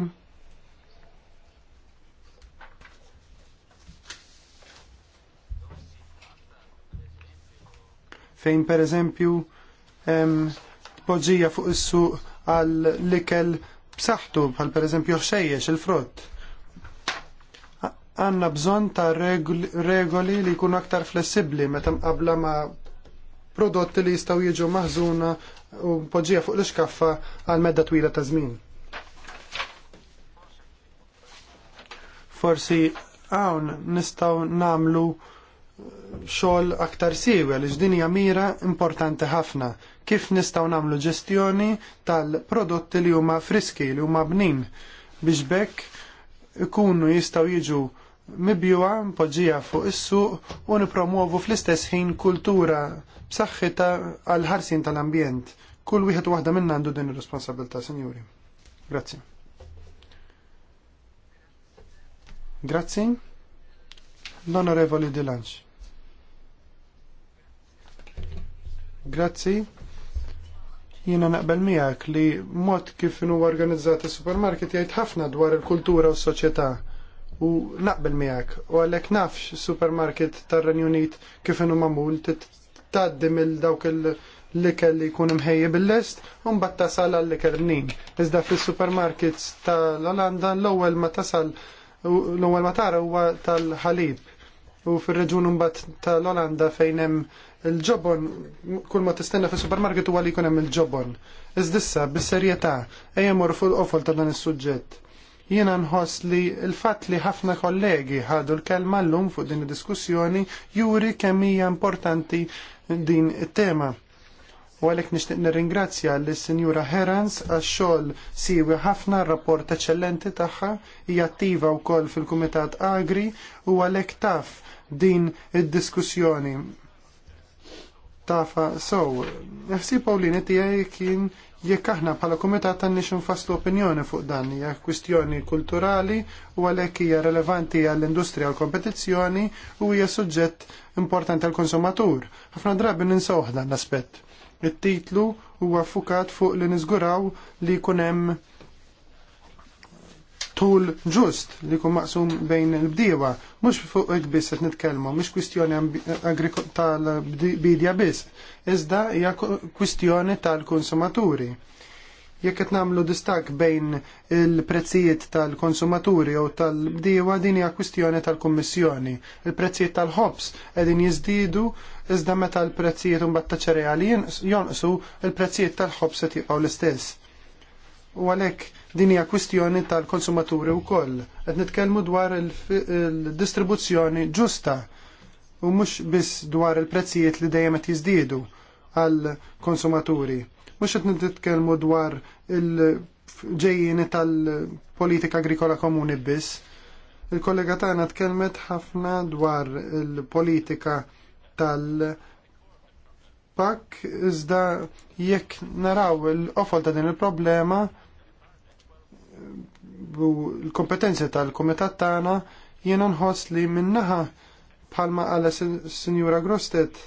fejn per eżempju poġija fuq is-suq għal likel b'saħħtu bħal per eżempju xejjex il-frott għanna bżon ta' regoli li jkunu aktar flessibli meta mqabbla ma' prodotti li jistgħu jiġu maħżuna u poġġija fuq l-iskaffa għal medda twila ta' żmien. Forsi hawn nistgħu namlu xogħol aktar siewel, għaliex din hija mira importanti ħafna. Kif nistgħu namlu ġestjoni tal-prodotti li huma friski li huma bnin biex bekk ikunu jistgħu jiġu mibjuwa mpoġġija fuq is-suq u nipromuovu fl-istess ħin kultura b'saħħitha għal ħarsin tal-ambjent. Kull wieħed waħda minna għandu din ir-responsabilità, Sinjuri. Grazzi. Grazzi. L-Onorevoli Dilanċ. Grazzi. Jiena naqbel miegħek li mod kif inhu organizzati is-supermarket jgħid ħafna dwar il-kultura u s-soċjetà u naqbel miegħek u għalhekk nafx supermarket tar-Renju Unit kif inhu magħmul tgħaddi mill dawk il ikel li jkun imħejjeb bil-lest u mbagħad tasal għall ikel mnin. Iżda fis-supermarkets tal-Olanda l-ewwel ma tasal l-ewwel ma tara huwa tal-ħalib. U fir-reġun mbagħad tal-Olanda fejn hemm il-ġobon, kull ma tistenna fis-supermarket huwa li jkun hemm il-ġobon. Iżdissa bis-serjetà ejja fuq il qofol ta' dan is-suġġett Jiena nħoss li l-fatt li ħafna kollegi ħadu l-kelma llum fuq din id-diskussjoni juri kemm hija importanti din it-tema. U għalhekk nixtieq nirringrazzja lis sinjura Herans għax xogħol siwi ħafna r-rapport eċċellenti tagħha hija attiva wkoll fil-Kumitat Agri u għalhekk taf din id-diskussjoni tafa so, Naħsib Pawlini tiegħi kien jekk aħna bħala kumitat tan nix nfasslu opinjoni fuq dan hija kwistjoni kulturali u għalhekk hija relevanti għall-industrija għall kompetizzjoni u hija suġġett importanti għall konsumatur Ħafna drabi ninsawh dan l-aspett. It-titlu huwa fukat fuq li niżguraw li jkun hemm tul ġust li kum maqsum bejn il-bdiewa, mux fuq ekbis għet qed nitkellmu, mux kwistjoni tal-bidja biss, iżda hija kwistjoni tal-konsumaturi. Jekk qed nagħmlu distak bejn il-prezzijiet tal-konsumaturi jew tal-bdiewa din hija kwistjoni tal-Kummissjoni. Il-prezzijiet tal-ħobs qegħdin jiżdiedu iżda meta l-prezzijiet imbagħad ta' ċereali jonqsu, il-prezzijiet tal-ħobs qed jibqgħu l-istess. U għalhekk Din hija kwistjoni tal-konsumaturi wkoll. Qed nitkellmu dwar il-distribuzzjoni ġusta u mhux biss dwar il-prezzijiet li dejjem qed jiżdiedu għall konsumaturi Mhux qed nitkellmu dwar il ġejjini tal-politika agrikola komuni biss. Il-kollega tagħna tkellmet ħafna dwar il-politika tal- pak iżda jekk naraw l qofol ta' din il-problema l-kompetenzi tal-komitat tagħna jiena nħoss li minnaħa bħalma għala Sinjura Grostet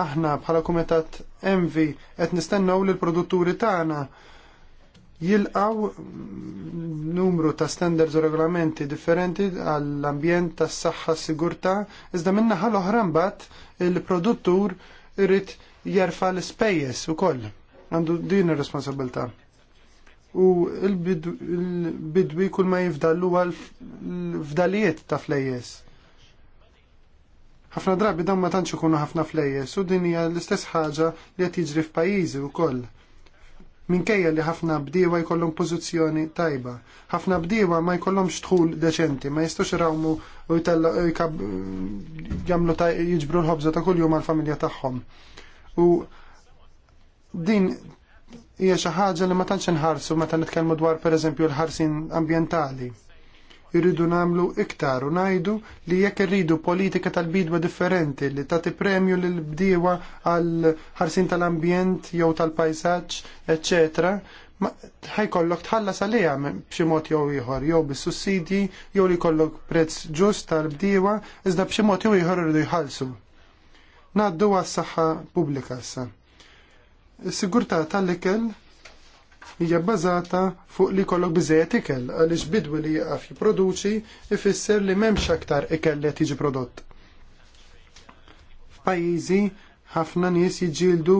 aħna bħala kumitat Envi qed nistennew li l-produtturi tagħna jilqaw numru ta' standards u regolamenti differenti għall-ambjent tas-saħħa sigurtà iżda minnaħa l-oħra mbagħad il-produttur irid jerfa' l-ispejjeż ukoll għandu din ir-responsabilità u l-bidwi kull ma jifdallu għal fdalijiet ta' flejjes. ħafna drabi dan ma tantx ikunu ħafna flejjes u din hija l-istess ħaġa li qed jiġri f'pajjiżi wkoll. Minkejja li ħafna bdiewa jkollhom pożizzjoni tajba. Ħafna bdiewa ma jkollhomx dħul deċenti, ma jistgħux irawmu u jagħmlu jiġbru l-ħobża ta' kuljum għall-familja tagħhom. U din hija xi ħaġa li ma tantx inħarsu meta nitkellmu dwar pereżempju l-ħarsin ambjentali. Irridu nagħmlu iktar u ngħidu li jekk irridu politika tal-bidwa differenti li tagħti premju lil bdiewa għal ħarsin tal-ambjent jew tal-pajsaġġ, ma ħajkollok tħallas għalija b'xi mod jew ieħor, jew bis-sussidji, jew li jkollok prezz ġust tal-bdiewa, iżda b'xi mod jew ieħor irridu jħallsu. Naddu għas-saħħa pubblika issa. Is-sigurtà tal-ikel hija bbażata fuq li kollok biżejjed ikel għaliex bidwi li jaqaf jipproduċi ifisser li m'hemmx aktar ikel li qed jiġi prodott. F'pajjiżi ħafna nies jiġġieldu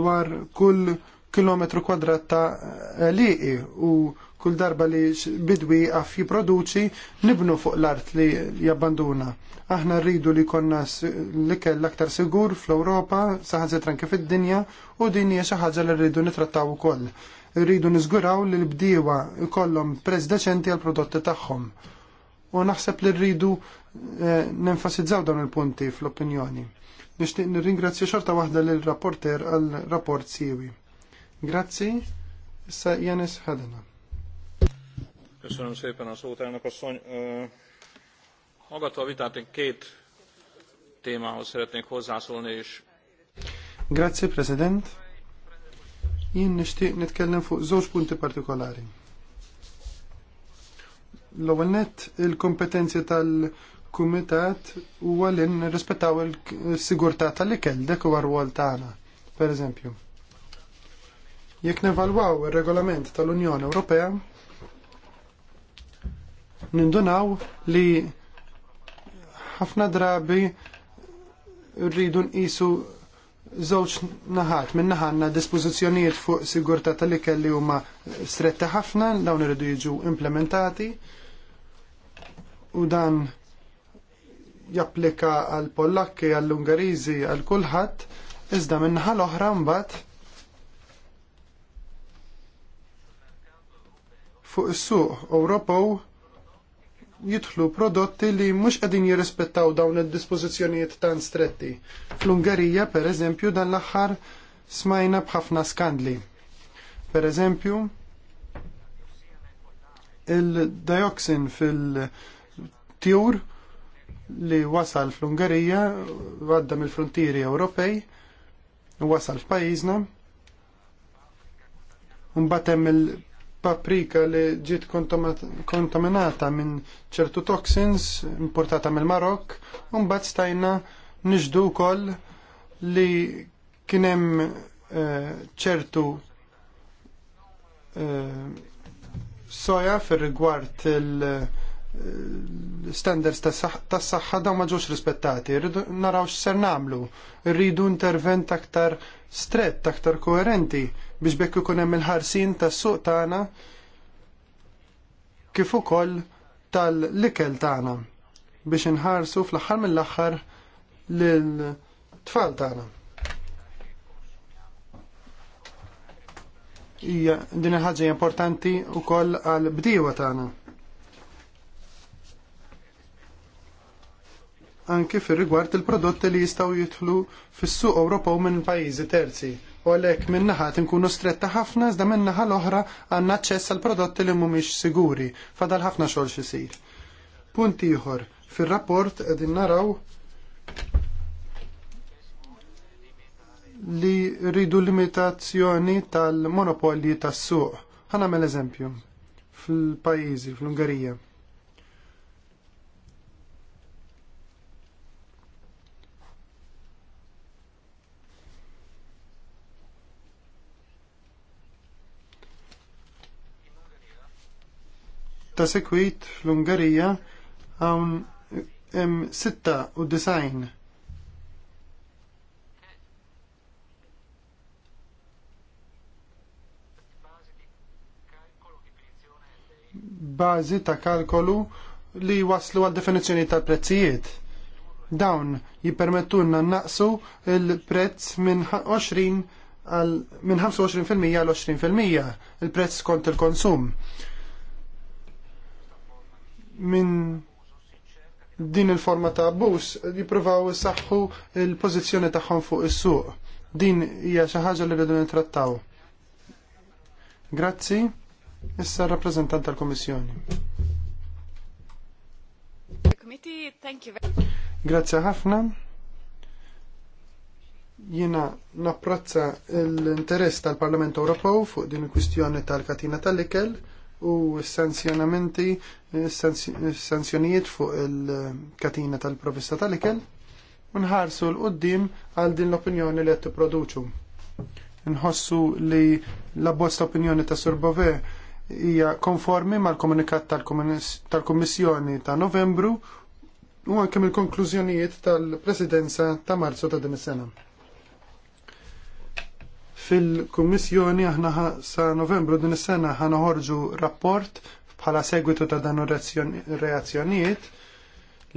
dwar kull kilometru kwadrat ta' liqi u kull darba li bidwi għaf jiproduċi nibnu fuq l-art li jabbanduna. Aħna rridu li konna li kell aktar sigur fl-Europa, saħħażet tranki fid-dinja u din hija xi ħaġa li rridu nitrattaw ukoll. Rridu niżguraw li l-bdiewa jkollhom prezz deċenti għal prodotti tagħhom. U naħseb li rridu eh, nenfasizzaw dawn il-punti fl-opinjoni. Nixtieq nirringrazzja xorta waħda lill rapporter għal rapport siewi. Grazzi, issa Janis Hadana. Köszönöm szépen a szót, elnök asszony. Hallgatva a vitát, én két témához szeretnék hozzászólni, és... Grazie, President. Én nixtieq nitkellem fuq żewġ punti partikolari. L-ewwel nett il-kompetenzi tal-kumitat huwa li nirrispettaw il-sigurtà tal-ikel dak huwa rwol tagħna, pereżempju. Jekk nevalwaw ir-regolament tal-Unjoni Ewropea, nindunaw li ħafna drabi rridu nqisu żewġ naħat minn għandna dispożizzjonijiet fuq sigurtà tal-ikel li huma stretti ħafna dawn irridu jiġu implementati u dan japplika għal Pollakki, għall ungariżi għal kulħadd, iżda minnaħa l-oħra mbagħad fuq is-suq Ewropew jidħlu prodotti li mhux qegħdin jirrispettaw dawn id-dispożizzjonijiet tan stretti. Fl-Ungerija, pereżempju, dan l-aħħar smajna b'ħafna skandli. Pereżempju, il-dioxin fil-tjur li wasal fl-Ungerija, għadda mill-frontieri Ewropej, wasal f'pajjiżna. Mbagħad hemm il paprika li ġiet kontaminata minn ċertu toxins importata mill marok u mbagħad stajna niġdu wkoll li kien hemm eh, ċertu eh, soja fir-rigward il- eh, standards tas saħħa dawn ma ġewx rispettati. Rridu naraw x'ser nagħmlu. Rridu intervent aktar strett, aktar koerenti biex bekk ikun hemm il-ħarsin tas-suq tagħna kif ukoll tal-likel tagħna biex inħarsu fl-aħħar mill-aħħar lil-tfal tagħna. Hija din il-ħaġa importanti wkoll għall bdiewa tagħna. anki fir rigward il-prodotti li jistgħu jidħlu fis-suq Ewropew minn pajjiżi terzi u għalek minnaħa naħa tinkunu stretta ħafna iżda minnaħa naħa l-oħra għandna aċċess għal prodotti li mhumiex siguri fadal ħafna xogħol xisir. Punt ieħor, fir-rapport qegħdin naraw li rridu limitazzjoni tal-monopolji tas-suq. mel-eżempju, eżempju fil-pajjiżi, fl-Ungerija. ta' sekwit fl-Ungarija hawn hemm sitta u design bażi ta' kalkolu li waslu għal definizzjoni ta' prezzijiet. Dawn jippermettunna naqsu il-prezz minn 20 għal minn 25% għal 20% il-prezz kont il-konsum minn din il-forma ta' abbuż jipruvaw saħħu il-pożizzjoni tagħhom fuq is-suq. Din hija xi ħaġa li rridu nittrattaw. Grazzi, issa rappreżentant tal-Kummissjoni. Grazzi ħafna. Jiena napprezza l-interess tal-Parlament Ewropew fuq din il-kwistjoni tal-katina tal-ikel. tal katina tal tal katina tal ikel u s-sanzjonamenti, eh, s-sanzjonijiet fuq il-katina tal-provista tal-ikel, nħarsu l-qoddim għal din l-opinjoni li għattu produċu. Nħossu li la bosta opinjoni ta' Surbove hija konformi mal-komunikat tal-Kommissjoni ta' Novembru u anke mill-konklużjonijiet tal-Presidenza ta' Marzu ta' din is-sena. Fil-Kummissjoni aħna sa Novembru din is-sena ħana ħorġu rapport bħala segwitu ta' dan reazzjonijiet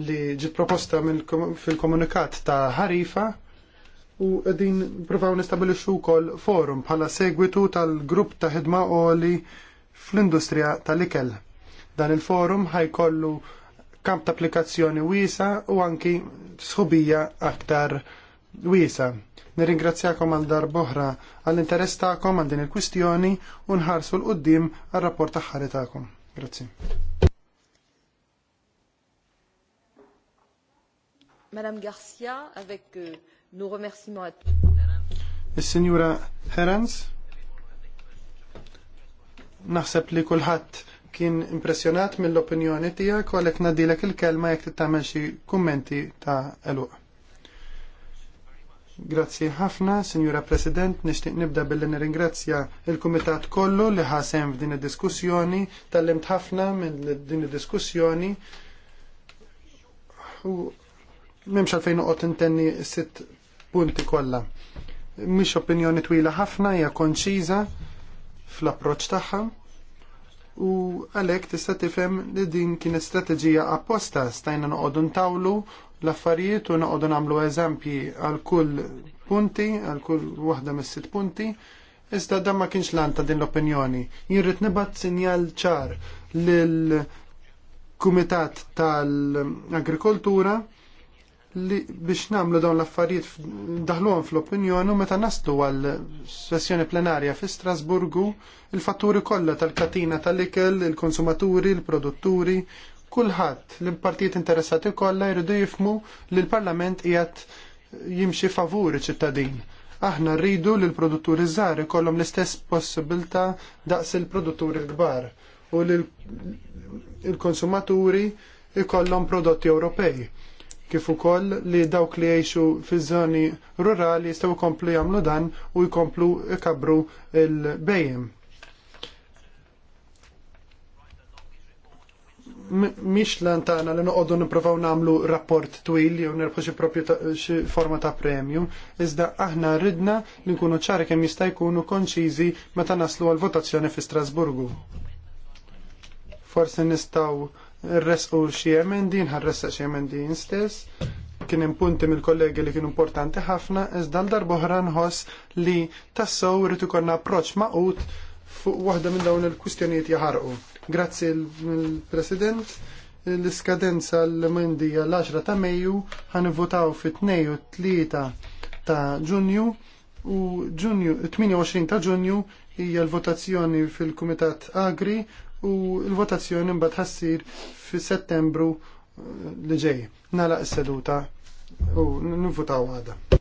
li ġi proposta fil-komunikat ta' ħarifa u qegħdin provaw nistabilixu kol forum bħala segwitu tal-grupp ta' ħidma oli fl-industrija tal-ikel. Dan il-forum ħajkollu kamp ta' applikazzjoni wisa u anki sħubija aktar Luisa, Nirringrazzjakom għal darboħra għall-interess tagħkom għal din il-kwistjoni u nħarsu l-qoddim għal-rapport taħħari ta'kom. Grazzi. Madame Garcia, avec euh, nos remerciements à tous. Signora Herans, naħseb li kulħadd kien impressjonat mill-opinjoni tiegħek u għalhekk nadilek il-kelma jekk tagħmel xi kummenti ta' eluq. Grazzi ħafna, Sinjura President, nixtieq nibda billi nirringrazzja il-Kumitat kollu li ħasem f'din id-diskussjoni, tallimt ħafna minn din id-diskussjoni. U m'hemmx għalfejn noqgħod intenni sitt punti kollha. Mish opinjoni twila ħafna hija konċiża fl-approċċ tagħha. U għalek tista' tifhem li din kienet strateġija apposta stajna noqogħdu ntawlu l-affarijiet u noqogħdu nagħmlu eżempji għal kull punti, għal kull waħda mis-sitt punti, iżda dan ma kienx lan ta' din l-opinjoni. Jirrit nibat nibgħat sinjal ċar lil kumitat tal-agrikoltura li biex namlu dawn l-affarijiet daħluhom fl-opinjoni u meta naslu għal sessjoni plenarja fi Strasburgu il-fatturi kollha tal-katina tal-ikel, il-konsumaturi, il-produtturi kulħadd l-partijiet interessati kollha jridu jifmu li l-Parlament qiegħed jimxi favur iċ-ċittadin. Aħna rridu li l-produtturi żgħar ikollhom l-istess possibilità daqs il-produtturi kbar u li l-konsumaturi ikollhom prodotti Ewropej kif ukoll li dawk li jgħixu fiż-żoni rurali jistgħu jkomplu jagħmlu dan u jkomplu ikabru l bejjem miex lan tagħna li noqogħdu nippruvaw nagħmlu rapport twil jew nerħu xi propju xi forma ta' premju, iżda aħna ridna li nkunu ċari kemm jista' jkunu konċiżi meta naslu għal votazzjoni fi Strasburgu. Forsi nistgħu rresqu xi emendi, nħarressa xi emendi stess, kien hemm punti mill-kollegi li kienu importanti ħafna, iżda l-darba oħra nħoss li tassew irid ikollna approċċ maqut fuq waħda minn dawn il-kwistjonijiet jaħarqu Grazzi l-President. L-iskadenza l-mendija l-10 ta' Mejju votaw fit-2 u 3 ta' Ġunju u 28 ta' Ġunju hija l-votazzjoni fil-Kumitat Agri u l-votazzjoni mbagħad ħassir fis-Settembru eh, li ġej. Nalaq is-seduta u nivvotaw għadha.